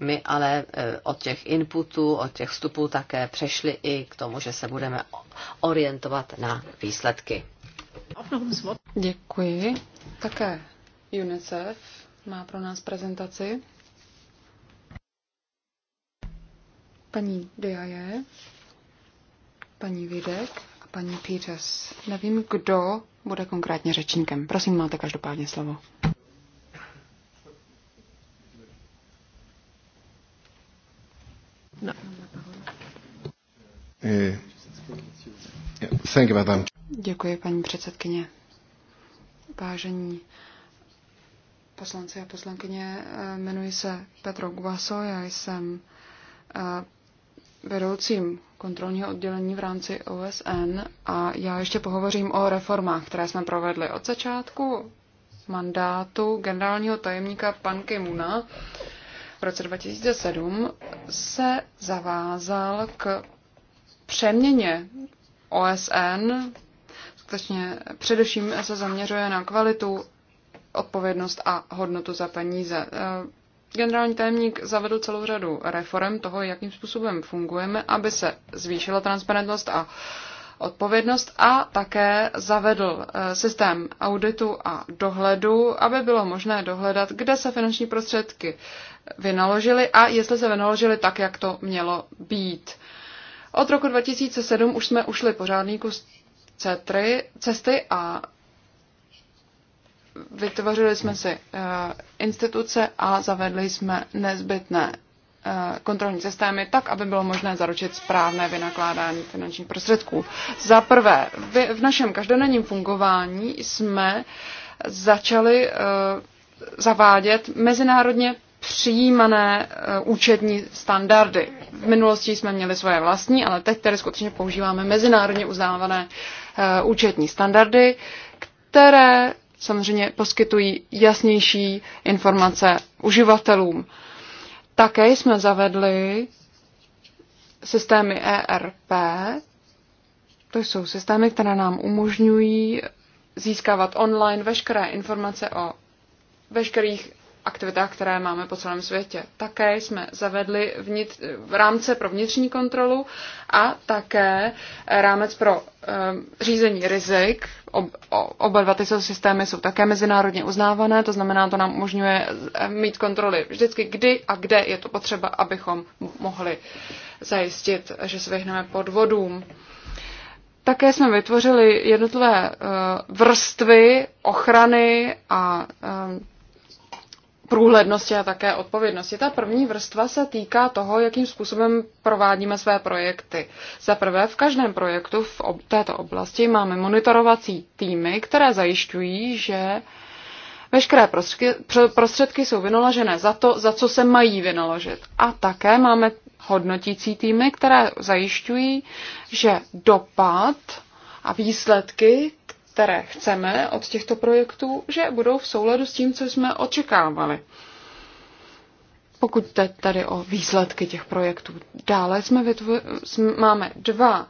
my ale e, od těch inputů, od těch vstupů také přešli i k tomu, že se budeme orientovat na výsledky. Děkuji. Také UNICEF má pro nás prezentaci. Paní Diaje, paní Videk a paní Peters. Nevím, kdo bude konkrétně řečníkem. Prosím, máte každopádně slovo. No. Eh, Děkuji, paní předsedkyně. Vážení poslanci a poslankyně, eh, jmenuji se Petro Guaso, já jsem eh, vedoucím kontrolního oddělení v rámci OSN a já ještě pohovořím o reformách, které jsme provedli od začátku mandátu generálního tajemníka Pan Kimuna v roce 2007 se zavázal k přeměně OSN. Skutečně především se zaměřuje na kvalitu, odpovědnost a hodnotu za peníze generální tajemník zavedl celou řadu reform toho, jakým způsobem fungujeme, aby se zvýšila transparentnost a odpovědnost a také zavedl eh, systém auditu a dohledu, aby bylo možné dohledat, kde se finanční prostředky vynaložily a jestli se vynaložily tak, jak to mělo být. Od roku 2007 už jsme ušli pořádný kus cetry, cesty a vytvořili jsme si eh, instituce a zavedli jsme nezbytné eh, kontrolní systémy tak, aby bylo možné zaručit správné vynakládání finančních prostředků. Za prvé, v našem každodenním fungování jsme začali eh, zavádět mezinárodně přijímané účetní standardy. V minulosti jsme měli svoje vlastní, ale teď tedy skutečně používáme mezinárodně uznávané účetní standardy, které samozřejmě poskytují jasnější informace uživatelům. Také jsme zavedli systémy ERP. To jsou systémy, které nám umožňují získávat online veškeré informace o veškerých aktivitách, které máme po celém světě. Také jsme zavedli vnitř, rámce pro vnitřní kontrolu a také rámec pro um, řízení rizik. Ob, oba dva tyto systémy jsou také mezinárodně uznávané, to znamená, to nám umožňuje eh, mít kontroly vždycky, kdy a kde je to potřeba, abychom mohli zajistit, že se vyhneme podvodům. Také jsme vytvořili jednotlivé eh, vrstvy ochrany a průhlednosti a také odpovědnosti. Ta první vrstva se týká toho, jakým způsobem provádíme své projekty. Za prvé, v každém projektu v ob- této oblasti máme monitorovací týmy, které zajišťují, že veškeré prostředky, prostředky jsou vynaložené za to, za co se mají vynaložit. A také máme hodnotící týmy, které zajišťují, že dopad a výsledky které chceme od těchto projektů, že budou v souladu s tím, co jsme očekávali. Pokud jde tady o výsledky těch projektů. Dále jsme vytvo- máme dva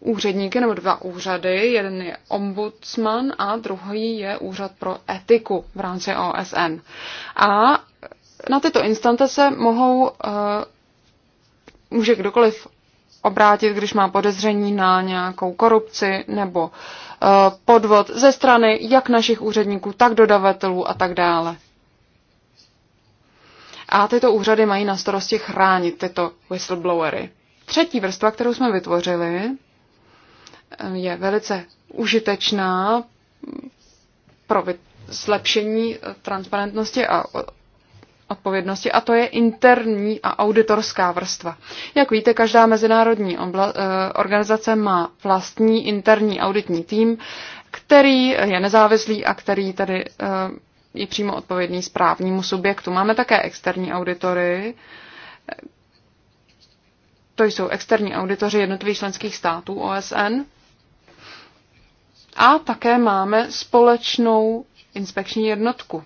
úředníky nebo dva úřady. Jeden je ombudsman a druhý je úřad pro etiku v rámci OSN. A na tyto instance se mohou, uh, může kdokoliv obrátit, když má podezření na nějakou korupci nebo eh, podvod ze strany jak našich úředníků, tak dodavatelů a tak dále. A tyto úřady mají na starosti chránit tyto whistleblowery. Třetí vrstva, kterou jsme vytvořili, eh, je velice užitečná pro zlepšení eh, transparentnosti a odpovědnosti, a to je interní a auditorská vrstva. Jak víte, každá mezinárodní obla, eh, organizace má vlastní interní auditní tým, který je nezávislý a který tedy eh, je přímo odpovědný správnímu subjektu. Máme také externí auditory, to jsou externí auditoři jednotlivých členských států OSN. A také máme společnou inspekční jednotku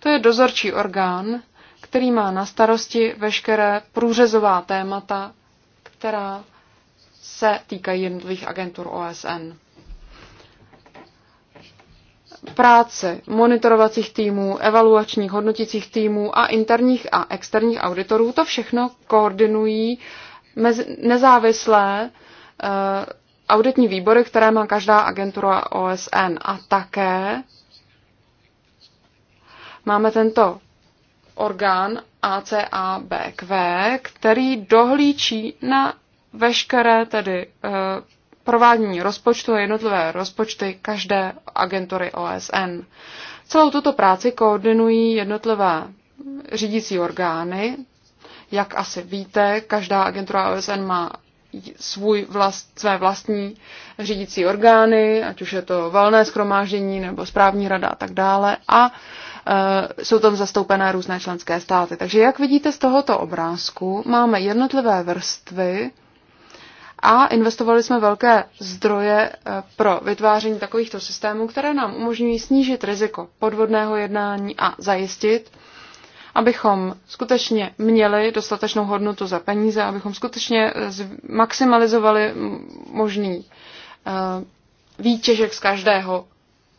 to je dozorčí orgán, který má na starosti veškeré průřezová témata, která se týkají jednotlivých agentur OSN. Práce monitorovacích týmů, evaluačních, hodnoticích týmů a interních a externích auditorů, to všechno koordinují nezávislé eh, auditní výbory, které má každá agentura OSN a také máme tento orgán ACABQ, který dohlíčí na veškeré tedy eh, provádění rozpočtu a jednotlivé rozpočty každé agentury OSN. Celou tuto práci koordinují jednotlivé řídící orgány. Jak asi víte, každá agentura OSN má svůj vlast, své vlastní řídící orgány, ať už je to valné schromáždění nebo správní rada a tak dále. A uh, Eh, jsou tam zastoupené různé členské státy. Takže jak vidíte z tohoto obrázku, máme jednotlivé vrstvy a investovali jsme velké zdroje eh, pro vytváření takovýchto systémů, které nám umožňují snížit riziko podvodného jednání a zajistit, abychom skutečně měli dostatečnou hodnotu za peníze, abychom skutečně eh, maximalizovali možný výtěžek z každého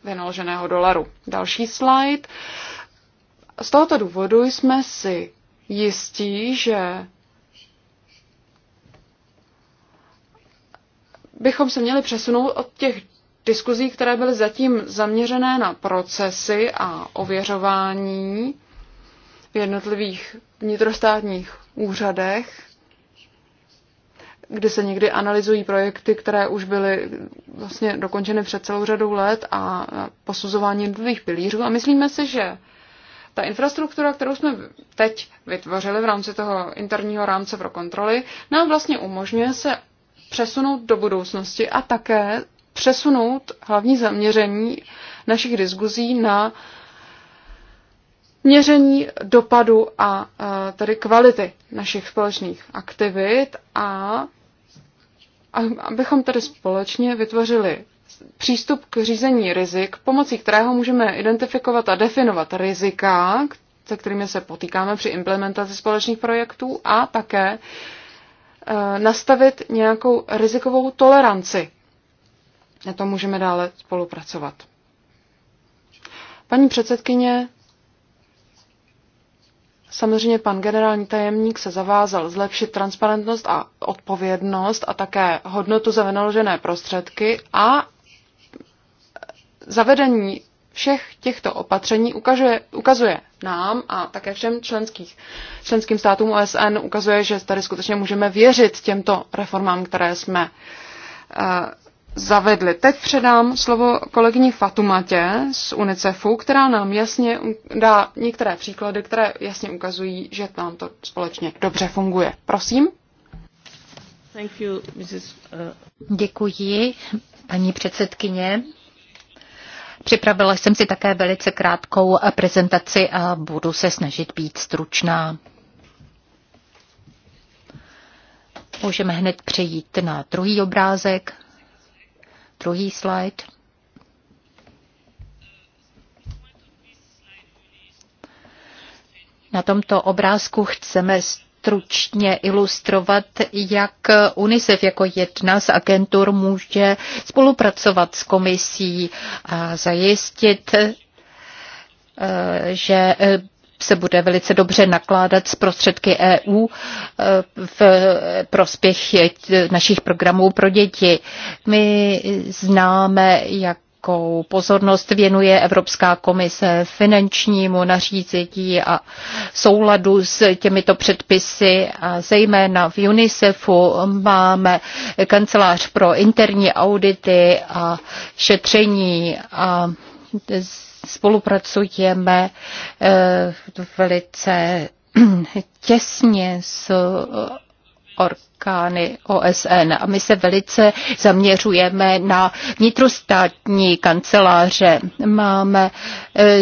vynaloženého dolaru. Další slide. Z tohoto důvodu jsme si jistí, že bychom se měli přesunout od těch diskuzí, které byly zatím zaměřené na procesy a ověřování v jednotlivých vnitrostátních úřadech, kdy se někdy analyzují projekty, které už byly vlastně dokončeny před celou řadou let a posuzování jednotlivých pilířů. A myslíme si, že ta infrastruktura, kterou jsme teď vytvořili v rámci toho interního rámce pro kontroly, nám vlastně umožňuje se přesunout do budoucnosti a také přesunout hlavní zaměření našich diskuzí na měření dopadu a e, tedy kvality našich společných aktivit a abychom tedy společně vytvořili přístup k řízení rizik, pomocí kterého můžeme identifikovat a definovat rizika, se kterými se potýkáme při implementaci společných projektů a také e, nastavit nějakou rizikovou toleranci. Na to můžeme dále spolupracovat. Paní předsedkyně Samozřejmě pan generální tajemník se zavázal zlepšit transparentnost a odpovědnost a také hodnotu za vynaložené prostředky a zavedení všech těchto opatření ukazuje, ukazuje nám a také všem členských, členským státům OSN ukazuje, že tady skutečně můžeme věřit těmto reformám, které jsme eh, zavedli. Teď předám slovo kolegyni Fatumatě z UNICEFu, která nám jasně dá některé příklady, které jasně ukazují, že nám to společně dobře funguje. Prosím. Thank you, Mrs. Uh, Děkuji, paní předsedkyně. Připravila jsem si také velice krátkou prezentaci a budu se snažit být stručná. Můžeme hned přejít na druhý obrázek. Druhý slide. Na tomto obrázku chceme stručně ilustrovat, jak UNICEF jako jedna z agentur může spolupracovat s komisí a zajistit, eh, že se bude velice dobře nakládat s prostředky EU eh, v prospěch našich programů pro děti. My známe, jak jakou pozornost věnuje Evropská komise finančnímu nařízení a souladu s těmito předpisy. A zejména v UNICEFu máme kancelář pro interní audity a šetření a spolupracujeme eh, velice těsně s orgány OSN. A my se velice zaměřujeme na vnitrostátní kanceláře. Máme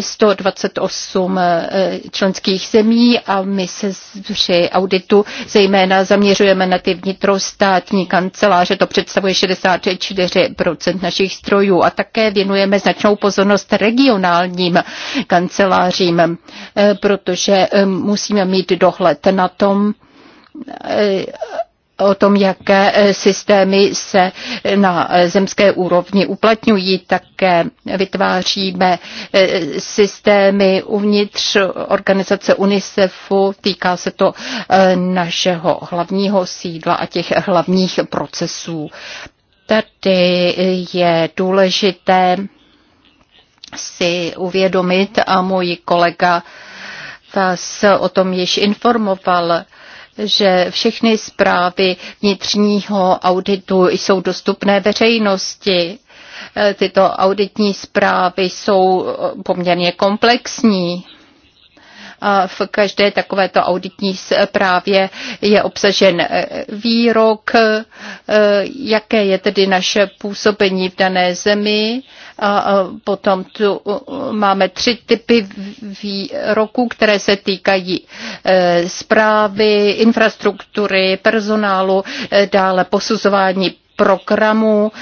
128 eh, eh, členských zemí a my se při auditu zejména zaměřujeme na ty vnitrostátní kanceláře. To představuje 64% našich strojů a také věnujeme značnou pozornost regionálním kancelářím, eh, protože musíme mít dohled na tom, Eh, o tom, jaké eh, systémy se na eh, zemské úrovni uplatňují. Také vytváříme systémy uvnitř organizace UNICEFu. Týká se to našeho hlavního sídla a těch hlavních procesů. Tady je důležité si uvědomit a můj kolega vás o tom již informoval, že všechny zprávy vnitřního auditu jsou dostupné veřejnosti. E, tyto auditní zprávy jsou e, poměrně komplexní a v každé takovéto auditní zprávě je obsažen e, výrok, e, jaké je tedy naše působení v dané zemi. A potom tu e, máme tři typy výroků, které se týkají zprávy, infrastruktury, personálu, dále posuzování programu,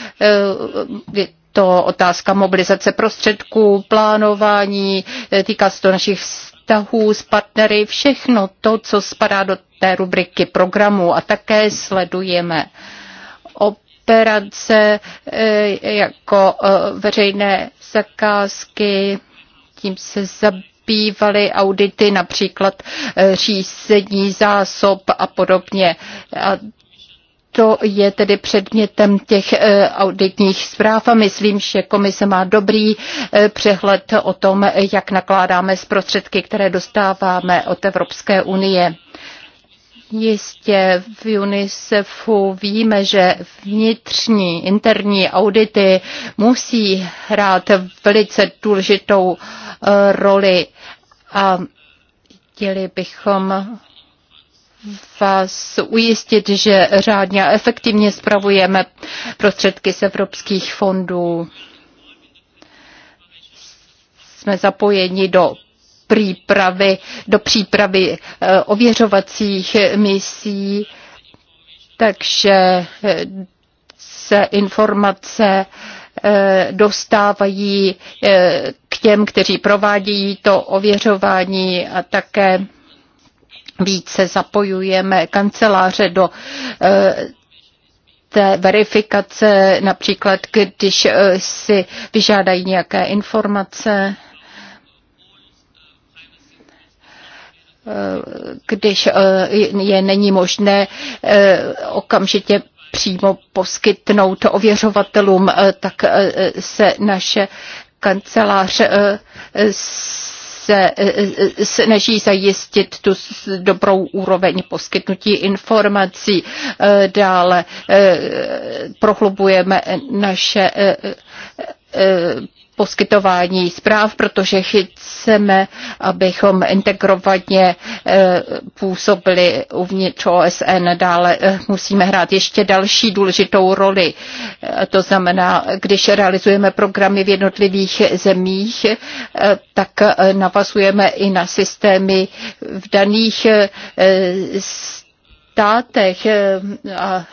to otázka mobilizace prostředků, plánování, týká se to našich vztahů s partnery, všechno to, co spadá do té rubriky programu a také sledujeme operace eh, jako eh, veřejné zakázky, tím se zabývaly audity, například eh, řízení zásob a podobně. A to je tedy předmětem těch eh, auditních zpráv a myslím, že komise má dobrý eh, přehled o tom, jak nakládáme s prostředky, které dostáváme od Evropské unie. Jistě v UNICEFu víme, že vnitřní, interní audity musí hrát velice důležitou eh, roli a chtěli bychom vás ujistit, že řádně a efektivně spravujeme prostředky z evropských fondů. Jsme zapojeni do přípravy, do přípravy eh, ověřovacích misí, takže eh, se informace eh, dostávají k těm, kteří provádějí to ověřování a také více zapojujeme kanceláře do eh, té verifikace, například když eh, si vyžádají nějaké informace, eh, když je není možné okamžitě přímo poskytnout ověřovatelům, tak se naše kancelář se eh, eh, snaží zajistit tu dobrou úroveň poskytnutí informací. Eh, dále prohlubujeme naše Eh, poskytování zpráv, protože chceme, abychom integrovaně eh, působili uvnitř OSN. Dále eh, musíme hrát ještě další důležitou roli. To znamená, když realizujeme programy v jednotlivých zemích, tak navazujeme i na systémy v daných státech a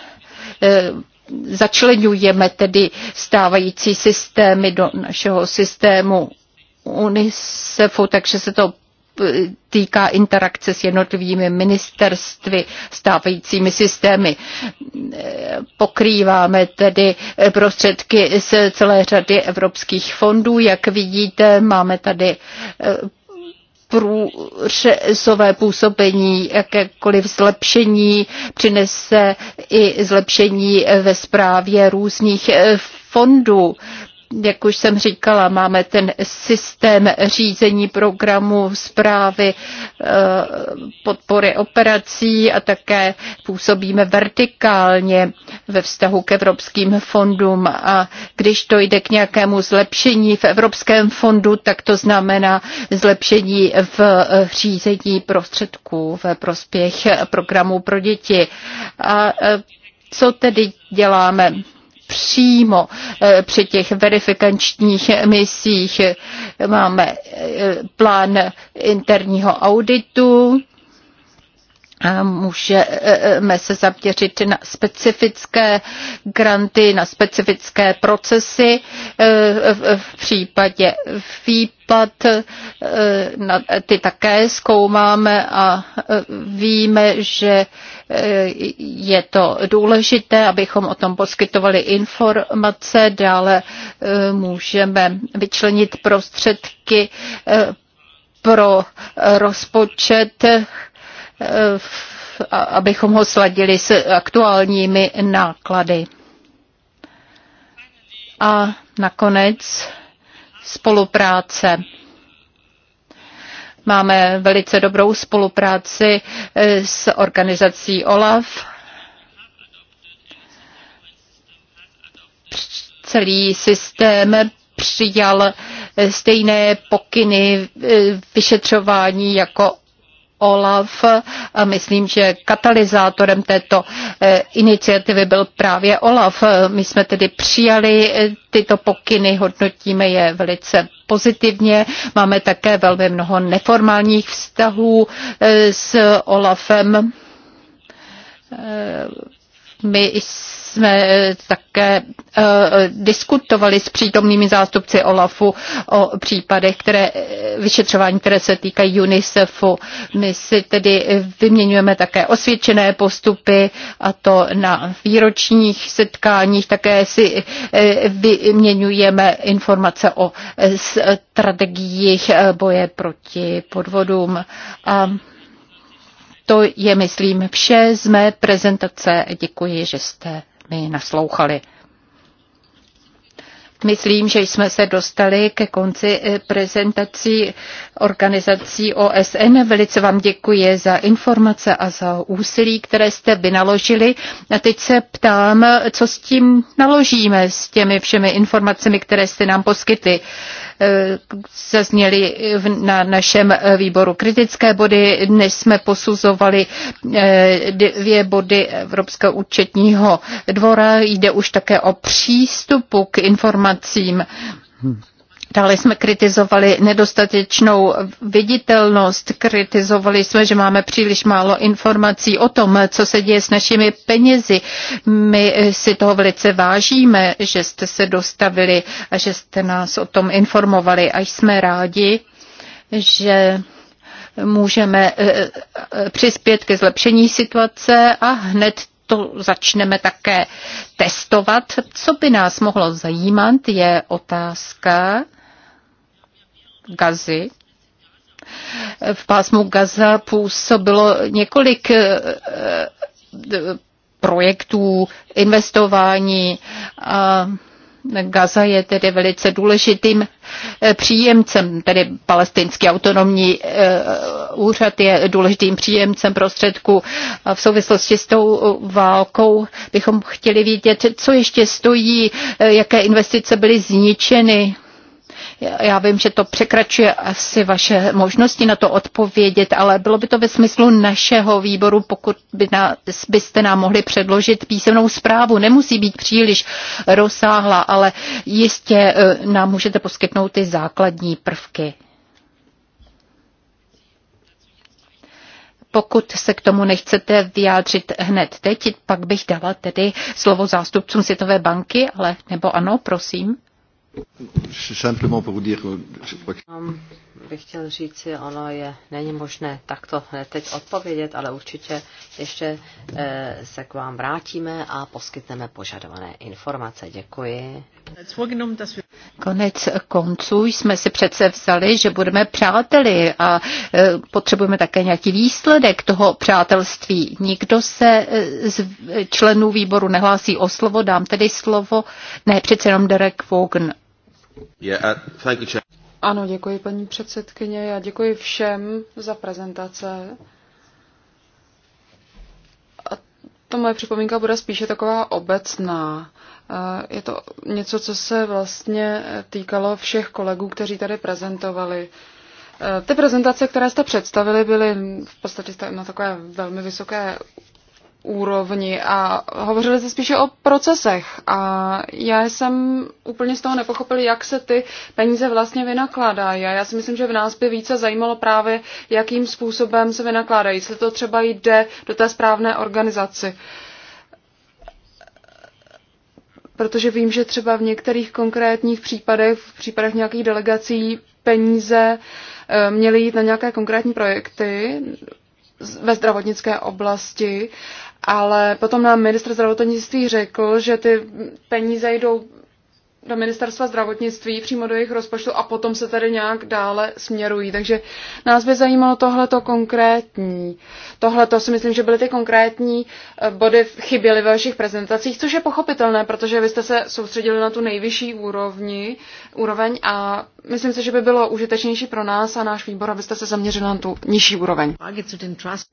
začlenujeme tedy stávající systémy do našeho systému UNICEFu, takže se to e, týká interakce s jednotlivými ministerstvy, stávajícími systémy. E, pokrýváme tedy prostředky z celé řady evropských fondů. Jak vidíte, máme tady e, průřezové působení, jakékoliv zlepšení přinese i zlepšení ve správě různých eh, fondů jak už jsem říkala, máme ten systém řízení programu, zprávy, eh, podpory operací a také působíme vertikálně ve vztahu k evropským fondům. A když to jde k nějakému zlepšení v Evropském fondu, tak to znamená zlepšení v eh, řízení prostředků ve prospěch programů pro děti. A eh, co tedy děláme? přímo eh, při těch verifikačních misích. Máme eh, plán interního auditu, můžeme se zaměřit na specifické granty, na specifické procesy eh, v případě výpad. Eh, ty také zkoumáme a eh, víme, že je to důležité, abychom o tom poskytovali informace. Dále můžeme vyčlenit prostředky pro rozpočet Eh, abychom ho sladili s aktuálními náklady. A nakonec spolupráce. Máme velice dobrou spolupráci eh, s organizací OLAF. Celý systém přijal eh, stejné pokyny vyšetřování jako OLAF a myslím, že katalyzátorem této eh, iniciativy byl právě OLAF. Eh, my jsme tedy přijali eh, tyto pokyny, hodnotíme je velice pozitivně. Máme také velmi mnoho neformálních vztahů s OLAFem my jsme e, také e, diskutovali s přítomnými zástupci OLAFu o případech, které, e, vyšetřování, které se týkají UNICEFu. My si tedy vyměňujeme také osvědčené postupy a to na výročních setkáních. Také si vyměňujeme informace o strategiích boje proti podvodům. Uh, to je, myslím, vše z mé prezentace. Děkuji, že jste mi naslouchali. Myslím, že jsme se dostali ke konci eh, prezentací organizací OSN. Velice vám děkuji za informace a za úsilí, které jste vynaložili. A teď se ptám, co s tím naložíme, s těmi všemi informacemi, které jste nám poskytli. Eh, zazněly na našem eh, výboru kritické body, než jsme posuzovali eh, dvě body Evropského účetního dvora. Jde už také o přístupu k informacím. Hmm Dále jsme kritizovali nedostatečnou viditelnost, kritizovali jsme, že máme příliš málo informací o tom, co se děje s našimi penězi. My si toho velice vážíme, že jste se dostavili a že jste nás o tom informovali a jsme rádi, že můžeme eh, eh, přispět ke zlepšení situace a hned to začneme také testovat. Co by nás mohlo zajímat, je otázka, Gazy. V pásmu Gaza působilo několik eh, eh, projektů investování a Gaza je tedy velice důležitým eh, příjemcem, tedy palestinský autonomní úřad je důležitým příjemcem A V souvislosti s tou válkou bychom chtěli vědět, co ještě stojí, jaké investice byly zničeny, já vím, že to překračuje asi vaše možnosti na to odpovědět, ale bylo by to ve smyslu našeho výboru, pokud by na, byste nám mohli předložit písemnou zprávu. Nemusí být příliš rozsáhla, ale jistě eh, nám můžete poskytnout ty základní prvky. Pokud se k tomu nechcete vyjádřit hned teď, pak bych dala tedy slovo zástupcům Světové banky, ale nebo ano, prosím. Euh, bych chtěl říci, ono je, není možné takto eh, teď odpovědět, ale určitě ještě eh, se k vám vrátíme a poskytneme požadované informace. Děkuji. Konec konců jsme si přece vzali, že budeme přáteli a eh, potřebujeme také nějaký výsledek toho přátelství. Nikdo se z členů výboru nehlásí o slovo, dám tedy slovo, ne přece jenom Derek Vogan Uh, ano, děkuji paní předsedkyně. Já děkuji všem za prezentace. A ta moje připomínka bude spíše taková obecná. Eh, je to něco, co se vlastně týkalo všech kolegů, kteří tady prezentovali. Eh, ty prezentace, které jste představili, byly v podstatě na takové velmi vysoké úrovni a hovořili jste spíše o procesech a já jsem úplně z toho nepochopil, jak se ty peníze vlastně vynakládají a já si myslím, že v nás by více zajímalo právě, jakým způsobem se vynakládají, jestli to třeba jde do té správné organizaci. Protože vím, že třeba v některých konkrétních případech, v případech nějakých delegací, peníze eh, měly jít na nějaké konkrétní projekty, ve zdravotnické oblasti ale potom nám ministr zdravotnictví řekl, že ty peníze jdou do ministerstva zdravotnictví, přímo do jejich rozpočtu a potom se tady nějak dále směrují. Takže nás by zajímalo tohleto konkrétní. Tohleto si myslím, že byly ty konkrétní eh, body chyběly ve vašich prezentacích, což je pochopitelné, protože vy jste se soustředili na tu nejvyšší úrovni, úroveň a myslím si, že by bylo užitečnější pro nás a náš výbor, abyste se zaměřili na tu nižší úroveň.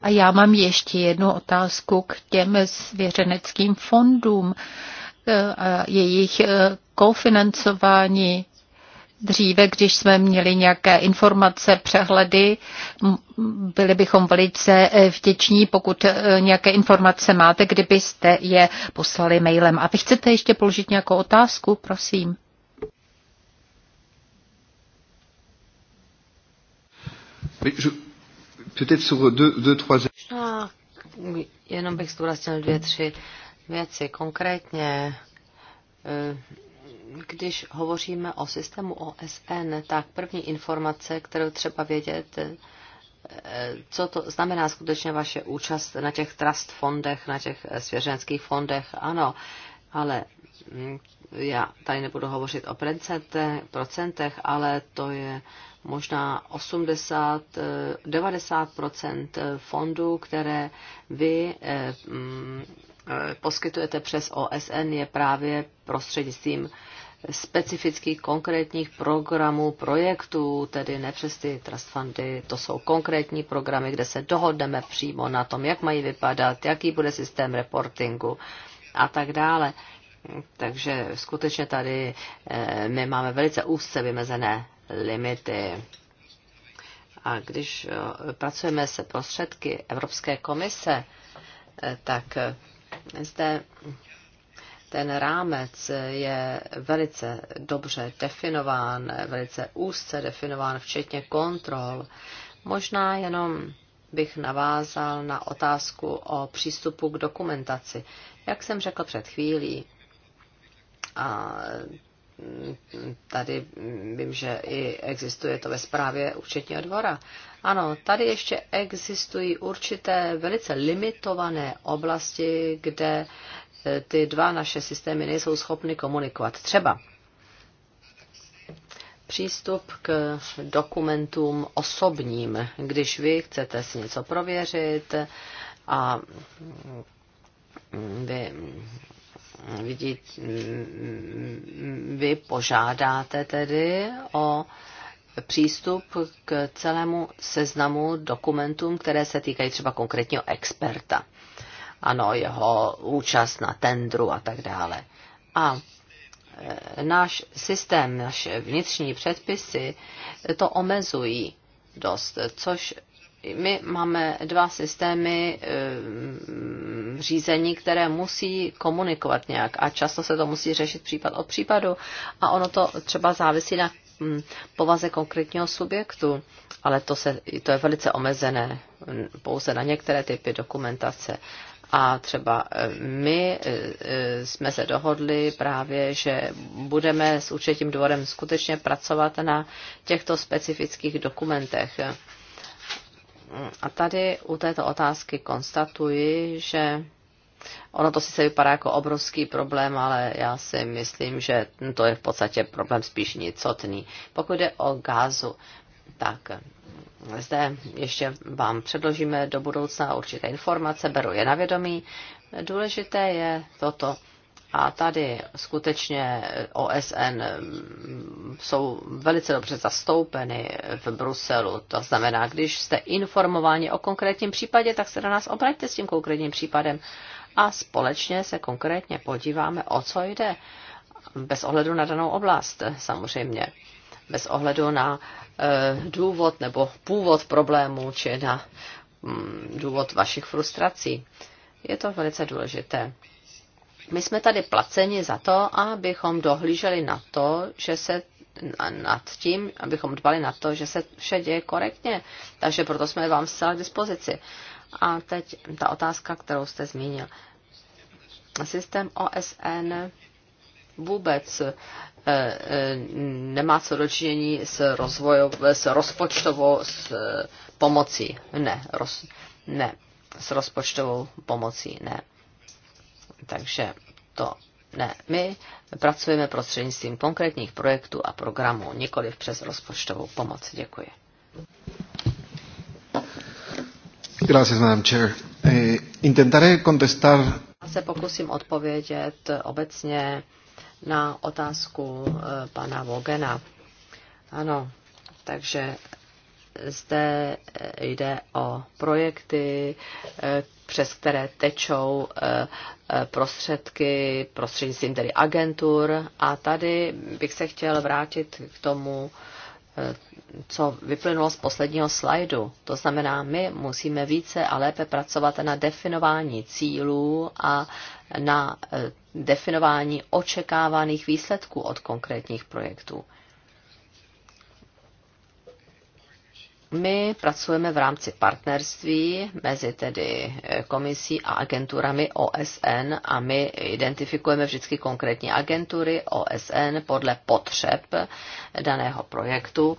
A já mám ještě jednu otázku k těm svěřeneckým fondům. Eh, a jejich eh, kofinancování. Dříve, když jsme měli nějaké informace, přehledy, byli bychom velice eh, vděční, pokud nějaké informace máte, kdybyste je poslali mailem. A vy chcete ještě položit nějakou otázku, prosím. Jenom bych zdůraznil dvě, tři věci konkrétně. Eh, když hovoříme o systému OSN, tak první informace, kterou třeba vědět, eh, co to znamená skutečně vaše účast na těch trust fondech, na těch eh, svěřenských fondech, ano, ale hm, já tady nebudu hovořit o procentech, ale to je možná 80, 90 fondů, které vy hm, E, poskytujete přes OSN, je právě prostřednictvím specifických konkrétních programů, projektů, tedy ne přes ty trust fundy, to jsou konkrétní programy, kde se dohodneme přímo na tom, jak mají vypadat, jaký bude systém reportingu a tak dále. Takže skutečně tady e, my máme velice úzce vymezené limity. A když e, pracujeme se prostředky Evropské komise, tak zde ten rámec je velice dobře definován, velice úzce definován, včetně kontrol. Možná jenom bych navázal na otázku o přístupu k dokumentaci. Jak jsem řekl před chvílí, a tady vím, že i existuje to ve zprávě účetního dvora. Ano, tady ještě existují určité velice limitované oblasti, kde eh, ty dva naše systémy nejsou schopny komunikovat. Třeba přístup k dokumentům osobním, když vy chcete si něco prověřit a vy vidíte, vy požádáte tedy o přístup k celému seznamu dokumentům, které se týkají třeba konkrétního experta. Ano, jeho účast na tendru a tak dále. A e, náš systém, naše vnitřní předpisy to omezují dost, což my máme dva systémy eh, řízení, které musí komunikovat nějak a často se to musí řešit případ od případu a ono to třeba závisí na hm, povaze konkrétního subjektu, ale to, se, to je velice omezené hm, pouze na některé typy dokumentace. A třeba eh, my eh, jsme se dohodli právě, že budeme s určitým dvorem skutečně pracovat na těchto specifických dokumentech a tady u této otázky konstatuji, že ono to sice vypadá jako obrovský problém, ale já si myslím, že to je v podstatě problém spíš nicotný. Pokud jde o gázu, tak zde ještě vám předložíme do budoucna určité informace, beru je na vědomí. Důležité je toto. A tady skutečně OSN mm, jsou velice dobře zastoupeny v Bruselu. To znamená, když jste informováni o konkrétním případě, tak se na nás obraťte s tím konkrétním případem a společně se konkrétně podíváme, o co jde. Bez ohledu na danou oblast, samozřejmě. Bez ohledu na e, důvod nebo původ problému či na mm, důvod vašich frustrací. Je to velice důležité. My jsme tady placeni za to, abychom dohlíželi na to, že se nad tím, abychom dbali na to, že se vše děje korektně. Takže proto jsme vám zcela k dispozici. A teď ta otázka, kterou jste zmínil. Systém OSN vůbec eh, eh, nemá co dočinění s, rozvojov, s rozpočtovou s eh, pomocí. Ne, roz, ne, s rozpočtovou pomocí, ne. Takže to ne, my pracujeme prostřednictvím konkrétních projektů a programů, nikoliv přes rozpočtovou pomoc. Děkuji. Gracias, Madam Chair. Eh, intentaré contestar... Já se pokusím odpovědět obecně na otázku eh, pana Vogena. Ano, takže zde eh, jde o projekty, eh, přes které tečou eh, Eh, prostředky, prostřednictvím tedy agentur. A tady bych se chtěl vrátit k tomu, eh, co vyplynulo z posledního slajdu. To znamená, my musíme více a lépe pracovat na definování cílů a na eh, definování očekávaných výsledků od konkrétních projektů. My pracujeme v rámci partnerství mezi tedy eh, komisí a agenturami OSN a my identifikujeme vždycky konkrétní agentury OSN podle potřeb daného projektu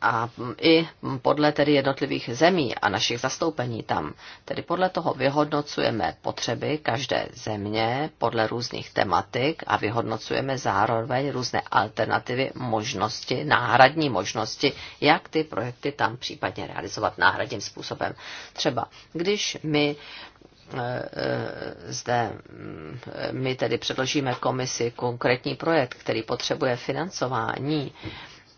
a i podle tedy jednotlivých zemí a našich zastoupení tam. Tedy podle toho vyhodnocujeme potřeby každé země podle různých tematik a vyhodnocujeme zároveň různé alternativy, možnosti, náhradní možnosti, jak ty projekty tam případně realizovat náhradním způsobem. Třeba když my eh, eh, zde mm, my tedy předložíme komisi konkrétní projekt, který potřebuje financování,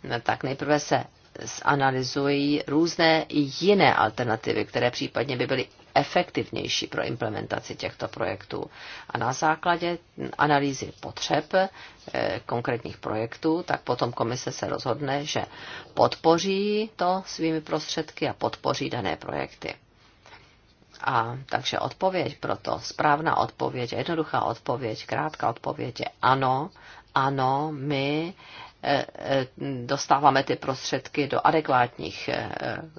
No tak nejprve se zanalizují různé jiné alternativy, které případně by byly efektivnější pro implementaci těchto projektů. A na základě analýzy potřeb eh, konkrétních projektů, tak potom komise se rozhodne, že podpoří to svými prostředky a podpoří dané projekty. A takže odpověď pro to, správná odpověď, jednoduchá odpověď, krátká odpověď je ano, ano, my dostáváme ty prostředky do adekvátních eh,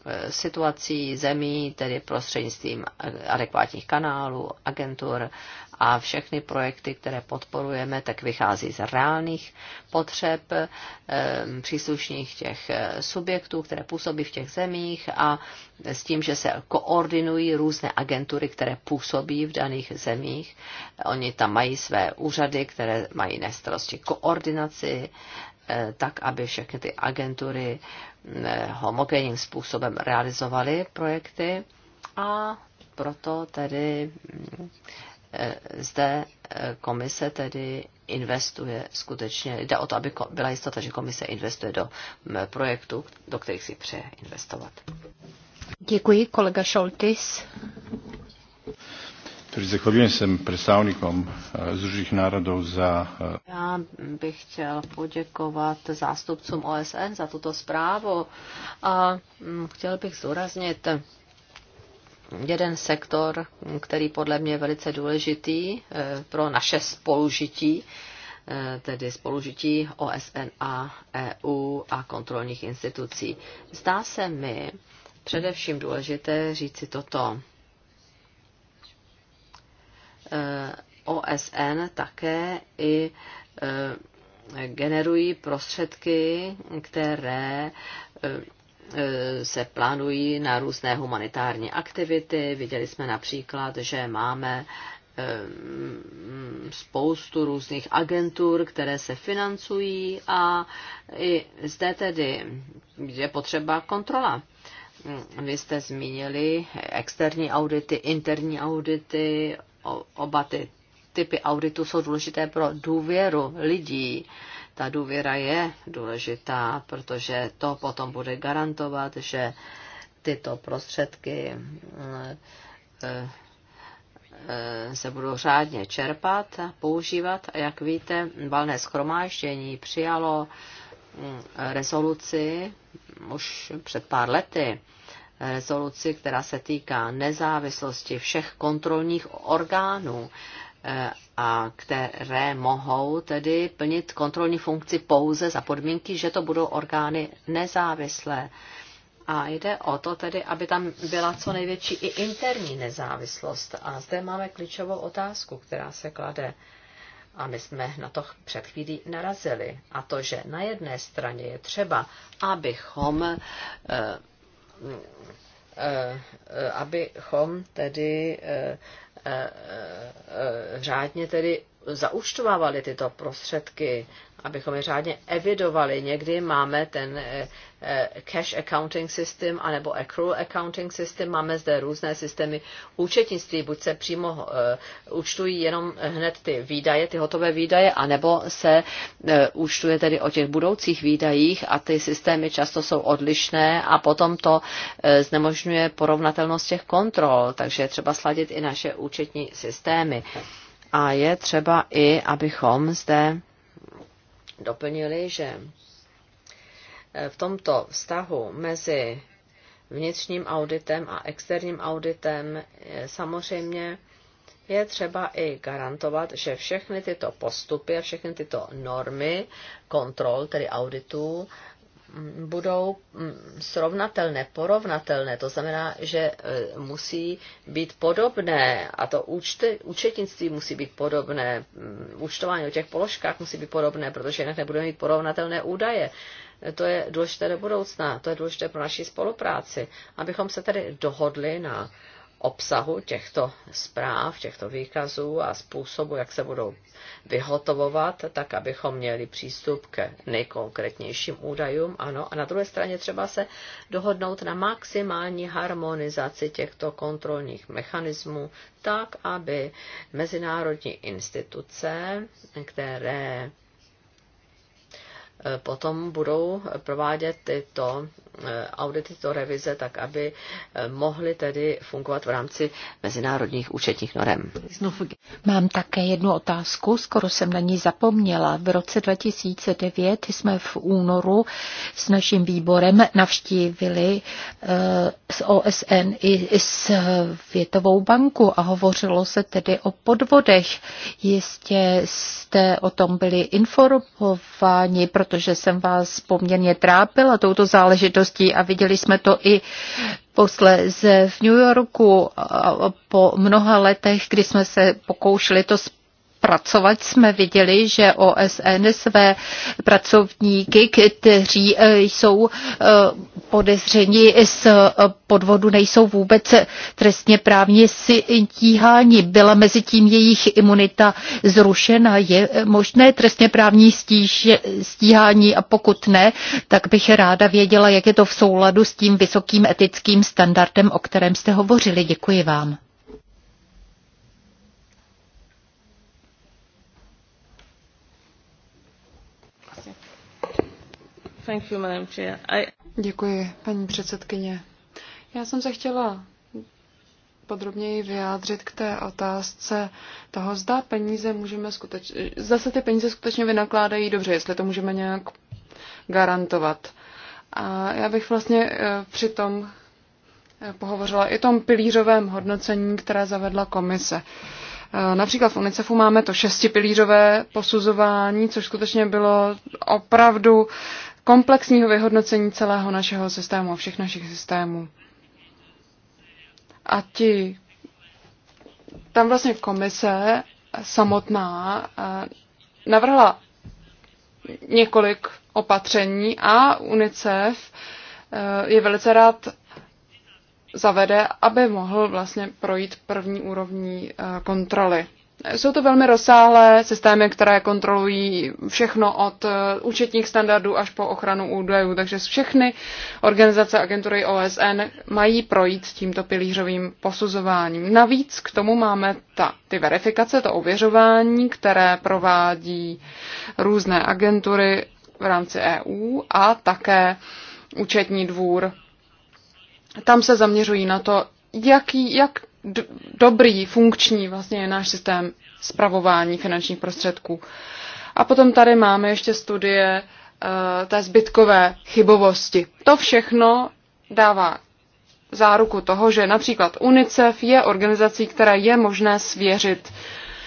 eh, situací, zemí, tedy prostřednictvím adekvátních kanálů, agentur a všechny projekty, které podporujeme, tak vychází z reálných potřeb eh, příslušných těch subjektů, které působí v těch zemích a s tím, že se koordinují různé agentury, které působí v daných zemích. Oni tam mají své úřady, které mají na koordinaci Eh, tak, aby všechny ty agentury eh, homogenním způsobem realizovaly projekty a proto tedy mm, eh, zde komise tedy investuje skutečně, jde o to, aby byla jistota, že komise investuje do mm, projektů, do kterých si přeje investovat. Děkuji, kolega Šoltis. Tedy zahvaljujem jsem představníkom eh, Združených národů za... Eh, Já bych chtěl poděkovat zástupcům OSN za tuto zprávu a mm, chtěl bych zdůraznit jeden sektor, který podle mě je velice důležitý eh, pro naše spolužití, tedy spolužití OSN a EU a kontrolních institucí. Zdá se mi především důležité říci toto Eh, OSN také i eh, generují prostředky, které eh, se plánují na různé humanitární aktivity. Viděli jsme například, že máme spoustu různých agentur, které se financují a i zde tedy je potřeba kontrola. Vy jste zmínili externí audity, interní audity, oba ty typy auditu jsou důležité pro důvěru lidí. Ta důvěra je důležitá, protože to potom bude garantovat, že tyto prostředky eh, eh, se budou řádně čerpat, používat. A jak víte, valné schromáždění přijalo mm, rezoluci už před pár lety rezoluci, která se týká nezávislosti všech kontrolních orgánů eh, a které mohou tedy plnit kontrolní funkci pouze za podmínky, že to budou orgány nezávislé. A jde o to tedy, aby tam byla co největší i interní nezávislost. A zde máme klíčovou otázku, která se klade. A my jsme na to před chvílí narazili. A to, že na jedné straně je třeba, abychom eh, Eh, eh, abychom tedy eh, řádně tedy zaúčtovávali tyto prostředky, abychom je řádně evidovali. Někdy máme ten eh, eh, cash accounting system anebo accrual accounting system. Máme zde různé systémy účetnictví. Buď se přímo eh, účtují jenom hned ty výdaje, ty hotové výdaje, anebo se účtuje tedy o těch budoucích výdajích a ty systémy často jsou odlišné a potom to znemožňuje porovnatelnost těch kontrol. Takže je třeba sladit i naše účetní systémy. A je třeba i, abychom zde doplnili, že eh, v tomto vztahu mezi vnitřním auditem a externím auditem eh, samozřejmě je třeba i garantovat, že všechny tyto postupy a všechny tyto normy kontrol, tedy auditů, Mm, budou mm, srovnatelné, porovnatelné. To znamená, že e, musí být podobné a to účte, účetnictví musí být podobné, mm, účtování o těch položkách musí být podobné, protože jinak nebudeme mít porovnatelné údaje. To je důležité do budoucna, to je důležité pro naši spolupráci, abychom se tedy dohodli na obsahu těchto zpráv, těchto výkazů a způsobu, jak se budou vyhotovovat, tak abychom měli přístup k nejkonkrétnějším údajům. Ano, a na druhé straně třeba se dohodnout na maximální harmonizaci těchto kontrolních mechanismů, tak aby mezinárodní instituce, které potom budou provádět tyto Eh, audity, to revize, tak aby eh, mohly tedy fungovat v rámci mezinárodních účetních norem. Mám také jednu otázku, skoro jsem na ní zapomněla. V roce 2009 jsme v únoru s naším výborem navštívili z eh, OSN i s Větovou banku a hovořilo se tedy o podvodech. Jistě jste o tom byli informováni, protože jsem vás poměrně trápila touto záležitostí záležitostí a viděli jsme to i posléze v New Yorku po mnoha letech, kdy jsme se pokoušeli to pracovat, jsme viděli, že OSN své pracovníky, kteří e, jsou e, podezřeni z podvodu, nejsou vůbec trestně právně stíháni. Byla mezi tím jejich imunita zrušena. Je možné trestně právní stíž, stíhání a pokud ne, tak bych ráda věděla, jak je to v souladu s tím vysokým etickým standardem, o kterém jste hovořili. Děkuji vám. Děkuji, paní předsedkyně. Já jsem se chtěla podrobněji vyjádřit k té otázce toho, zda peníze můžeme skutečně, zase ty peníze skutečně vynakládají dobře, jestli to můžeme nějak garantovat. A já bych vlastně e, přitom e, pohovořila i tom pilířovém hodnocení, které zavedla komise. E, například v UNICEFu máme to šestipilířové posuzování, což skutečně bylo opravdu komplexního vyhodnocení celého našeho systému a všech našich systémů. A ti, tam vlastně komise samotná eh, navrhla několik opatření a UNICEF eh, je velice rád zavede, aby mohl vlastně projít první úrovní eh, kontroly. Jsou to velmi rozsáhlé systémy, které kontrolují všechno od eh, účetních standardů až po ochranu údajů, takže všechny organizace agentury OSN mají projít tímto pilířovým posuzováním. Navíc k tomu máme ta, ty verifikace, to ověřování, které provádí různé agentury v rámci EU a také účetní dvůr. Tam se zaměřují na to, jaký, jak do, dobrý, funkční vlastně je náš systém zpravování finančních prostředků. A potom tady máme ještě studie uh, té zbytkové chybovosti. To všechno dává záruku toho, že například UNICEF je organizací, která je možné svěřit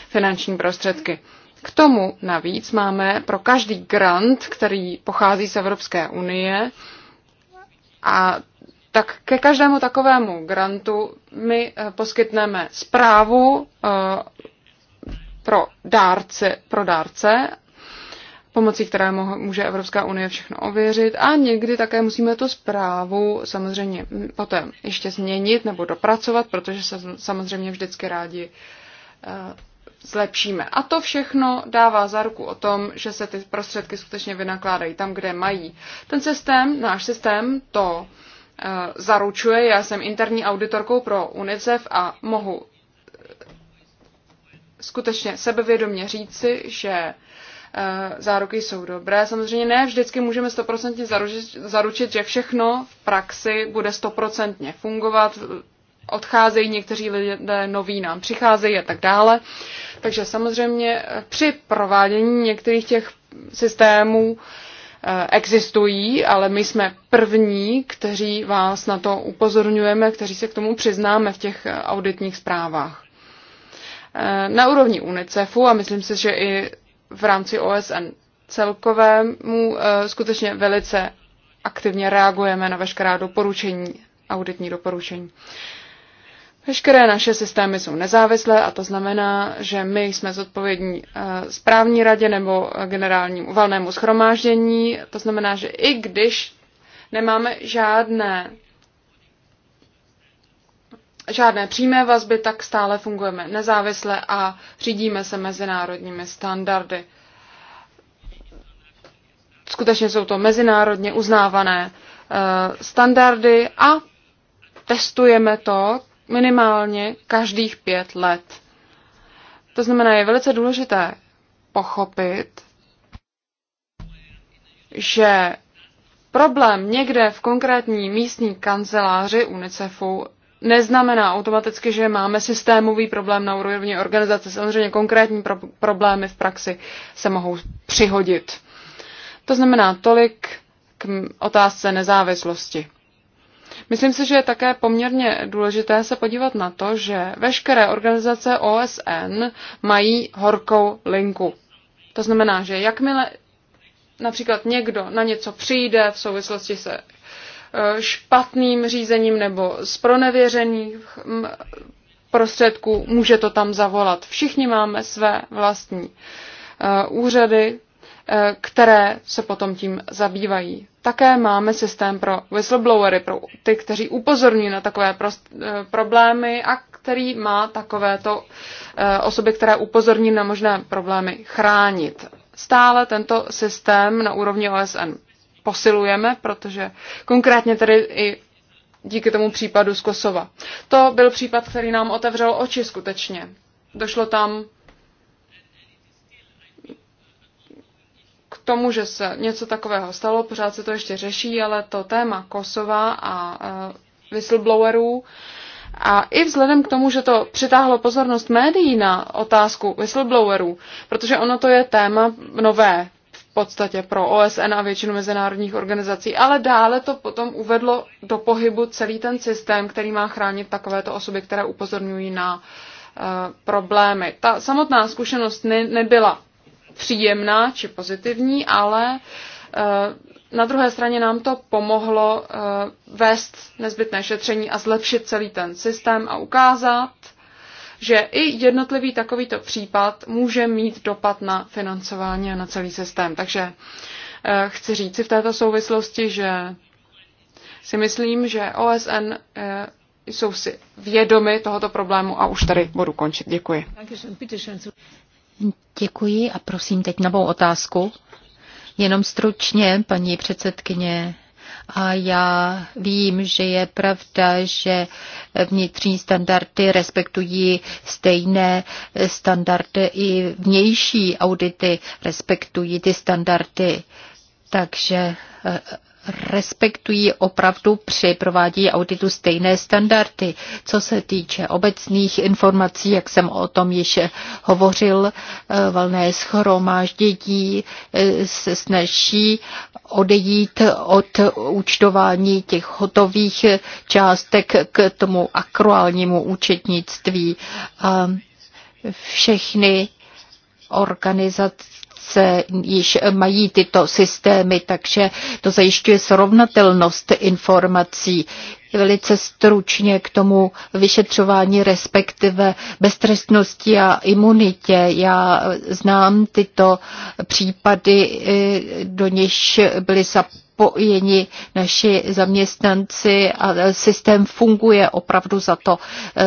finanční prostředky. K tomu navíc máme pro každý grant, který pochází z Evropské unie, a tak ke každému takovému grantu my eh, poskytneme zprávu eh, pro dárce, pro dárce pomocí které může Evropská unie všechno ověřit a někdy také musíme tu zprávu samozřejmě potom ještě změnit nebo dopracovat, protože se samozřejmě vždycky rádi eh, zlepšíme. A to všechno dává záruku o tom, že se ty prostředky skutečně vynakládají tam, kde mají. Ten systém, náš systém, to Eh, zaručuje. Já jsem interní auditorkou pro UNICEF a mohu eh, skutečně sebevědomě říci, že eh, záruky jsou dobré. Samozřejmě ne vždycky můžeme stoprocentně zaručit, zaručit, že všechno v praxi bude stoprocentně fungovat. Odcházejí někteří lidé noví nám přicházejí a tak dále. Takže samozřejmě při provádění některých těch systémů Eh, existují, ale my jsme první, kteří vás na to upozorňujeme, kteří se k tomu přiznáme v těch eh, auditních zprávách. Eh, na úrovni UNICEFu a myslím si, že i v rámci OSN celkovému skutečně velice aktivně reagujeme na veškerá doporučení, auditní doporučení. Veškeré naše systémy jsou nezávislé a to znamená, že my jsme zodpovědní eh, správní radě nebo generálnímu valnému schromáždění. To znamená, že i když nemáme žádné žádné přímé vazby, tak stále fungujeme nezávisle a řídíme se mezinárodními standardy. Skutečně jsou to mezinárodně uznávané eh, standardy a testujeme to, minimálně každých pět let. To znamená, je velice důležité pochopit, že problém někde v konkrétní místní kanceláři UNICEFu neznamená automaticky, že máme systémový problém na úrovni organizace. Samozřejmě konkrétní pro- problémy v praxi se mohou přihodit. To znamená tolik k otázce nezávislosti. Myslím si, že je také poměrně důležité se podívat na to, že veškeré organizace OSN mají horkou linku. To znamená, že jakmile například někdo na něco přijde v souvislosti se eh, špatným řízením nebo z pronevěřených mm, prostředků, může to tam zavolat. Všichni máme své vlastní eh, úřady, Eh, které se potom tím zabývají. Také máme systém pro whistleblowery, pro ty, kteří upozorní na takové prost, eh, problémy a který má takovéto eh, osoby, které upozorní na možné problémy, chránit. Stále tento systém na úrovni OSN posilujeme, protože konkrétně tedy i díky tomu případu z Kosova. To byl případ, který nám otevřel oči skutečně. Došlo tam tomu, že se něco takového stalo, pořád se to ještě řeší, ale to téma Kosova a e, whistleblowerů a i vzhledem k tomu, že to přitáhlo pozornost médií na otázku whistleblowerů, protože ono to je téma nové v podstatě pro OSN a většinu mezinárodních organizací, ale dále to potom uvedlo do pohybu celý ten systém, který má chránit takovéto osoby, které upozorňují na uh, problémy. Ta samotná zkušenost ne, nebyla příjemná či pozitivní, ale eh, na druhé straně nám to pomohlo eh, vést nezbytné šetření a zlepšit celý ten systém a ukázat, že i jednotlivý takovýto případ může mít dopad na financování a na celý systém. Takže eh, chci říci v této souvislosti, že si myslím, že OSN jsou si vědomi tohoto problému a už tady budu končit. Děkuji. Děkuji a prosím teď novou otázku. Jenom stručně, paní předsedkyně. A já vím, že je pravda, že vnitřní standardy respektují stejné standardy i vnější audity respektují ty standardy. Takže respektují opravdu při provádění auditu stejné standardy. Co se týče obecných informací, jak jsem o tom již hovořil, eh, valné schromáždění eh, se snaží odejít od účtování těch hotových částek k tomu akruálnímu účetnictví. Všechny organizace obce již mají tyto systémy, takže to zajišťuje srovnatelnost informací. Velice stručně k tomu vyšetřování, respektive beztrestnosti a imunitě. Já znám tyto případy, eh, do něž byly zapojeny spojeni naši zaměstnanci a systém funguje opravdu za to eh,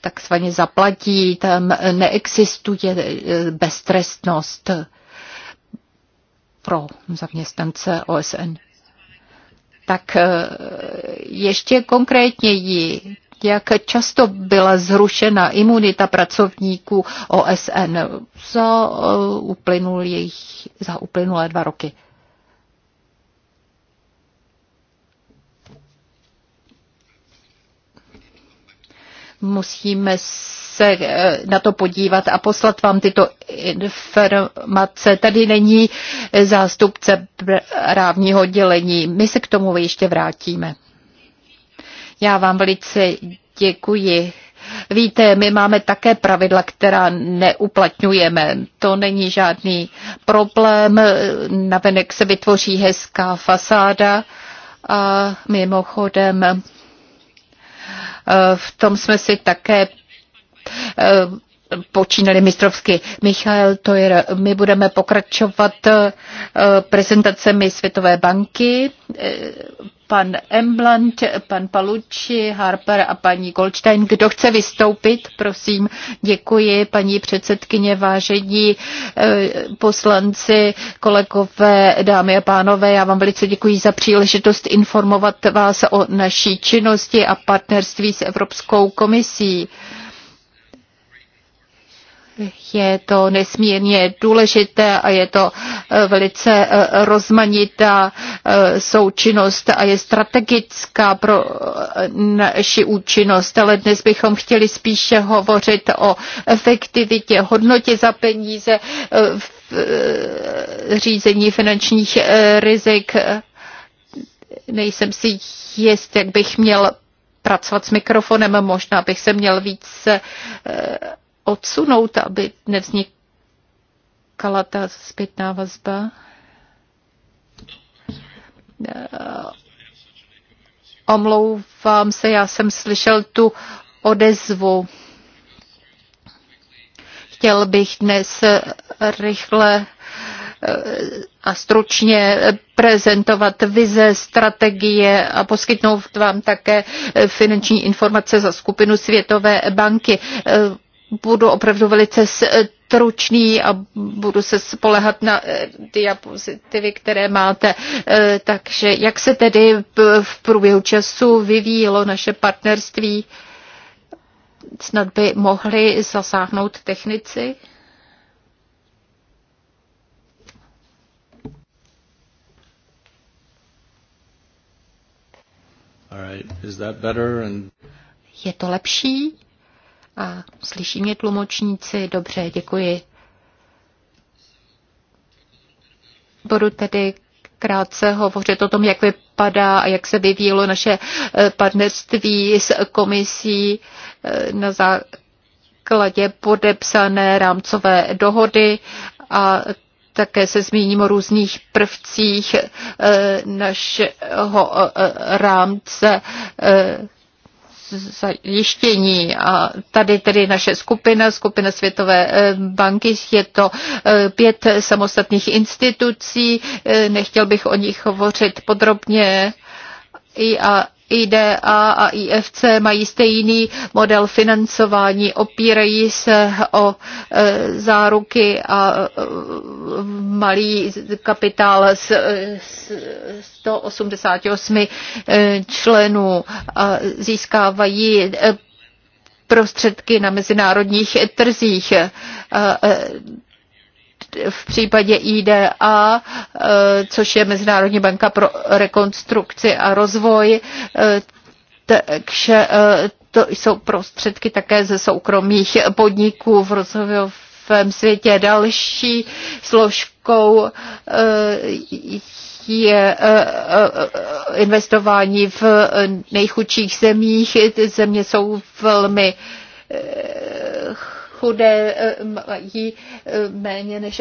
takzvaně zaplatí, tam neexistuje eh, beztrestnost pro zaměstnance OSN. Tak eh, ještě konkrétněji, jak často byla zrušena imunita pracovníků OSN za, uplynulých, za uplynulé dva roky. Musíme se eh, na to podívat a poslat vám tyto informace. Tady není zástupce právního dělení My se k tomu ještě vrátíme. Já vám velice děkuji. Víte, my máme také pravidla, která neuplatňujeme. To není žádný problém. Navenek se vytvoří hezká fasáda. A mimochodem, Eh, v tom jsme si také eh, počínali mistrovsky. Michal Tojer, my budeme pokračovat eh, prezentacemi Světové banky pan Emblant, pan Palucci, Harper a paní Goldstein. Kdo chce vystoupit, prosím, děkuji paní předsedkyně, vážení eh, poslanci, kolegové, dámy a pánové. Já vám velice děkuji za příležitost informovat vás o naší činnosti a partnerství s Evropskou komisí je to nesmírně důležité a je to eh, velice eh, rozmanitá eh, součinnost a je strategická pro naši účinnost, ale dnes bychom chtěli spíše hovořit o efektivitě, hodnotě za peníze, řízení finančních rizik. Nejsem si jist, jak bych měl pracovat s mikrofonem, možná bych se měl více odsunout, aby nevznikala ta zpětná vazba? Omlouvám se, já jsem slyšel tu odezvu. Chtěl bych dnes rychle eh, a stručně prezentovat vize, strategie a poskytnout vám také finanční informace za skupinu Světové banky. Eh, budu opravdu velice e, stručný a budu se spolehat na e, diapozitivy, které máte. E, takže jak se tedy v průběhu času vyvíjelo naše partnerství? Snad by mohli zasáhnout technici? Je to lepší? A slyší mě tlumočníci? Dobře, děkuji. Budu tedy krátce hovořit o tom, jak vypadá a jak se vyvíjelo naše e, partnerství s komisí e, na základě podepsané rámcové dohody a také se zmíním o různých prvcích e, našeho rámce zajištění. A tady tedy naše skupina, skupina Světové eh, banky, je to eh, pět samostatných institucí, eh, nechtěl bych o nich hovořit podrobně. a IDA a IFC mají stejný model financování, opírají se o e, záruky a e, malý kapitál z 188 e, členů a získávají prostředky na mezinárodních trzích v případě IDA, e, což je Mezinárodní banka pro rekonstrukci a rozvoj, e, takže e, to jsou prostředky také ze soukromých podniků v rozvojovém světě. Další složkou je investování v nejchudších zemích. Ty země jsou velmi chudé eh, mají eh, méně než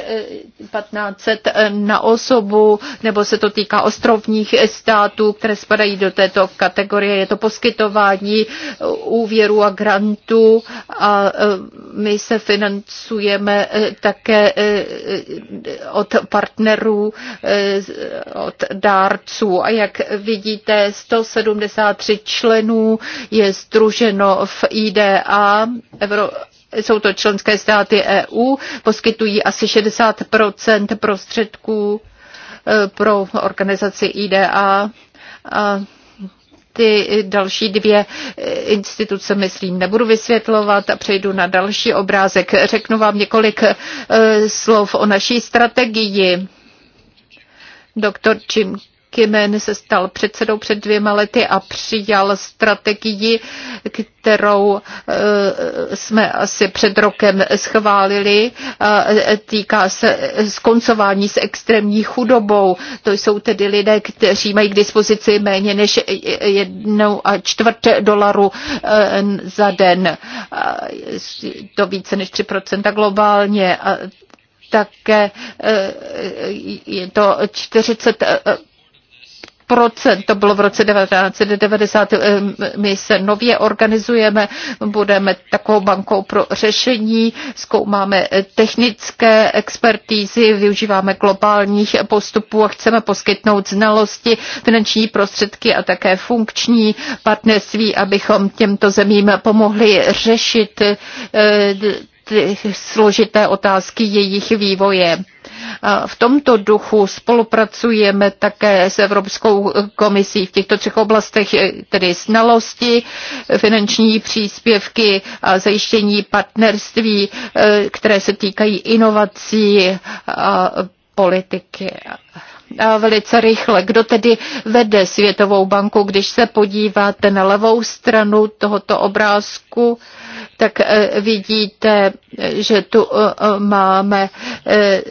1500 eh, na osobu, nebo se to týká ostrovních států, které spadají do této kategorie. Je to poskytování úvěru a grantů a my se financujeme také od partnerů, od dárců. A jak vidíte, 173 členů je združeno v IDA, jsou to členské státy EU, poskytují asi 60 prostředků e, pro organizaci IDA. A ty další dvě e, instituce, myslím, nebudu vysvětlovat a přejdu na další obrázek. Řeknu vám několik e, slov o naší strategii. Doktor Jim Kimen se stal předsedou před dvěma lety a přijal strategii, kterou eh, jsme asi před rokem schválili. Eh, týká se skoncování s extrémní chudobou. To jsou tedy lidé, kteří mají k dispozici méně než jednou a čtvrt dolaru eh, za den. To více než 3% globálně. A také je to 40 to bylo v roce 1990. Eh, my se nově organizujeme, budeme takovou bankou pro řešení, zkoumáme eh, technické expertízy, využíváme globálních postupů a chceme poskytnout znalosti, finanční prostředky a také funkční partnerství, abychom těmto zemím pomohli řešit eh, ty složité otázky jejich vývoje. V tomto duchu spolupracujeme také s Evropskou komisí v těchto třech oblastech, e, tedy znalosti, finanční příspěvky a zajištění partnerství, e, které se týkají inovací a politiky. A velice rychle. Kdo tedy vede Světovou banku, když se podíváte na levou stranu tohoto obrázku? tak eh, vidíte, že tu eh, máme eh,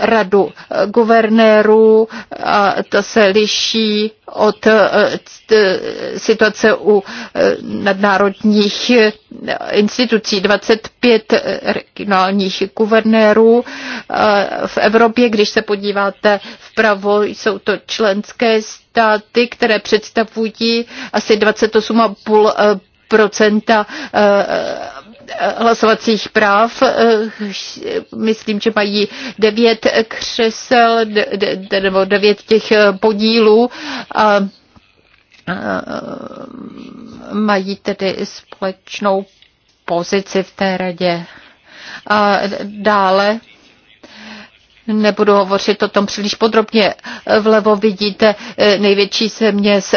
radu guvernérů a to se liší od situace u nadnárodních institucí. 25 regionálních guvernérů v Evropě, když se podíváte vpravo, jsou to členské státy, které představují asi 28,5 procenta eh, hlasovacích práv. Eh, myslím, že mají devět křesel nebo devět těch eh, podílů. A mají tedy společnou pozici v té radě. A dále Nebudu hovořit o tom příliš podrobně. Vlevo vidíte největší země s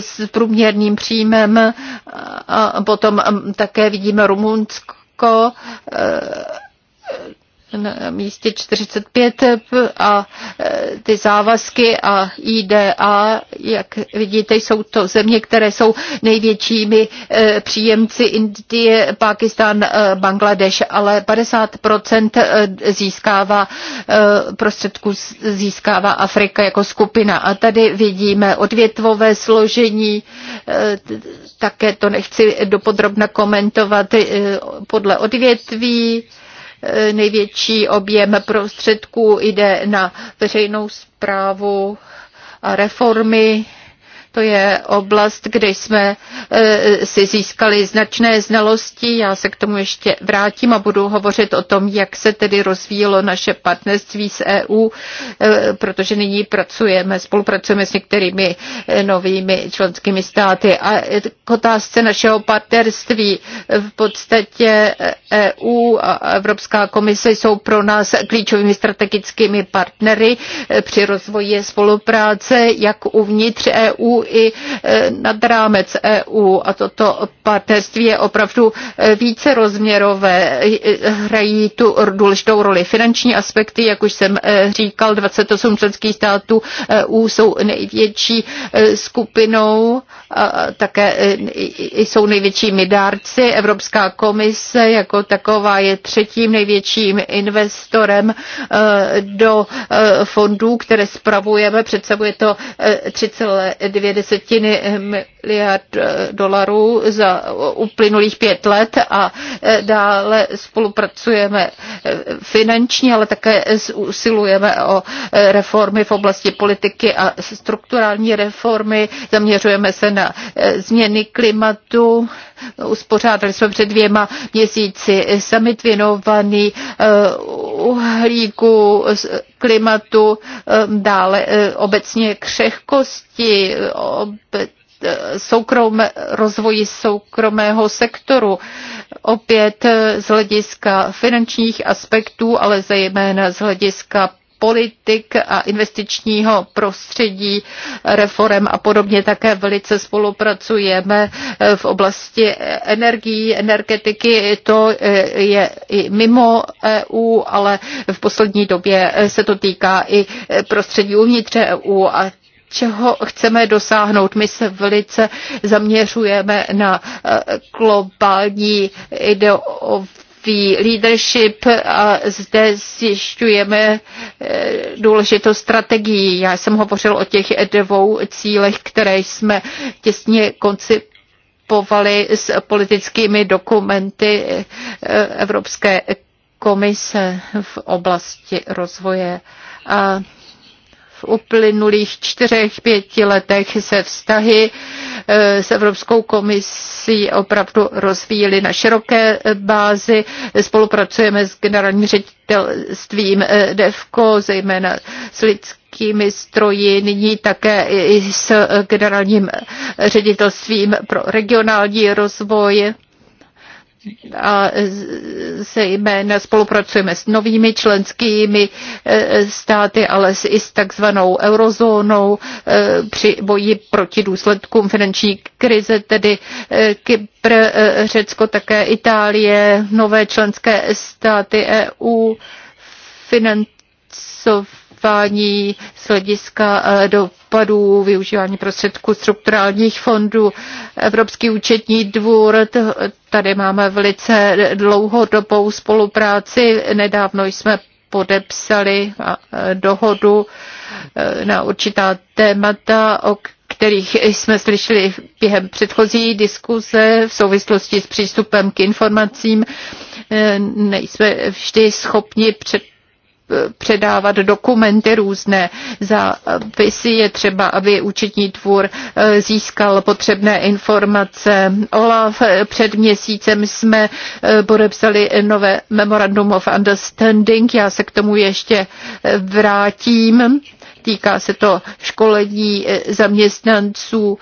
s průměrným příjmem. A potom také vidíme Rumunsko, na místě 45 a e, ty závazky a IDA, jak vidíte, jsou to země, které jsou největšími e, příjemci Indie, Pakistan, e, Bangladeš, ale 50% získává prostředků získává Afrika jako skupina. A tady vidíme odvětvové složení, také to nechci dopodrobna komentovat podle odvětví, Eh, největší objem prostředků jde na veřejnou zprávu a reformy to je oblast, kde jsme e, si získali značné znalosti. Já se k tomu ještě vrátím a budu hovořit o tom, jak se tedy rozvíjelo naše partnerství s EU, e, protože nyní pracujeme, spolupracujeme s některými e, novými členskými státy. A k otázce našeho partnerství v podstatě EU a Evropská komise jsou pro nás klíčovými strategickými partnery při rozvoji spolupráce jak uvnitř EU, i e, nad rámec EU. A toto partnerství je opravdu e, více rozměrové. E, hrají tu důležitou roli finanční aspekty, jak už jsem říkal, 28 členských států EU jsou největší skupinou, také jsou největšími dárci. Evropská komise jako taková je třetím největším investorem do fondů, které spravujeme. Představuje to 3,2 dvě desetiny miliard eh, dolarů za uplynulých pět let a eh, dále spolupracujeme eh, finančně, ale také usilujeme o reformy v oblasti politiky a strukturální reformy. Zaměřujeme se na změny klimatu, Uspořádali jsme před dvěma měsíci summit věnovaný eh, uhlíku, klimatu, eh, dále eh, obecně křehkosti, obec soukrom, rozvoji soukromého sektoru. Opět z hlediska finančních aspektů, ale zejména z hlediska politik a investičního prostředí, reform a podobně také velice spolupracujeme v oblasti energií, energetiky. To eh, je i mimo EU, ale v poslední době eh, se to týká i eh, prostředí uvnitř EU a čeho chceme dosáhnout. My se velice zaměřujeme na globální ideovou odvětví leadership a zde zjišťujeme eh, důležitou strategii. Já jsem hovořil o těch dvou cílech, které jsme těsně koncipovali s politickými dokumenty eh, Evropské komise v oblasti rozvoje. A v uplynulých čtyřech, pěti letech se vztahy eh, s Evropskou komisí opravdu rozvíjely na široké eh, bázi. Spolupracujeme s generálním ředitelstvím eh, DEFCO, zejména s lidskými stroji, nyní také i s generálním ředitelstvím pro regionální rozvoj a zejména spolupracujeme s novými členskými e, státy, ale i s takzvanou eurozónou e, při boji proti důsledkům finanční krize, tedy e, Kypr, Řecko, také Itálie, nové členské státy EU, financování čerpání z hlediska eh, dopadů, využívání prostředků strukturálních fondů. Evropský účetní dvůr, tady máme velice dlouhodobou spolupráci. Nedávno jsme podepsali eh, dohodu eh, na určitá témata, o kterých jsme slyšeli během předchozí diskuze v souvislosti s přístupem k informacím. Nejsme vždy schopni před předávat dokumenty různé za zápisy. Je třeba, aby účetní tvůr eh, získal potřebné informace. Olaf, eh, před měsícem jsme eh, podepsali nové Memorandum of Understanding. Já se k tomu ještě vrátím. Týká se to školení zaměstnanců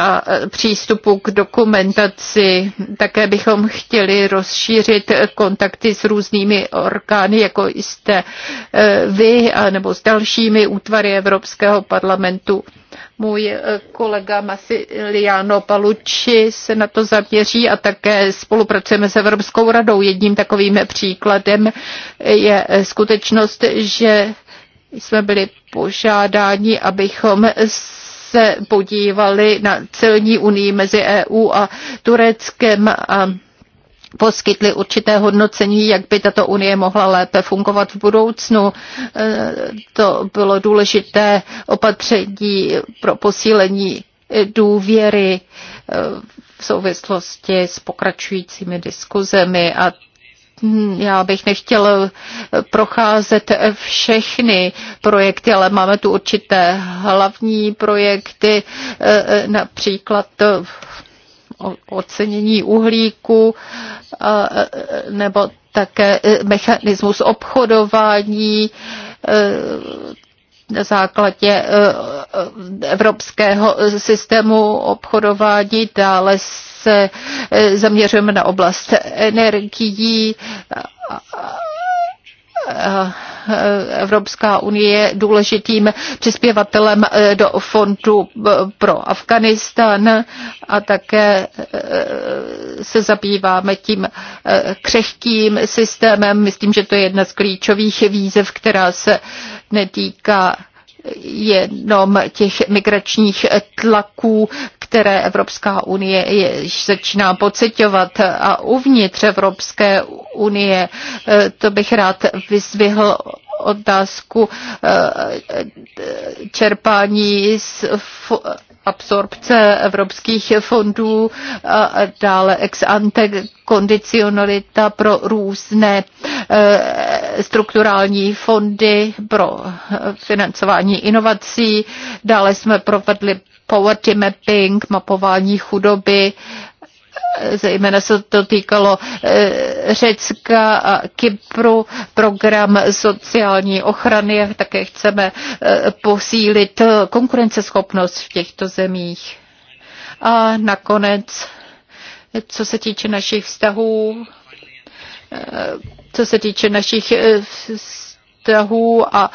a e, přístupu k dokumentaci. Také bychom chtěli rozšířit kontakty s různými orgány, jako jste e, vy, nebo s dalšími útvary Evropského parlamentu. Můj e, kolega Masiliano Palucci se na to zaměří a také spolupracujeme s Evropskou radou. Jedním takovým příkladem je skutečnost, že jsme byli požádáni, abychom se podívali na celní unii mezi EU a Tureckem a poskytli určité hodnocení, jak by tato unie mohla lépe fungovat v budoucnu. Eh, to bylo důležité opatření pro posílení důvěry eh, v souvislosti s pokračujícími diskuzemi a Hmm, já bych nechtěl eh, procházet všechny projekty, ale máme tu určité hlavní projekty, eh, eh, například ocenění uhlíku nebo také mechanismus obchodování na základě evropského systému obchodování, dále se eh, zaměřujeme na oblast energií. Evropská unie je důležitým přispěvatelem eh, do fondu eh, pro Afganistan a také se zabýváme tím křehkým systémem. Myslím, že to je jedna z klíčových výzev, která se netýká jenom těch migračních tlaků, které Evropská unie již začíná pocitovat a uvnitř Evropské unie, eh, to bych rád vyzvihl otázku eh, čerpání z absorpce evropských fondů, dále ex ante kondicionalita pro různé eh, strukturální fondy pro eh, financování inovací. Dále jsme provedli poverty mapping, mapování chudoby zejména se to týkalo eh, Řecka a Kypru, program sociální ochrany také chceme eh, posílit konkurenceschopnost v těchto zemích. A nakonec, co se týče našich vztahů, eh, co se týče našich vztahů a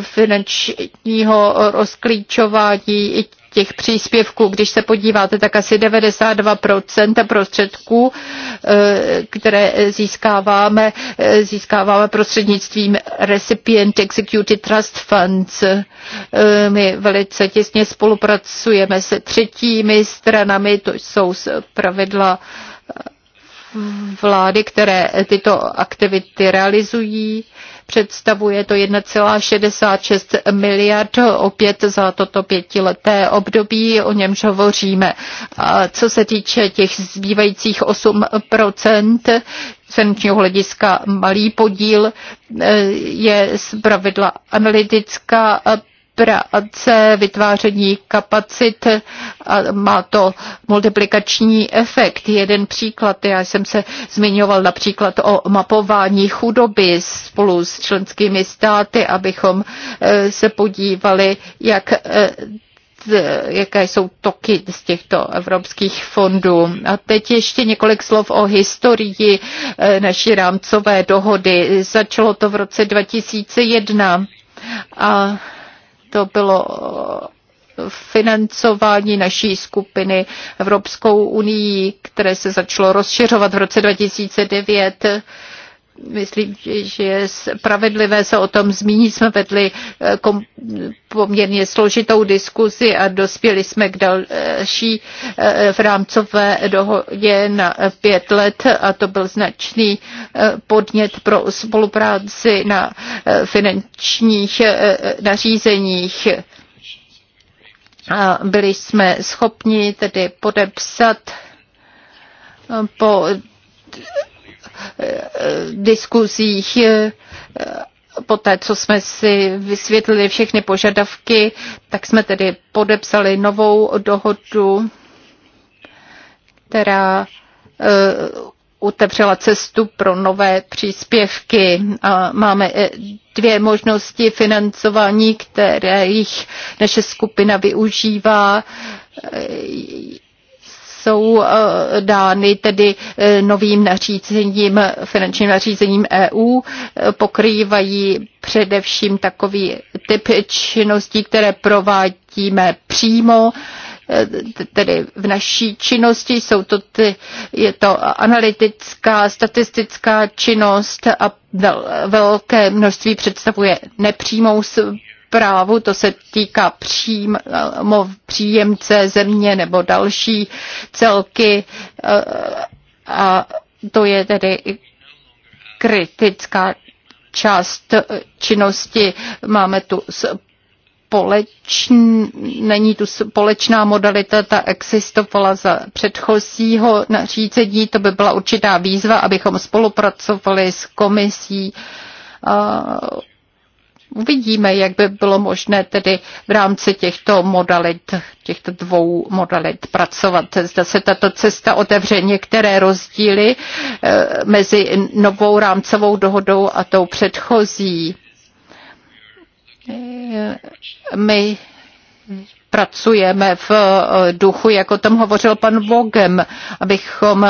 finančního rozklíčování těch příspěvků. Když se podíváte, tak asi 92% prostředků, eh, které získáváme, eh, získáváme prostřednictvím Recipient Executed Trust Funds. Eh, my velice těsně spolupracujeme se třetími stranami, to jsou pravidla vlády, které tyto aktivity realizují Představuje to 1,66 miliard opět za toto pětileté období, o němž hovoříme. A co se týče těch zbývajících 8%, finančního hlediska malý podíl eh, je zpravidla analytická práce, vytváření kapacit a má to multiplikační efekt. Jeden příklad, já jsem se zmiňoval například o mapování chudoby spolu s členskými státy, abychom eh, se podívali, jak eh, jaké jsou toky z těchto evropských fondů. A teď ještě několik slov o historii eh, naší rámcové dohody. Začalo to v roce 2001 a to bylo eh, financování naší skupiny Evropskou unii, které se začalo rozšiřovat v roce 2009 myslím, že je spravedlivé se o tom zmínit. Jsme vedli eh, poměrně složitou diskuzi a dospěli jsme k další eh, v rámcové dohodě na pět let a to byl značný eh, podnět pro spolupráci na finančních nařízeních. A byli jsme schopni tedy podepsat po Eh, diskuzích eh, po té, co jsme si vysvětlili všechny požadavky, tak jsme tedy podepsali novou dohodu, která eh, otevřela cestu pro nové příspěvky. A máme dvě možnosti financování, které jich naše skupina využívá jsou eh, dány tedy eh, novým nařízením, finančním nařízením EU, pokrývají především takový typ činností, které provádíme přímo, eh, tedy v naší činnosti, jsou to ty, je to analytická, statistická činnost a velké množství představuje nepřímou právu, to se týká přímo příjemce země nebo další celky eh, a to je tedy kritická část činnosti. Máme tu společn, není tu společná modalita, ta existovala za předchozího nařízení, to by byla určitá výzva, abychom spolupracovali s komisí uvidíme, jak by bylo možné tedy v rámci těchto modalit, těchto dvou modalit pracovat. Zda se tato cesta otevře některé rozdíly eh, mezi novou rámcovou dohodou a tou předchozí. Eh, my pracujeme v eh, duchu, jak o tom hovořil pan Vogem, abychom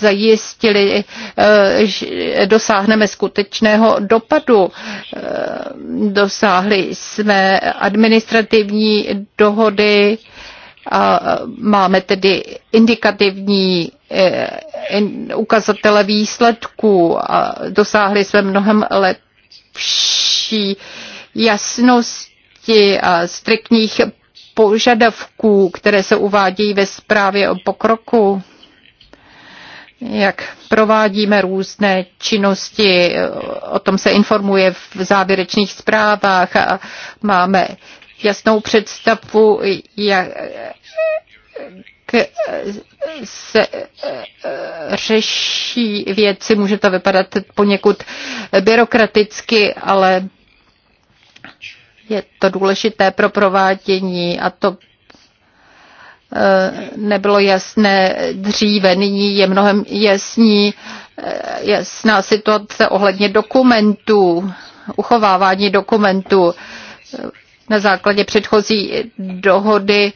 zajistili, eh, dosáhneme skutečného dopadu. Eh, dosáhli jsme administrativní dohody a máme tedy indikativní eh, ukazatele výsledků a dosáhli jsme mnohem lepší jasnosti a striktních požadavků, které se uvádějí ve zprávě o pokroku jak provádíme různé činnosti, o tom se informuje v závěrečných zprávách a máme jasnou představu, jak se eh, řeší věci. Může to vypadat poněkud byrokraticky, ale je to důležité pro provádění a to Eh, nebylo jasné dříve. Nyní je mnohem jasní, eh, jasná situace ohledně dokumentů, uchovávání dokumentů. Eh, na základě předchozí dohody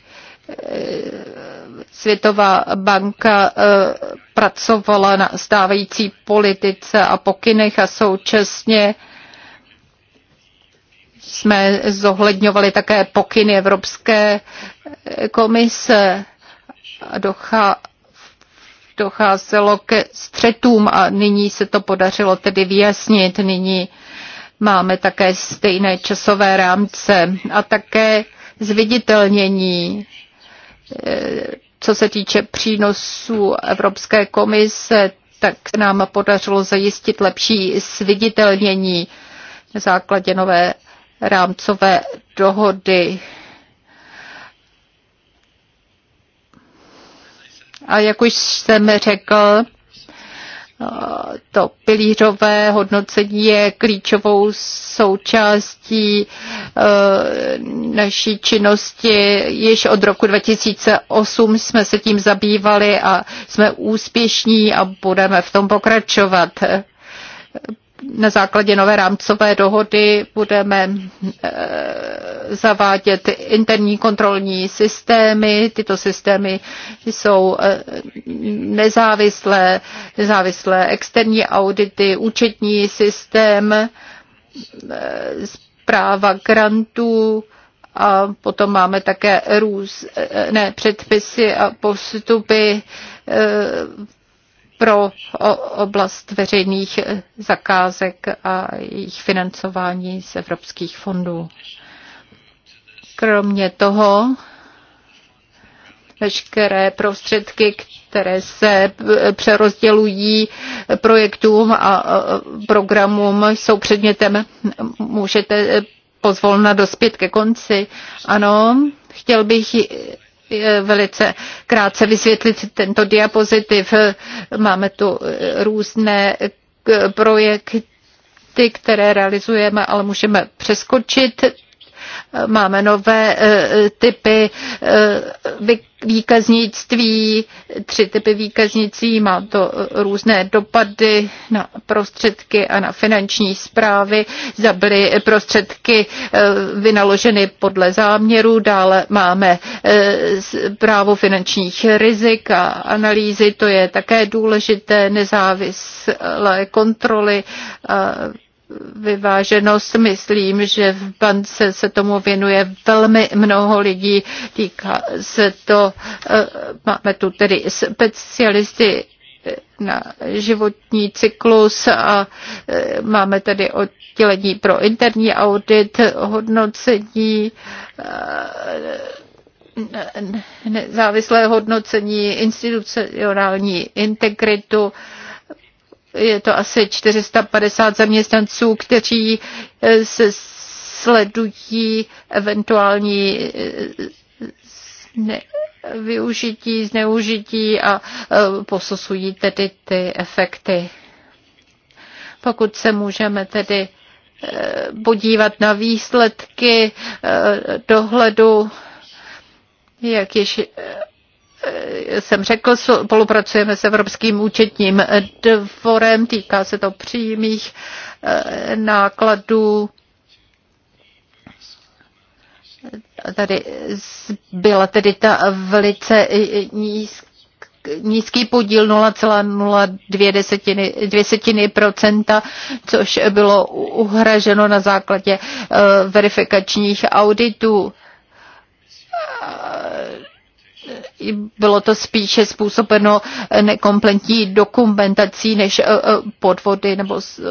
Světová banka pracovala na stávající politice a pokynech a současně jsme zohledňovali také pokyny Evropské komise. Docha, docházelo ke střetům a nyní se to podařilo tedy vyjasnit. Nyní máme také stejné časové rámce a také zviditelnění, eh, co se týče přínosů Evropské komise, tak nám podařilo zajistit lepší zviditelnění na základě nové rámcové dohody. A jak už jsem řekl, to pilířové hodnocení je klíčovou součástí eh, naší činnosti. Již od roku 2008 jsme se tím zabývali a jsme úspěšní a budeme v tom pokračovat na základě nové rámcové dohody budeme eh, zavádět interní kontrolní systémy. Tyto systémy jsou eh, nezávislé, nezávislé externí audity, účetní systém, eh, zpráva grantů, a potom máme také ne, předpisy a postupy pro oblast veřejných zakázek a jejich financování z evropských fondů. Kromě toho, veškeré prostředky, které se přerozdělují projektům a programům, jsou předmětem, můžete pozvolna dospět ke konci. Ano, chtěl bych velice krátce vysvětlit tento diapozitiv. Máme tu různé projekty, které realizujeme, ale můžeme přeskočit Máme nové eh, typy eh, výkaznictví, tři typy výkaznictví, má to eh, různé dopady na prostředky a na finanční zprávy. Zda byly prostředky vynaloženy podle záměru, dále máme právo finančních rizik a analýzy, to je také důležité, nezávislé kontroly, vyváženost. Myslím, že v bance se tomu věnuje velmi mnoho lidí. Týká se to, eh, máme tu tedy specialisty na životní cyklus a eh, máme tady oddělení pro interní audit, hodnocení, eh, nezávislé hodnocení, institucionální integritu je to asi 450 zaměstnanců, kteří eh, se sledují eventuální eh, využití, zneužití a eh, posusují tedy ty efekty. Pokud se můžeme tedy podívat na výsledky dohledu, jak již Eh, jsem řekl, spolupracujeme s Evropským účetním dvorem, týká se to přímých eh, nákladů. Tady byla tedy ta velice nízká nízký podíl 0,02 desetiny, procenta, což bylo uhraženo na základě eh, verifikačních auditů bylo to spíše způsobeno nekompletní dokumentací než eh, eh, podvody nebo eh,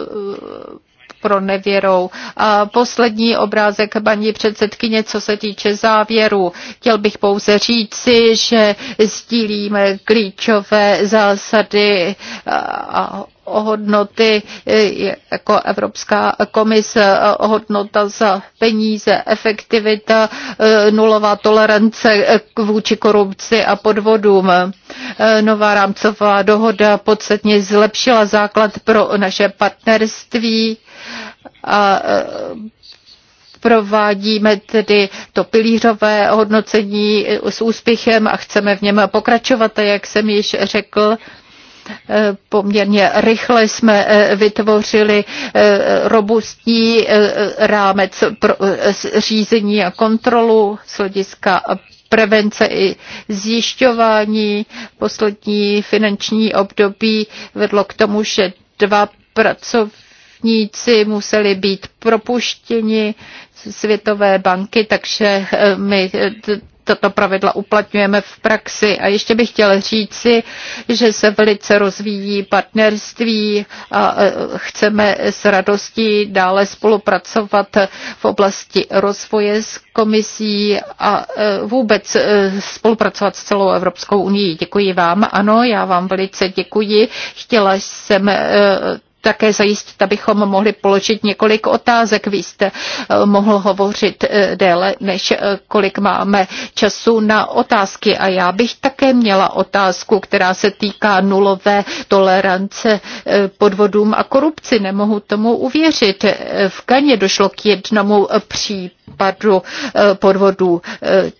nevěrou. A poslední obrázek paní předsedkyně, co se týče závěru. Chtěl bych pouze říci, že sdílíme klíčové zásady a hodnoty e, jako Evropská komise, hodnota za peníze, efektivita, e, nulová tolerance e, vůči korupci a podvodům. Nová rámcová dohoda podstatně zlepšila základ pro naše partnerství a e, provádíme tedy to pilířové hodnocení s úspěchem a chceme v něm pokračovat. A jak jsem již řekl, e, poměrně rychle jsme e, vytvořili robustní rámec pro řízení a kontrolu z hlediska prevence i zjišťování. Poslední finanční období vedlo k tomu, že dva pracovní účastníci museli být propuštěni Světové banky, takže eh, my toto pravidla uplatňujeme v praxi. A ještě bych chtěl říci, že se velice rozvíjí partnerství a eh, chceme s radostí dále spolupracovat v oblasti rozvoje s komisí a eh, vůbec spolupracovat s celou Evropskou unii. Děkuji vám. Ano, já vám velice děkuji. Chtěla jsem také zajistit, abychom mohli položit několik otázek. Vy jste eh, mohl hovořit eh, déle, než eh, kolik máme času na otázky. A já bych také měla otázku, která se týká nulové tolerance podvodům a korupci. Nemohu tomu uvěřit. V Kaně došlo k jednomu případu podvodů.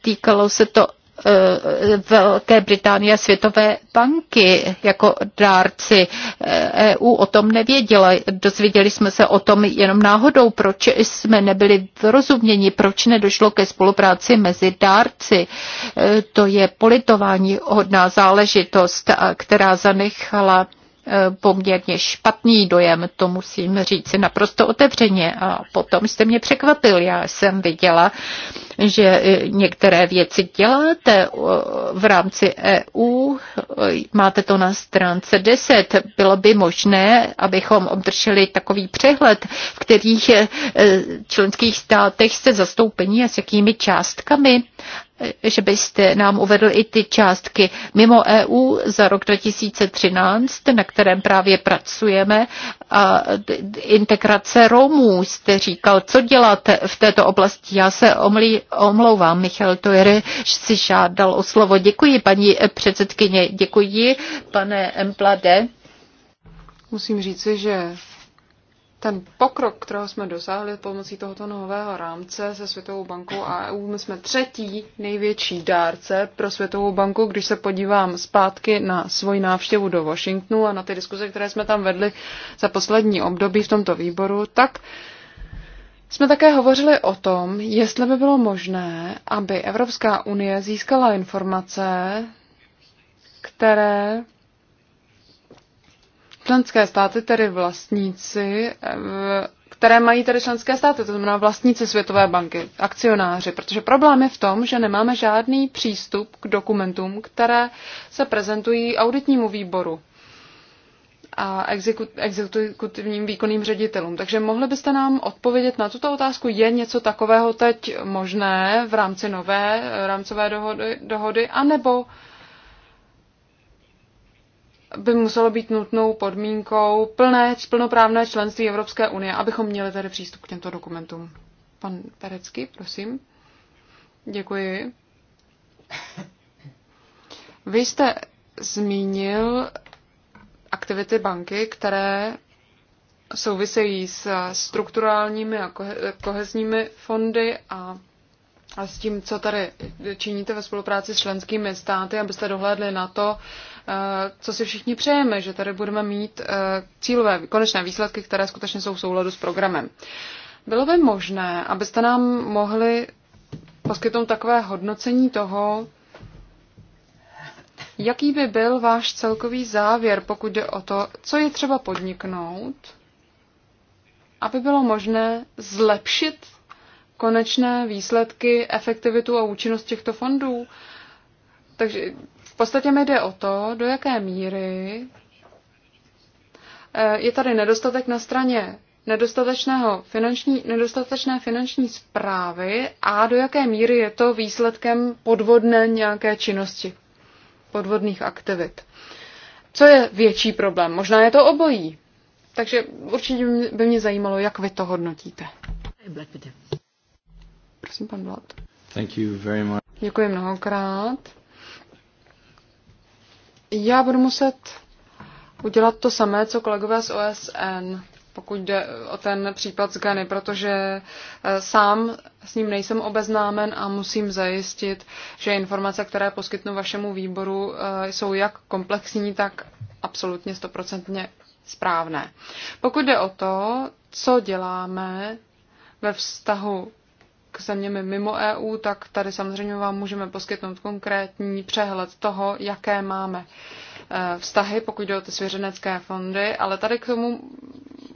Týkalo se to Eh, Velké Británie a Světové banky jako dárci EU eh, e o tom nevěděla. Dozvěděli jsme se o tom jenom náhodou, proč jsme nebyli rozumění. proč nedošlo ke spolupráci mezi dárci. Eh, to je politování hodná záležitost, která zanechala E, poměrně špatný dojem, to musím říct naprosto otevřeně. A potom jste mě překvapil, já jsem viděla, že e, některé věci děláte e, v rámci EU, máte to na stránce 10. Bylo by možné, abychom obdrželi takový přehled, v kterých členských státech jste zastoupení a s jakými částkami že byste nám uvedl i ty částky mimo EU za rok 2013, na kterém právě pracujeme. A integrace Romů jste říkal, co děláte v této oblasti. Já se omlí, omlouvám, Michal že si žádal o slovo. Děkuji, paní předsedkyně, děkuji, pane Emplade. Musím říci, že ten pokrok, kterého jsme dosáhli pomocí tohoto nového rámce se Světovou bankou a EU, my jsme třetí největší dárce pro Světovou banku, když se podívám zpátky na svoji návštěvu do Washingtonu a na ty diskuze, které jsme tam vedli za poslední období v tomto výboru, tak jsme také hovořili o tom, jestli by bylo možné, aby Evropská unie získala informace, které Členské státy, tedy vlastníci, eh, které mají tedy členské státy, to znamená vlastníci Světové banky, akcionáři, protože problém je v tom, že nemáme žádný přístup k dokumentům, které se prezentují auditnímu výboru a exekutivním výkonným ředitelům. Takže mohli byste nám odpovědět na tuto otázku, je něco takového teď možné v rámci nové eh, rámcové dohody, dohody anebo by muselo být nutnou podmínkou plné, plnoprávné členství Evropské unie, abychom měli tady přístup k těmto dokumentům. Pan Perecký, prosím. Děkuji. Vy jste zmínil aktivity banky, které souvisejí s strukturálními a kohezními fondy a a s tím, co tady činíte ve spolupráci s členskými státy, abyste dohlédli na to, Eh, co si všichni přejeme, že tady budeme mít eh, cílové konečné výsledky, které skutečně jsou v souladu s programem. Bylo by možné, abyste nám mohli poskytnout takové hodnocení toho, jaký by byl váš celkový závěr, pokud jde o to, co je třeba podniknout, aby bylo možné zlepšit konečné výsledky, efektivitu a účinnost těchto fondů. Takže v podstatě mi jde o to, do jaké míry eh, je tady nedostatek na straně nedostatečného finanční, nedostatečné finanční zprávy a do jaké míry je to výsledkem podvodné nějaké činnosti, podvodných aktivit. Co je větší problém? Možná je to obojí. Takže určitě by mě zajímalo, jak vy to hodnotíte. Prosím, pan Vlad. Thank you very much. Děkuji mnohokrát. Já budu muset udělat to samé, co kolegové z OSN, pokud jde o ten případ z Gany, protože eh, sám s ním nejsem obeznámen a musím zajistit, že informace, které poskytnu vašemu výboru, eh, jsou jak komplexní, tak absolutně stoprocentně správné. Pokud jde o to, co děláme ve vztahu zeměmi mimo EU, tak tady samozřejmě vám můžeme poskytnout konkrétní přehled toho, jaké máme eh, vztahy, pokud jde o ty svěřenecké fondy, ale tady k tomu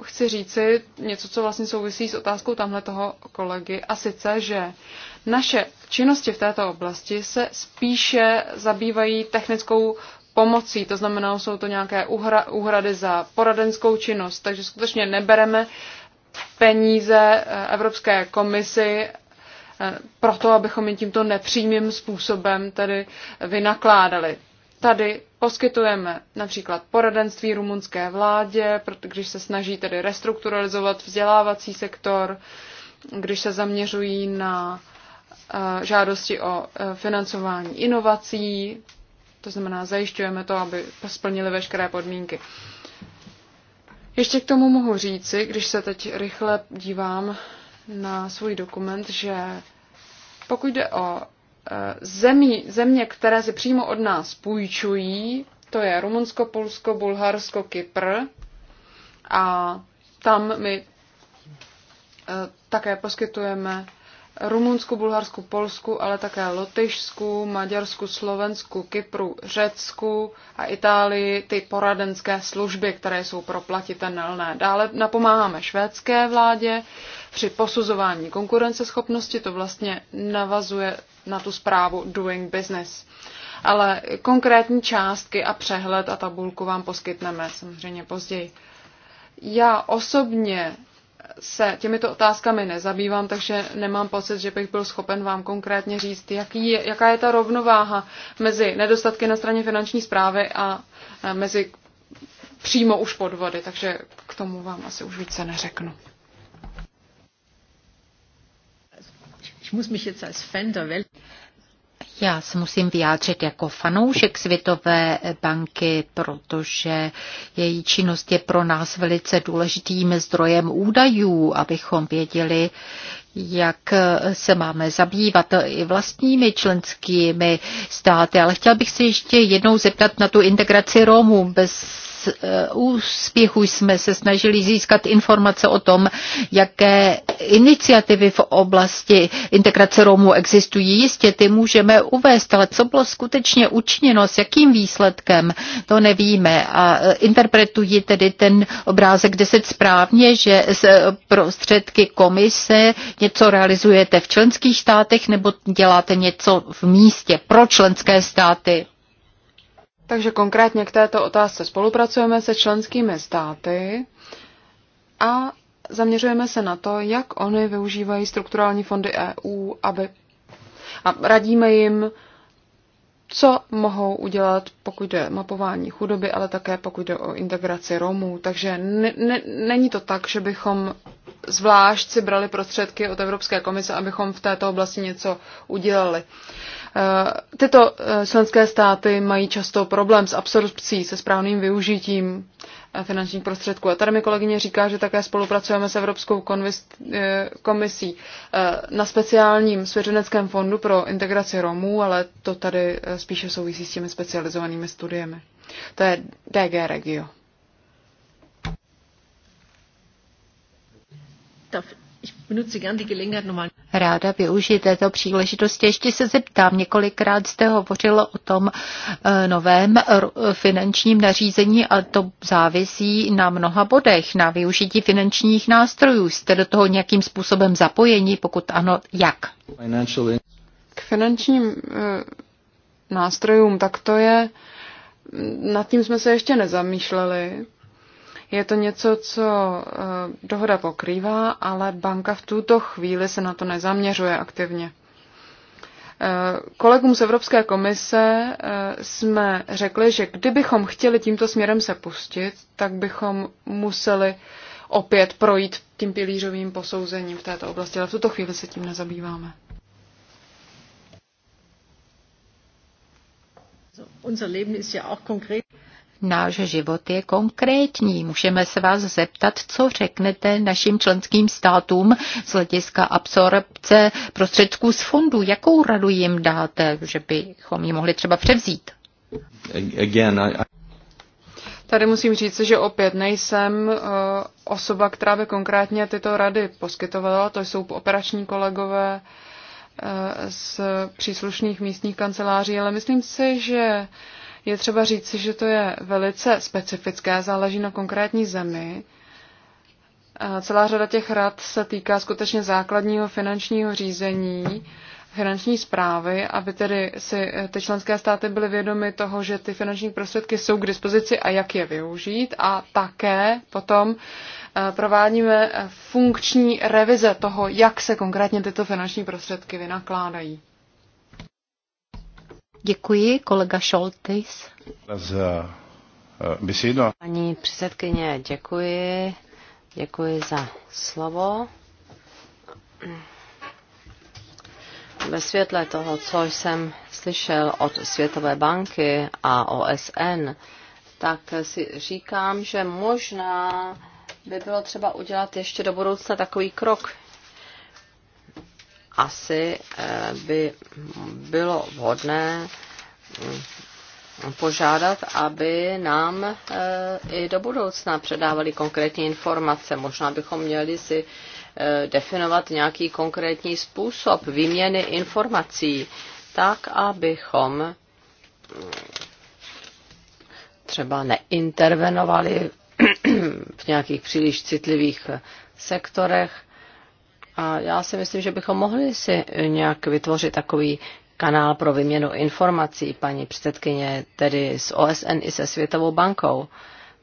chci říci něco, co vlastně souvisí s otázkou tamhle toho kolegy, a sice, že naše činnosti v této oblasti se spíše zabývají technickou pomocí, to znamená, jsou to nějaké uhra, za poradenskou činnost, takže skutečně nebereme peníze eh, Evropské komisi Eh, proto abychom jim tímto nepřímým způsobem tedy vynakládali. Tady poskytujeme například poradenství rumunské vládě, když se snaží tedy restrukturalizovat vzdělávací sektor, když se zaměřují na eh, žádosti o eh, financování inovací, to znamená, zajišťujeme to, aby splnili veškeré podmínky. Ještě k tomu mohu říci, když se teď rychle dívám na svůj dokument, že pokud jde o e, zemí, země, které si přímo od nás půjčují, to je Rumunsko, Polsko, Bulharsko, Kypr. A tam my e, také poskytujeme Rumunsku, Bulharsku, Polsku, ale také Lotyšsku, Maďarsku, Slovensku, Kypru, Řecku a Itálii ty poradenské služby, které jsou proplatitelné. Dále napomáháme švédské vládě při posuzování konkurenceschopnosti, to vlastně navazuje na tu zprávu Doing Business. Ale konkrétní částky a přehled a tabulku vám poskytneme samozřejmě později. Já osobně se těmito otázkami nezabývám, takže nemám pocit, že bych byl schopen vám konkrétně říct, jaký je, jaká je ta rovnováha mezi nedostatky na straně finanční zprávy a mezi přímo už podvody, takže k tomu vám asi už více neřeknu. Já se musím vyjádřit jako fanoušek Světové banky, protože její činnost je pro nás velice důležitým zdrojem údajů, abychom věděli, jak se máme zabývat i vlastními členskými státy. Ale chtěl bych se ještě jednou zeptat na tu integraci Romů bez Eh, úspěchu jsme se snažili získat informace o tom, jaké iniciativy v oblasti integrace Romů existují. Jistě ty můžeme uvést, ale co bylo skutečně učiněno, s jakým výsledkem, to nevíme. A eh, interpretuji tedy ten obrázek 10 správně, že z eh, prostředky komise něco realizujete v členských státech nebo děláte něco v místě pro členské státy. Takže konkrétně k této otázce spolupracujeme se členskými státy a zaměřujeme se na to, jak oni využívají strukturální fondy EU, aby a radíme jim co mohou udělat, pokud jde mapování chudoby, ale také pokud jde o integraci Romů. Takže ne, ne, není to tak, že bychom zvlášť si brali prostředky od Evropské komise, abychom v této oblasti něco udělali. Eh, tyto eh, členské státy mají často problém s absorpcí, se správným využitím finančních prostředků. A tady mi kolegyně říká, že také spolupracujeme s Evropskou eh, komisí eh, na speciálním svěřeneckém fondu pro integraci Romů, ale to tady eh, spíše souvisí s těmi specializovanými studiemi. To je DG Regio. Ráda využiji této příležitosti. Ještě se zeptám, několikrát jste hovořilo o tom eh, novém finančním nařízení a to závisí na mnoha bodech, na využití finančních nástrojů. Jste do toho nějakým způsobem zapojení? Pokud ano, jak? K finančním eh, nástrojům, tak to je, mm, nad tím jsme se ještě nezamýšleli, je to něco, co eh, dohoda pokrývá, ale banka v tuto chvíli se na to nezaměřuje aktivně. Eh, kolegům z Evropské komise eh, jsme řekli, že kdybychom chtěli tímto směrem se pustit, tak bychom museli opět projít tím pilířovým posouzením v této oblasti, ale v tuto chvíli se tím nezabýváme. Unser Leben ist ja auch konkret. Náš život je konkrétní. Můžeme se vás zeptat, co řeknete našim členským státům z hlediska absorpce prostředků z fondu. Jakou radu jim dáte, že bychom ji mohli třeba převzít? Again, I, I... Tady musím říct, že opět nejsem eh, osoba, která by konkrétně tyto rady poskytovala. To jsou operační kolegové eh, z příslušných místních kanceláří, ale myslím si, že je třeba říci, že to je velice specifické, záleží na konkrétní zemi. Celá řada těch rad se týká skutečně základního finančního řízení, finanční zprávy, aby tedy si eh, ty členské státy byly vědomy toho, že ty finanční prostředky jsou k dispozici a jak je využít a také potom eh, provádíme eh, funkční revize toho, jak se konkrétně tyto finanční prostředky vynakládají. Děkuji, kolega Šoltis. Eh, Paní předsedkyně, děkuji. Děkuji za slovo. Ve světle toho, co jsem slyšel od Světové banky a OSN, tak si říkám, že možná by bylo třeba udělat ještě do budoucna takový krok, asi eh, by bylo vhodné mm, požádat, aby nám eh, i do budoucna předávali konkrétní informace. Možná bychom měli si eh, definovat nějaký konkrétní způsob výměny informací, tak abychom mm, třeba neintervenovali v nějakých příliš citlivých sektorech, a já si myslím, že bychom mohli si nějak vytvořit takový kanál pro vyměnu informací, paní předsedkyně, tedy s OSN i se Světovou bankou,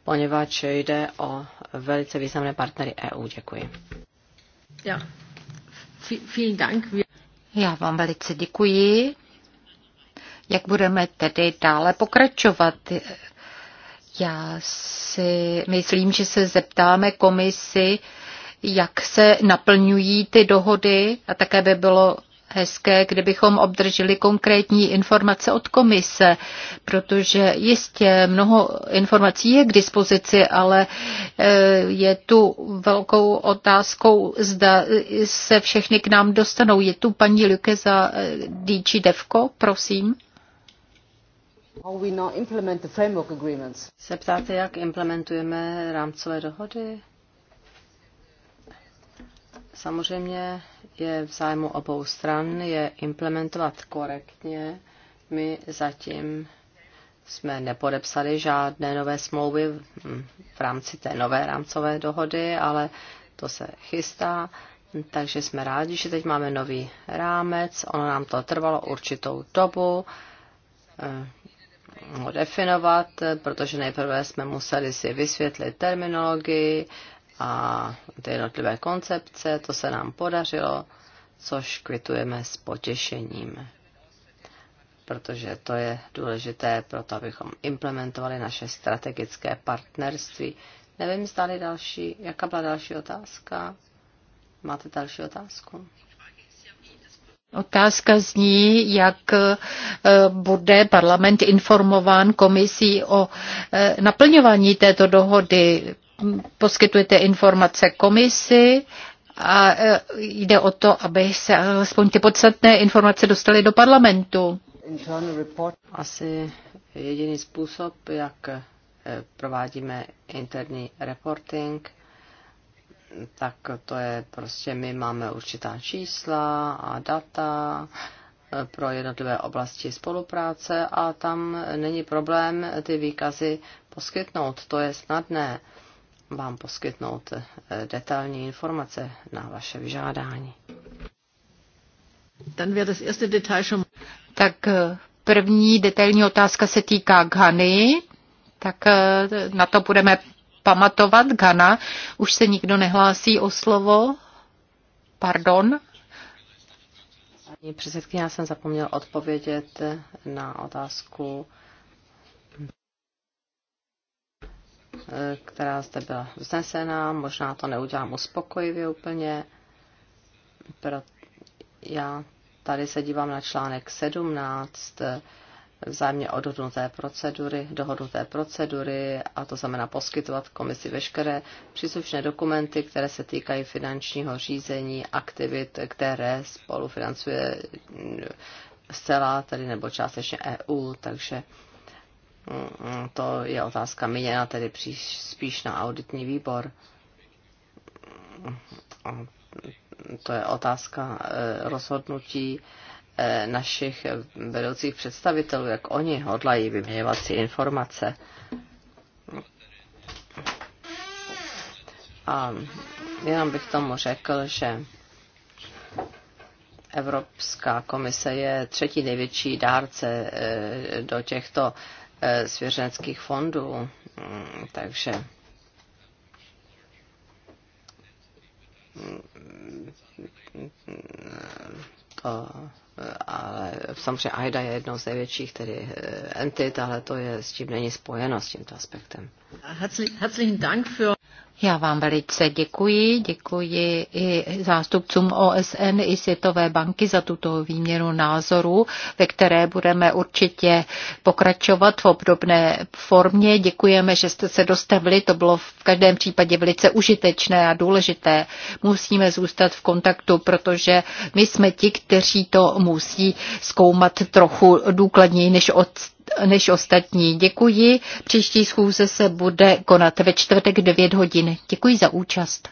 poněvadž jde o velice významné partnery EU. Děkuji. Ja. Vielen Dank. Já vám velice děkuji. Jak budeme tedy dále pokračovat? Já si myslím, že se zeptáme komisi, jak se naplňují ty dohody a také by bylo hezké, kdybychom obdrželi konkrétní informace od komise, protože jistě mnoho informací je k dispozici, ale e, je tu velkou otázkou, zda se všechny k nám dostanou. Je tu paní Luke za e, DG Devko, prosím. Se ptáte, jak implementujeme rámcové dohody? samozřejmě je v zájmu obou stran je implementovat korektně. My zatím jsme nepodepsali žádné nové smlouvy v rámci té nové rámcové dohody, ale to se chystá. Takže jsme rádi, že teď máme nový rámec. Ono nám to trvalo určitou dobu eh, definovat, protože nejprve jsme museli si vysvětlit terminologii a ty jednotlivé koncepce, to se nám podařilo, což kvitujeme s potěšením, protože to je důležité pro to, abychom implementovali naše strategické partnerství. Nevím, zdali další, jaká byla další otázka? Máte další otázku? Otázka zní, jak eh, bude parlament informován komisí o eh, naplňování této dohody poskytujete informace komisi a e, jde o to, aby se alespoň ty podstatné informace dostaly do parlamentu. Asi jediný způsob, jak e, provádíme interní reporting, tak to je prostě, my máme určitá čísla a data e, pro jednotlivé oblasti spolupráce a tam není problém ty výkazy poskytnout. To je snadné vám poskytnout eh, detailní informace na vaše vyžádání. Tak eh, první detailní otázka se týká Ghany. Tak eh, na to budeme pamatovat. Ghana. Už se nikdo nehlásí o slovo. Pardon. Paní předsedkyně, já jsem zapomněl odpovědět na otázku Eh, která zde byla vznesena. Možná to neudělám uspokojivě úplně. Pro... Já tady se dívám na článek 17 eh, vzájemně odhodnuté procedury, dohodnuté procedury, a to znamená poskytovat komisi veškeré příslušné dokumenty, které se týkají finančního řízení, aktivit, které spolufinancuje mm, zcela, tedy nebo částečně EU, takže Mm, to je otázka míněna tedy příš, spíš na auditní výbor. To je otázka e, rozhodnutí e, našich vedoucích představitelů, jak oni hodlají vyměňovat si informace. A jenom bych tomu řekl, že Evropská komise je třetí největší dárce e, do těchto E, svěřenských fondů. Mm, takže mm, to, e, ale samozřejmě AIDA je jednou z největších tedy e, entit, ale to je, s tím není spojeno, s tímto aspektem. Herzlichen Dank für... Já vám velice děkuji. Děkuji i zástupcům OSN, i Světové banky za tuto výměnu názorů, ve které budeme určitě pokračovat v obdobné formě. Děkujeme, že jste se dostavili. To bylo v každém případě velice užitečné a důležité. Musíme zůstat v kontaktu, protože my jsme ti, kteří to musí zkoumat trochu důkladněji než od než ostatní. Děkuji. Příští schůze se bude konat ve čtvrtek 9 hodin. Děkuji za účast.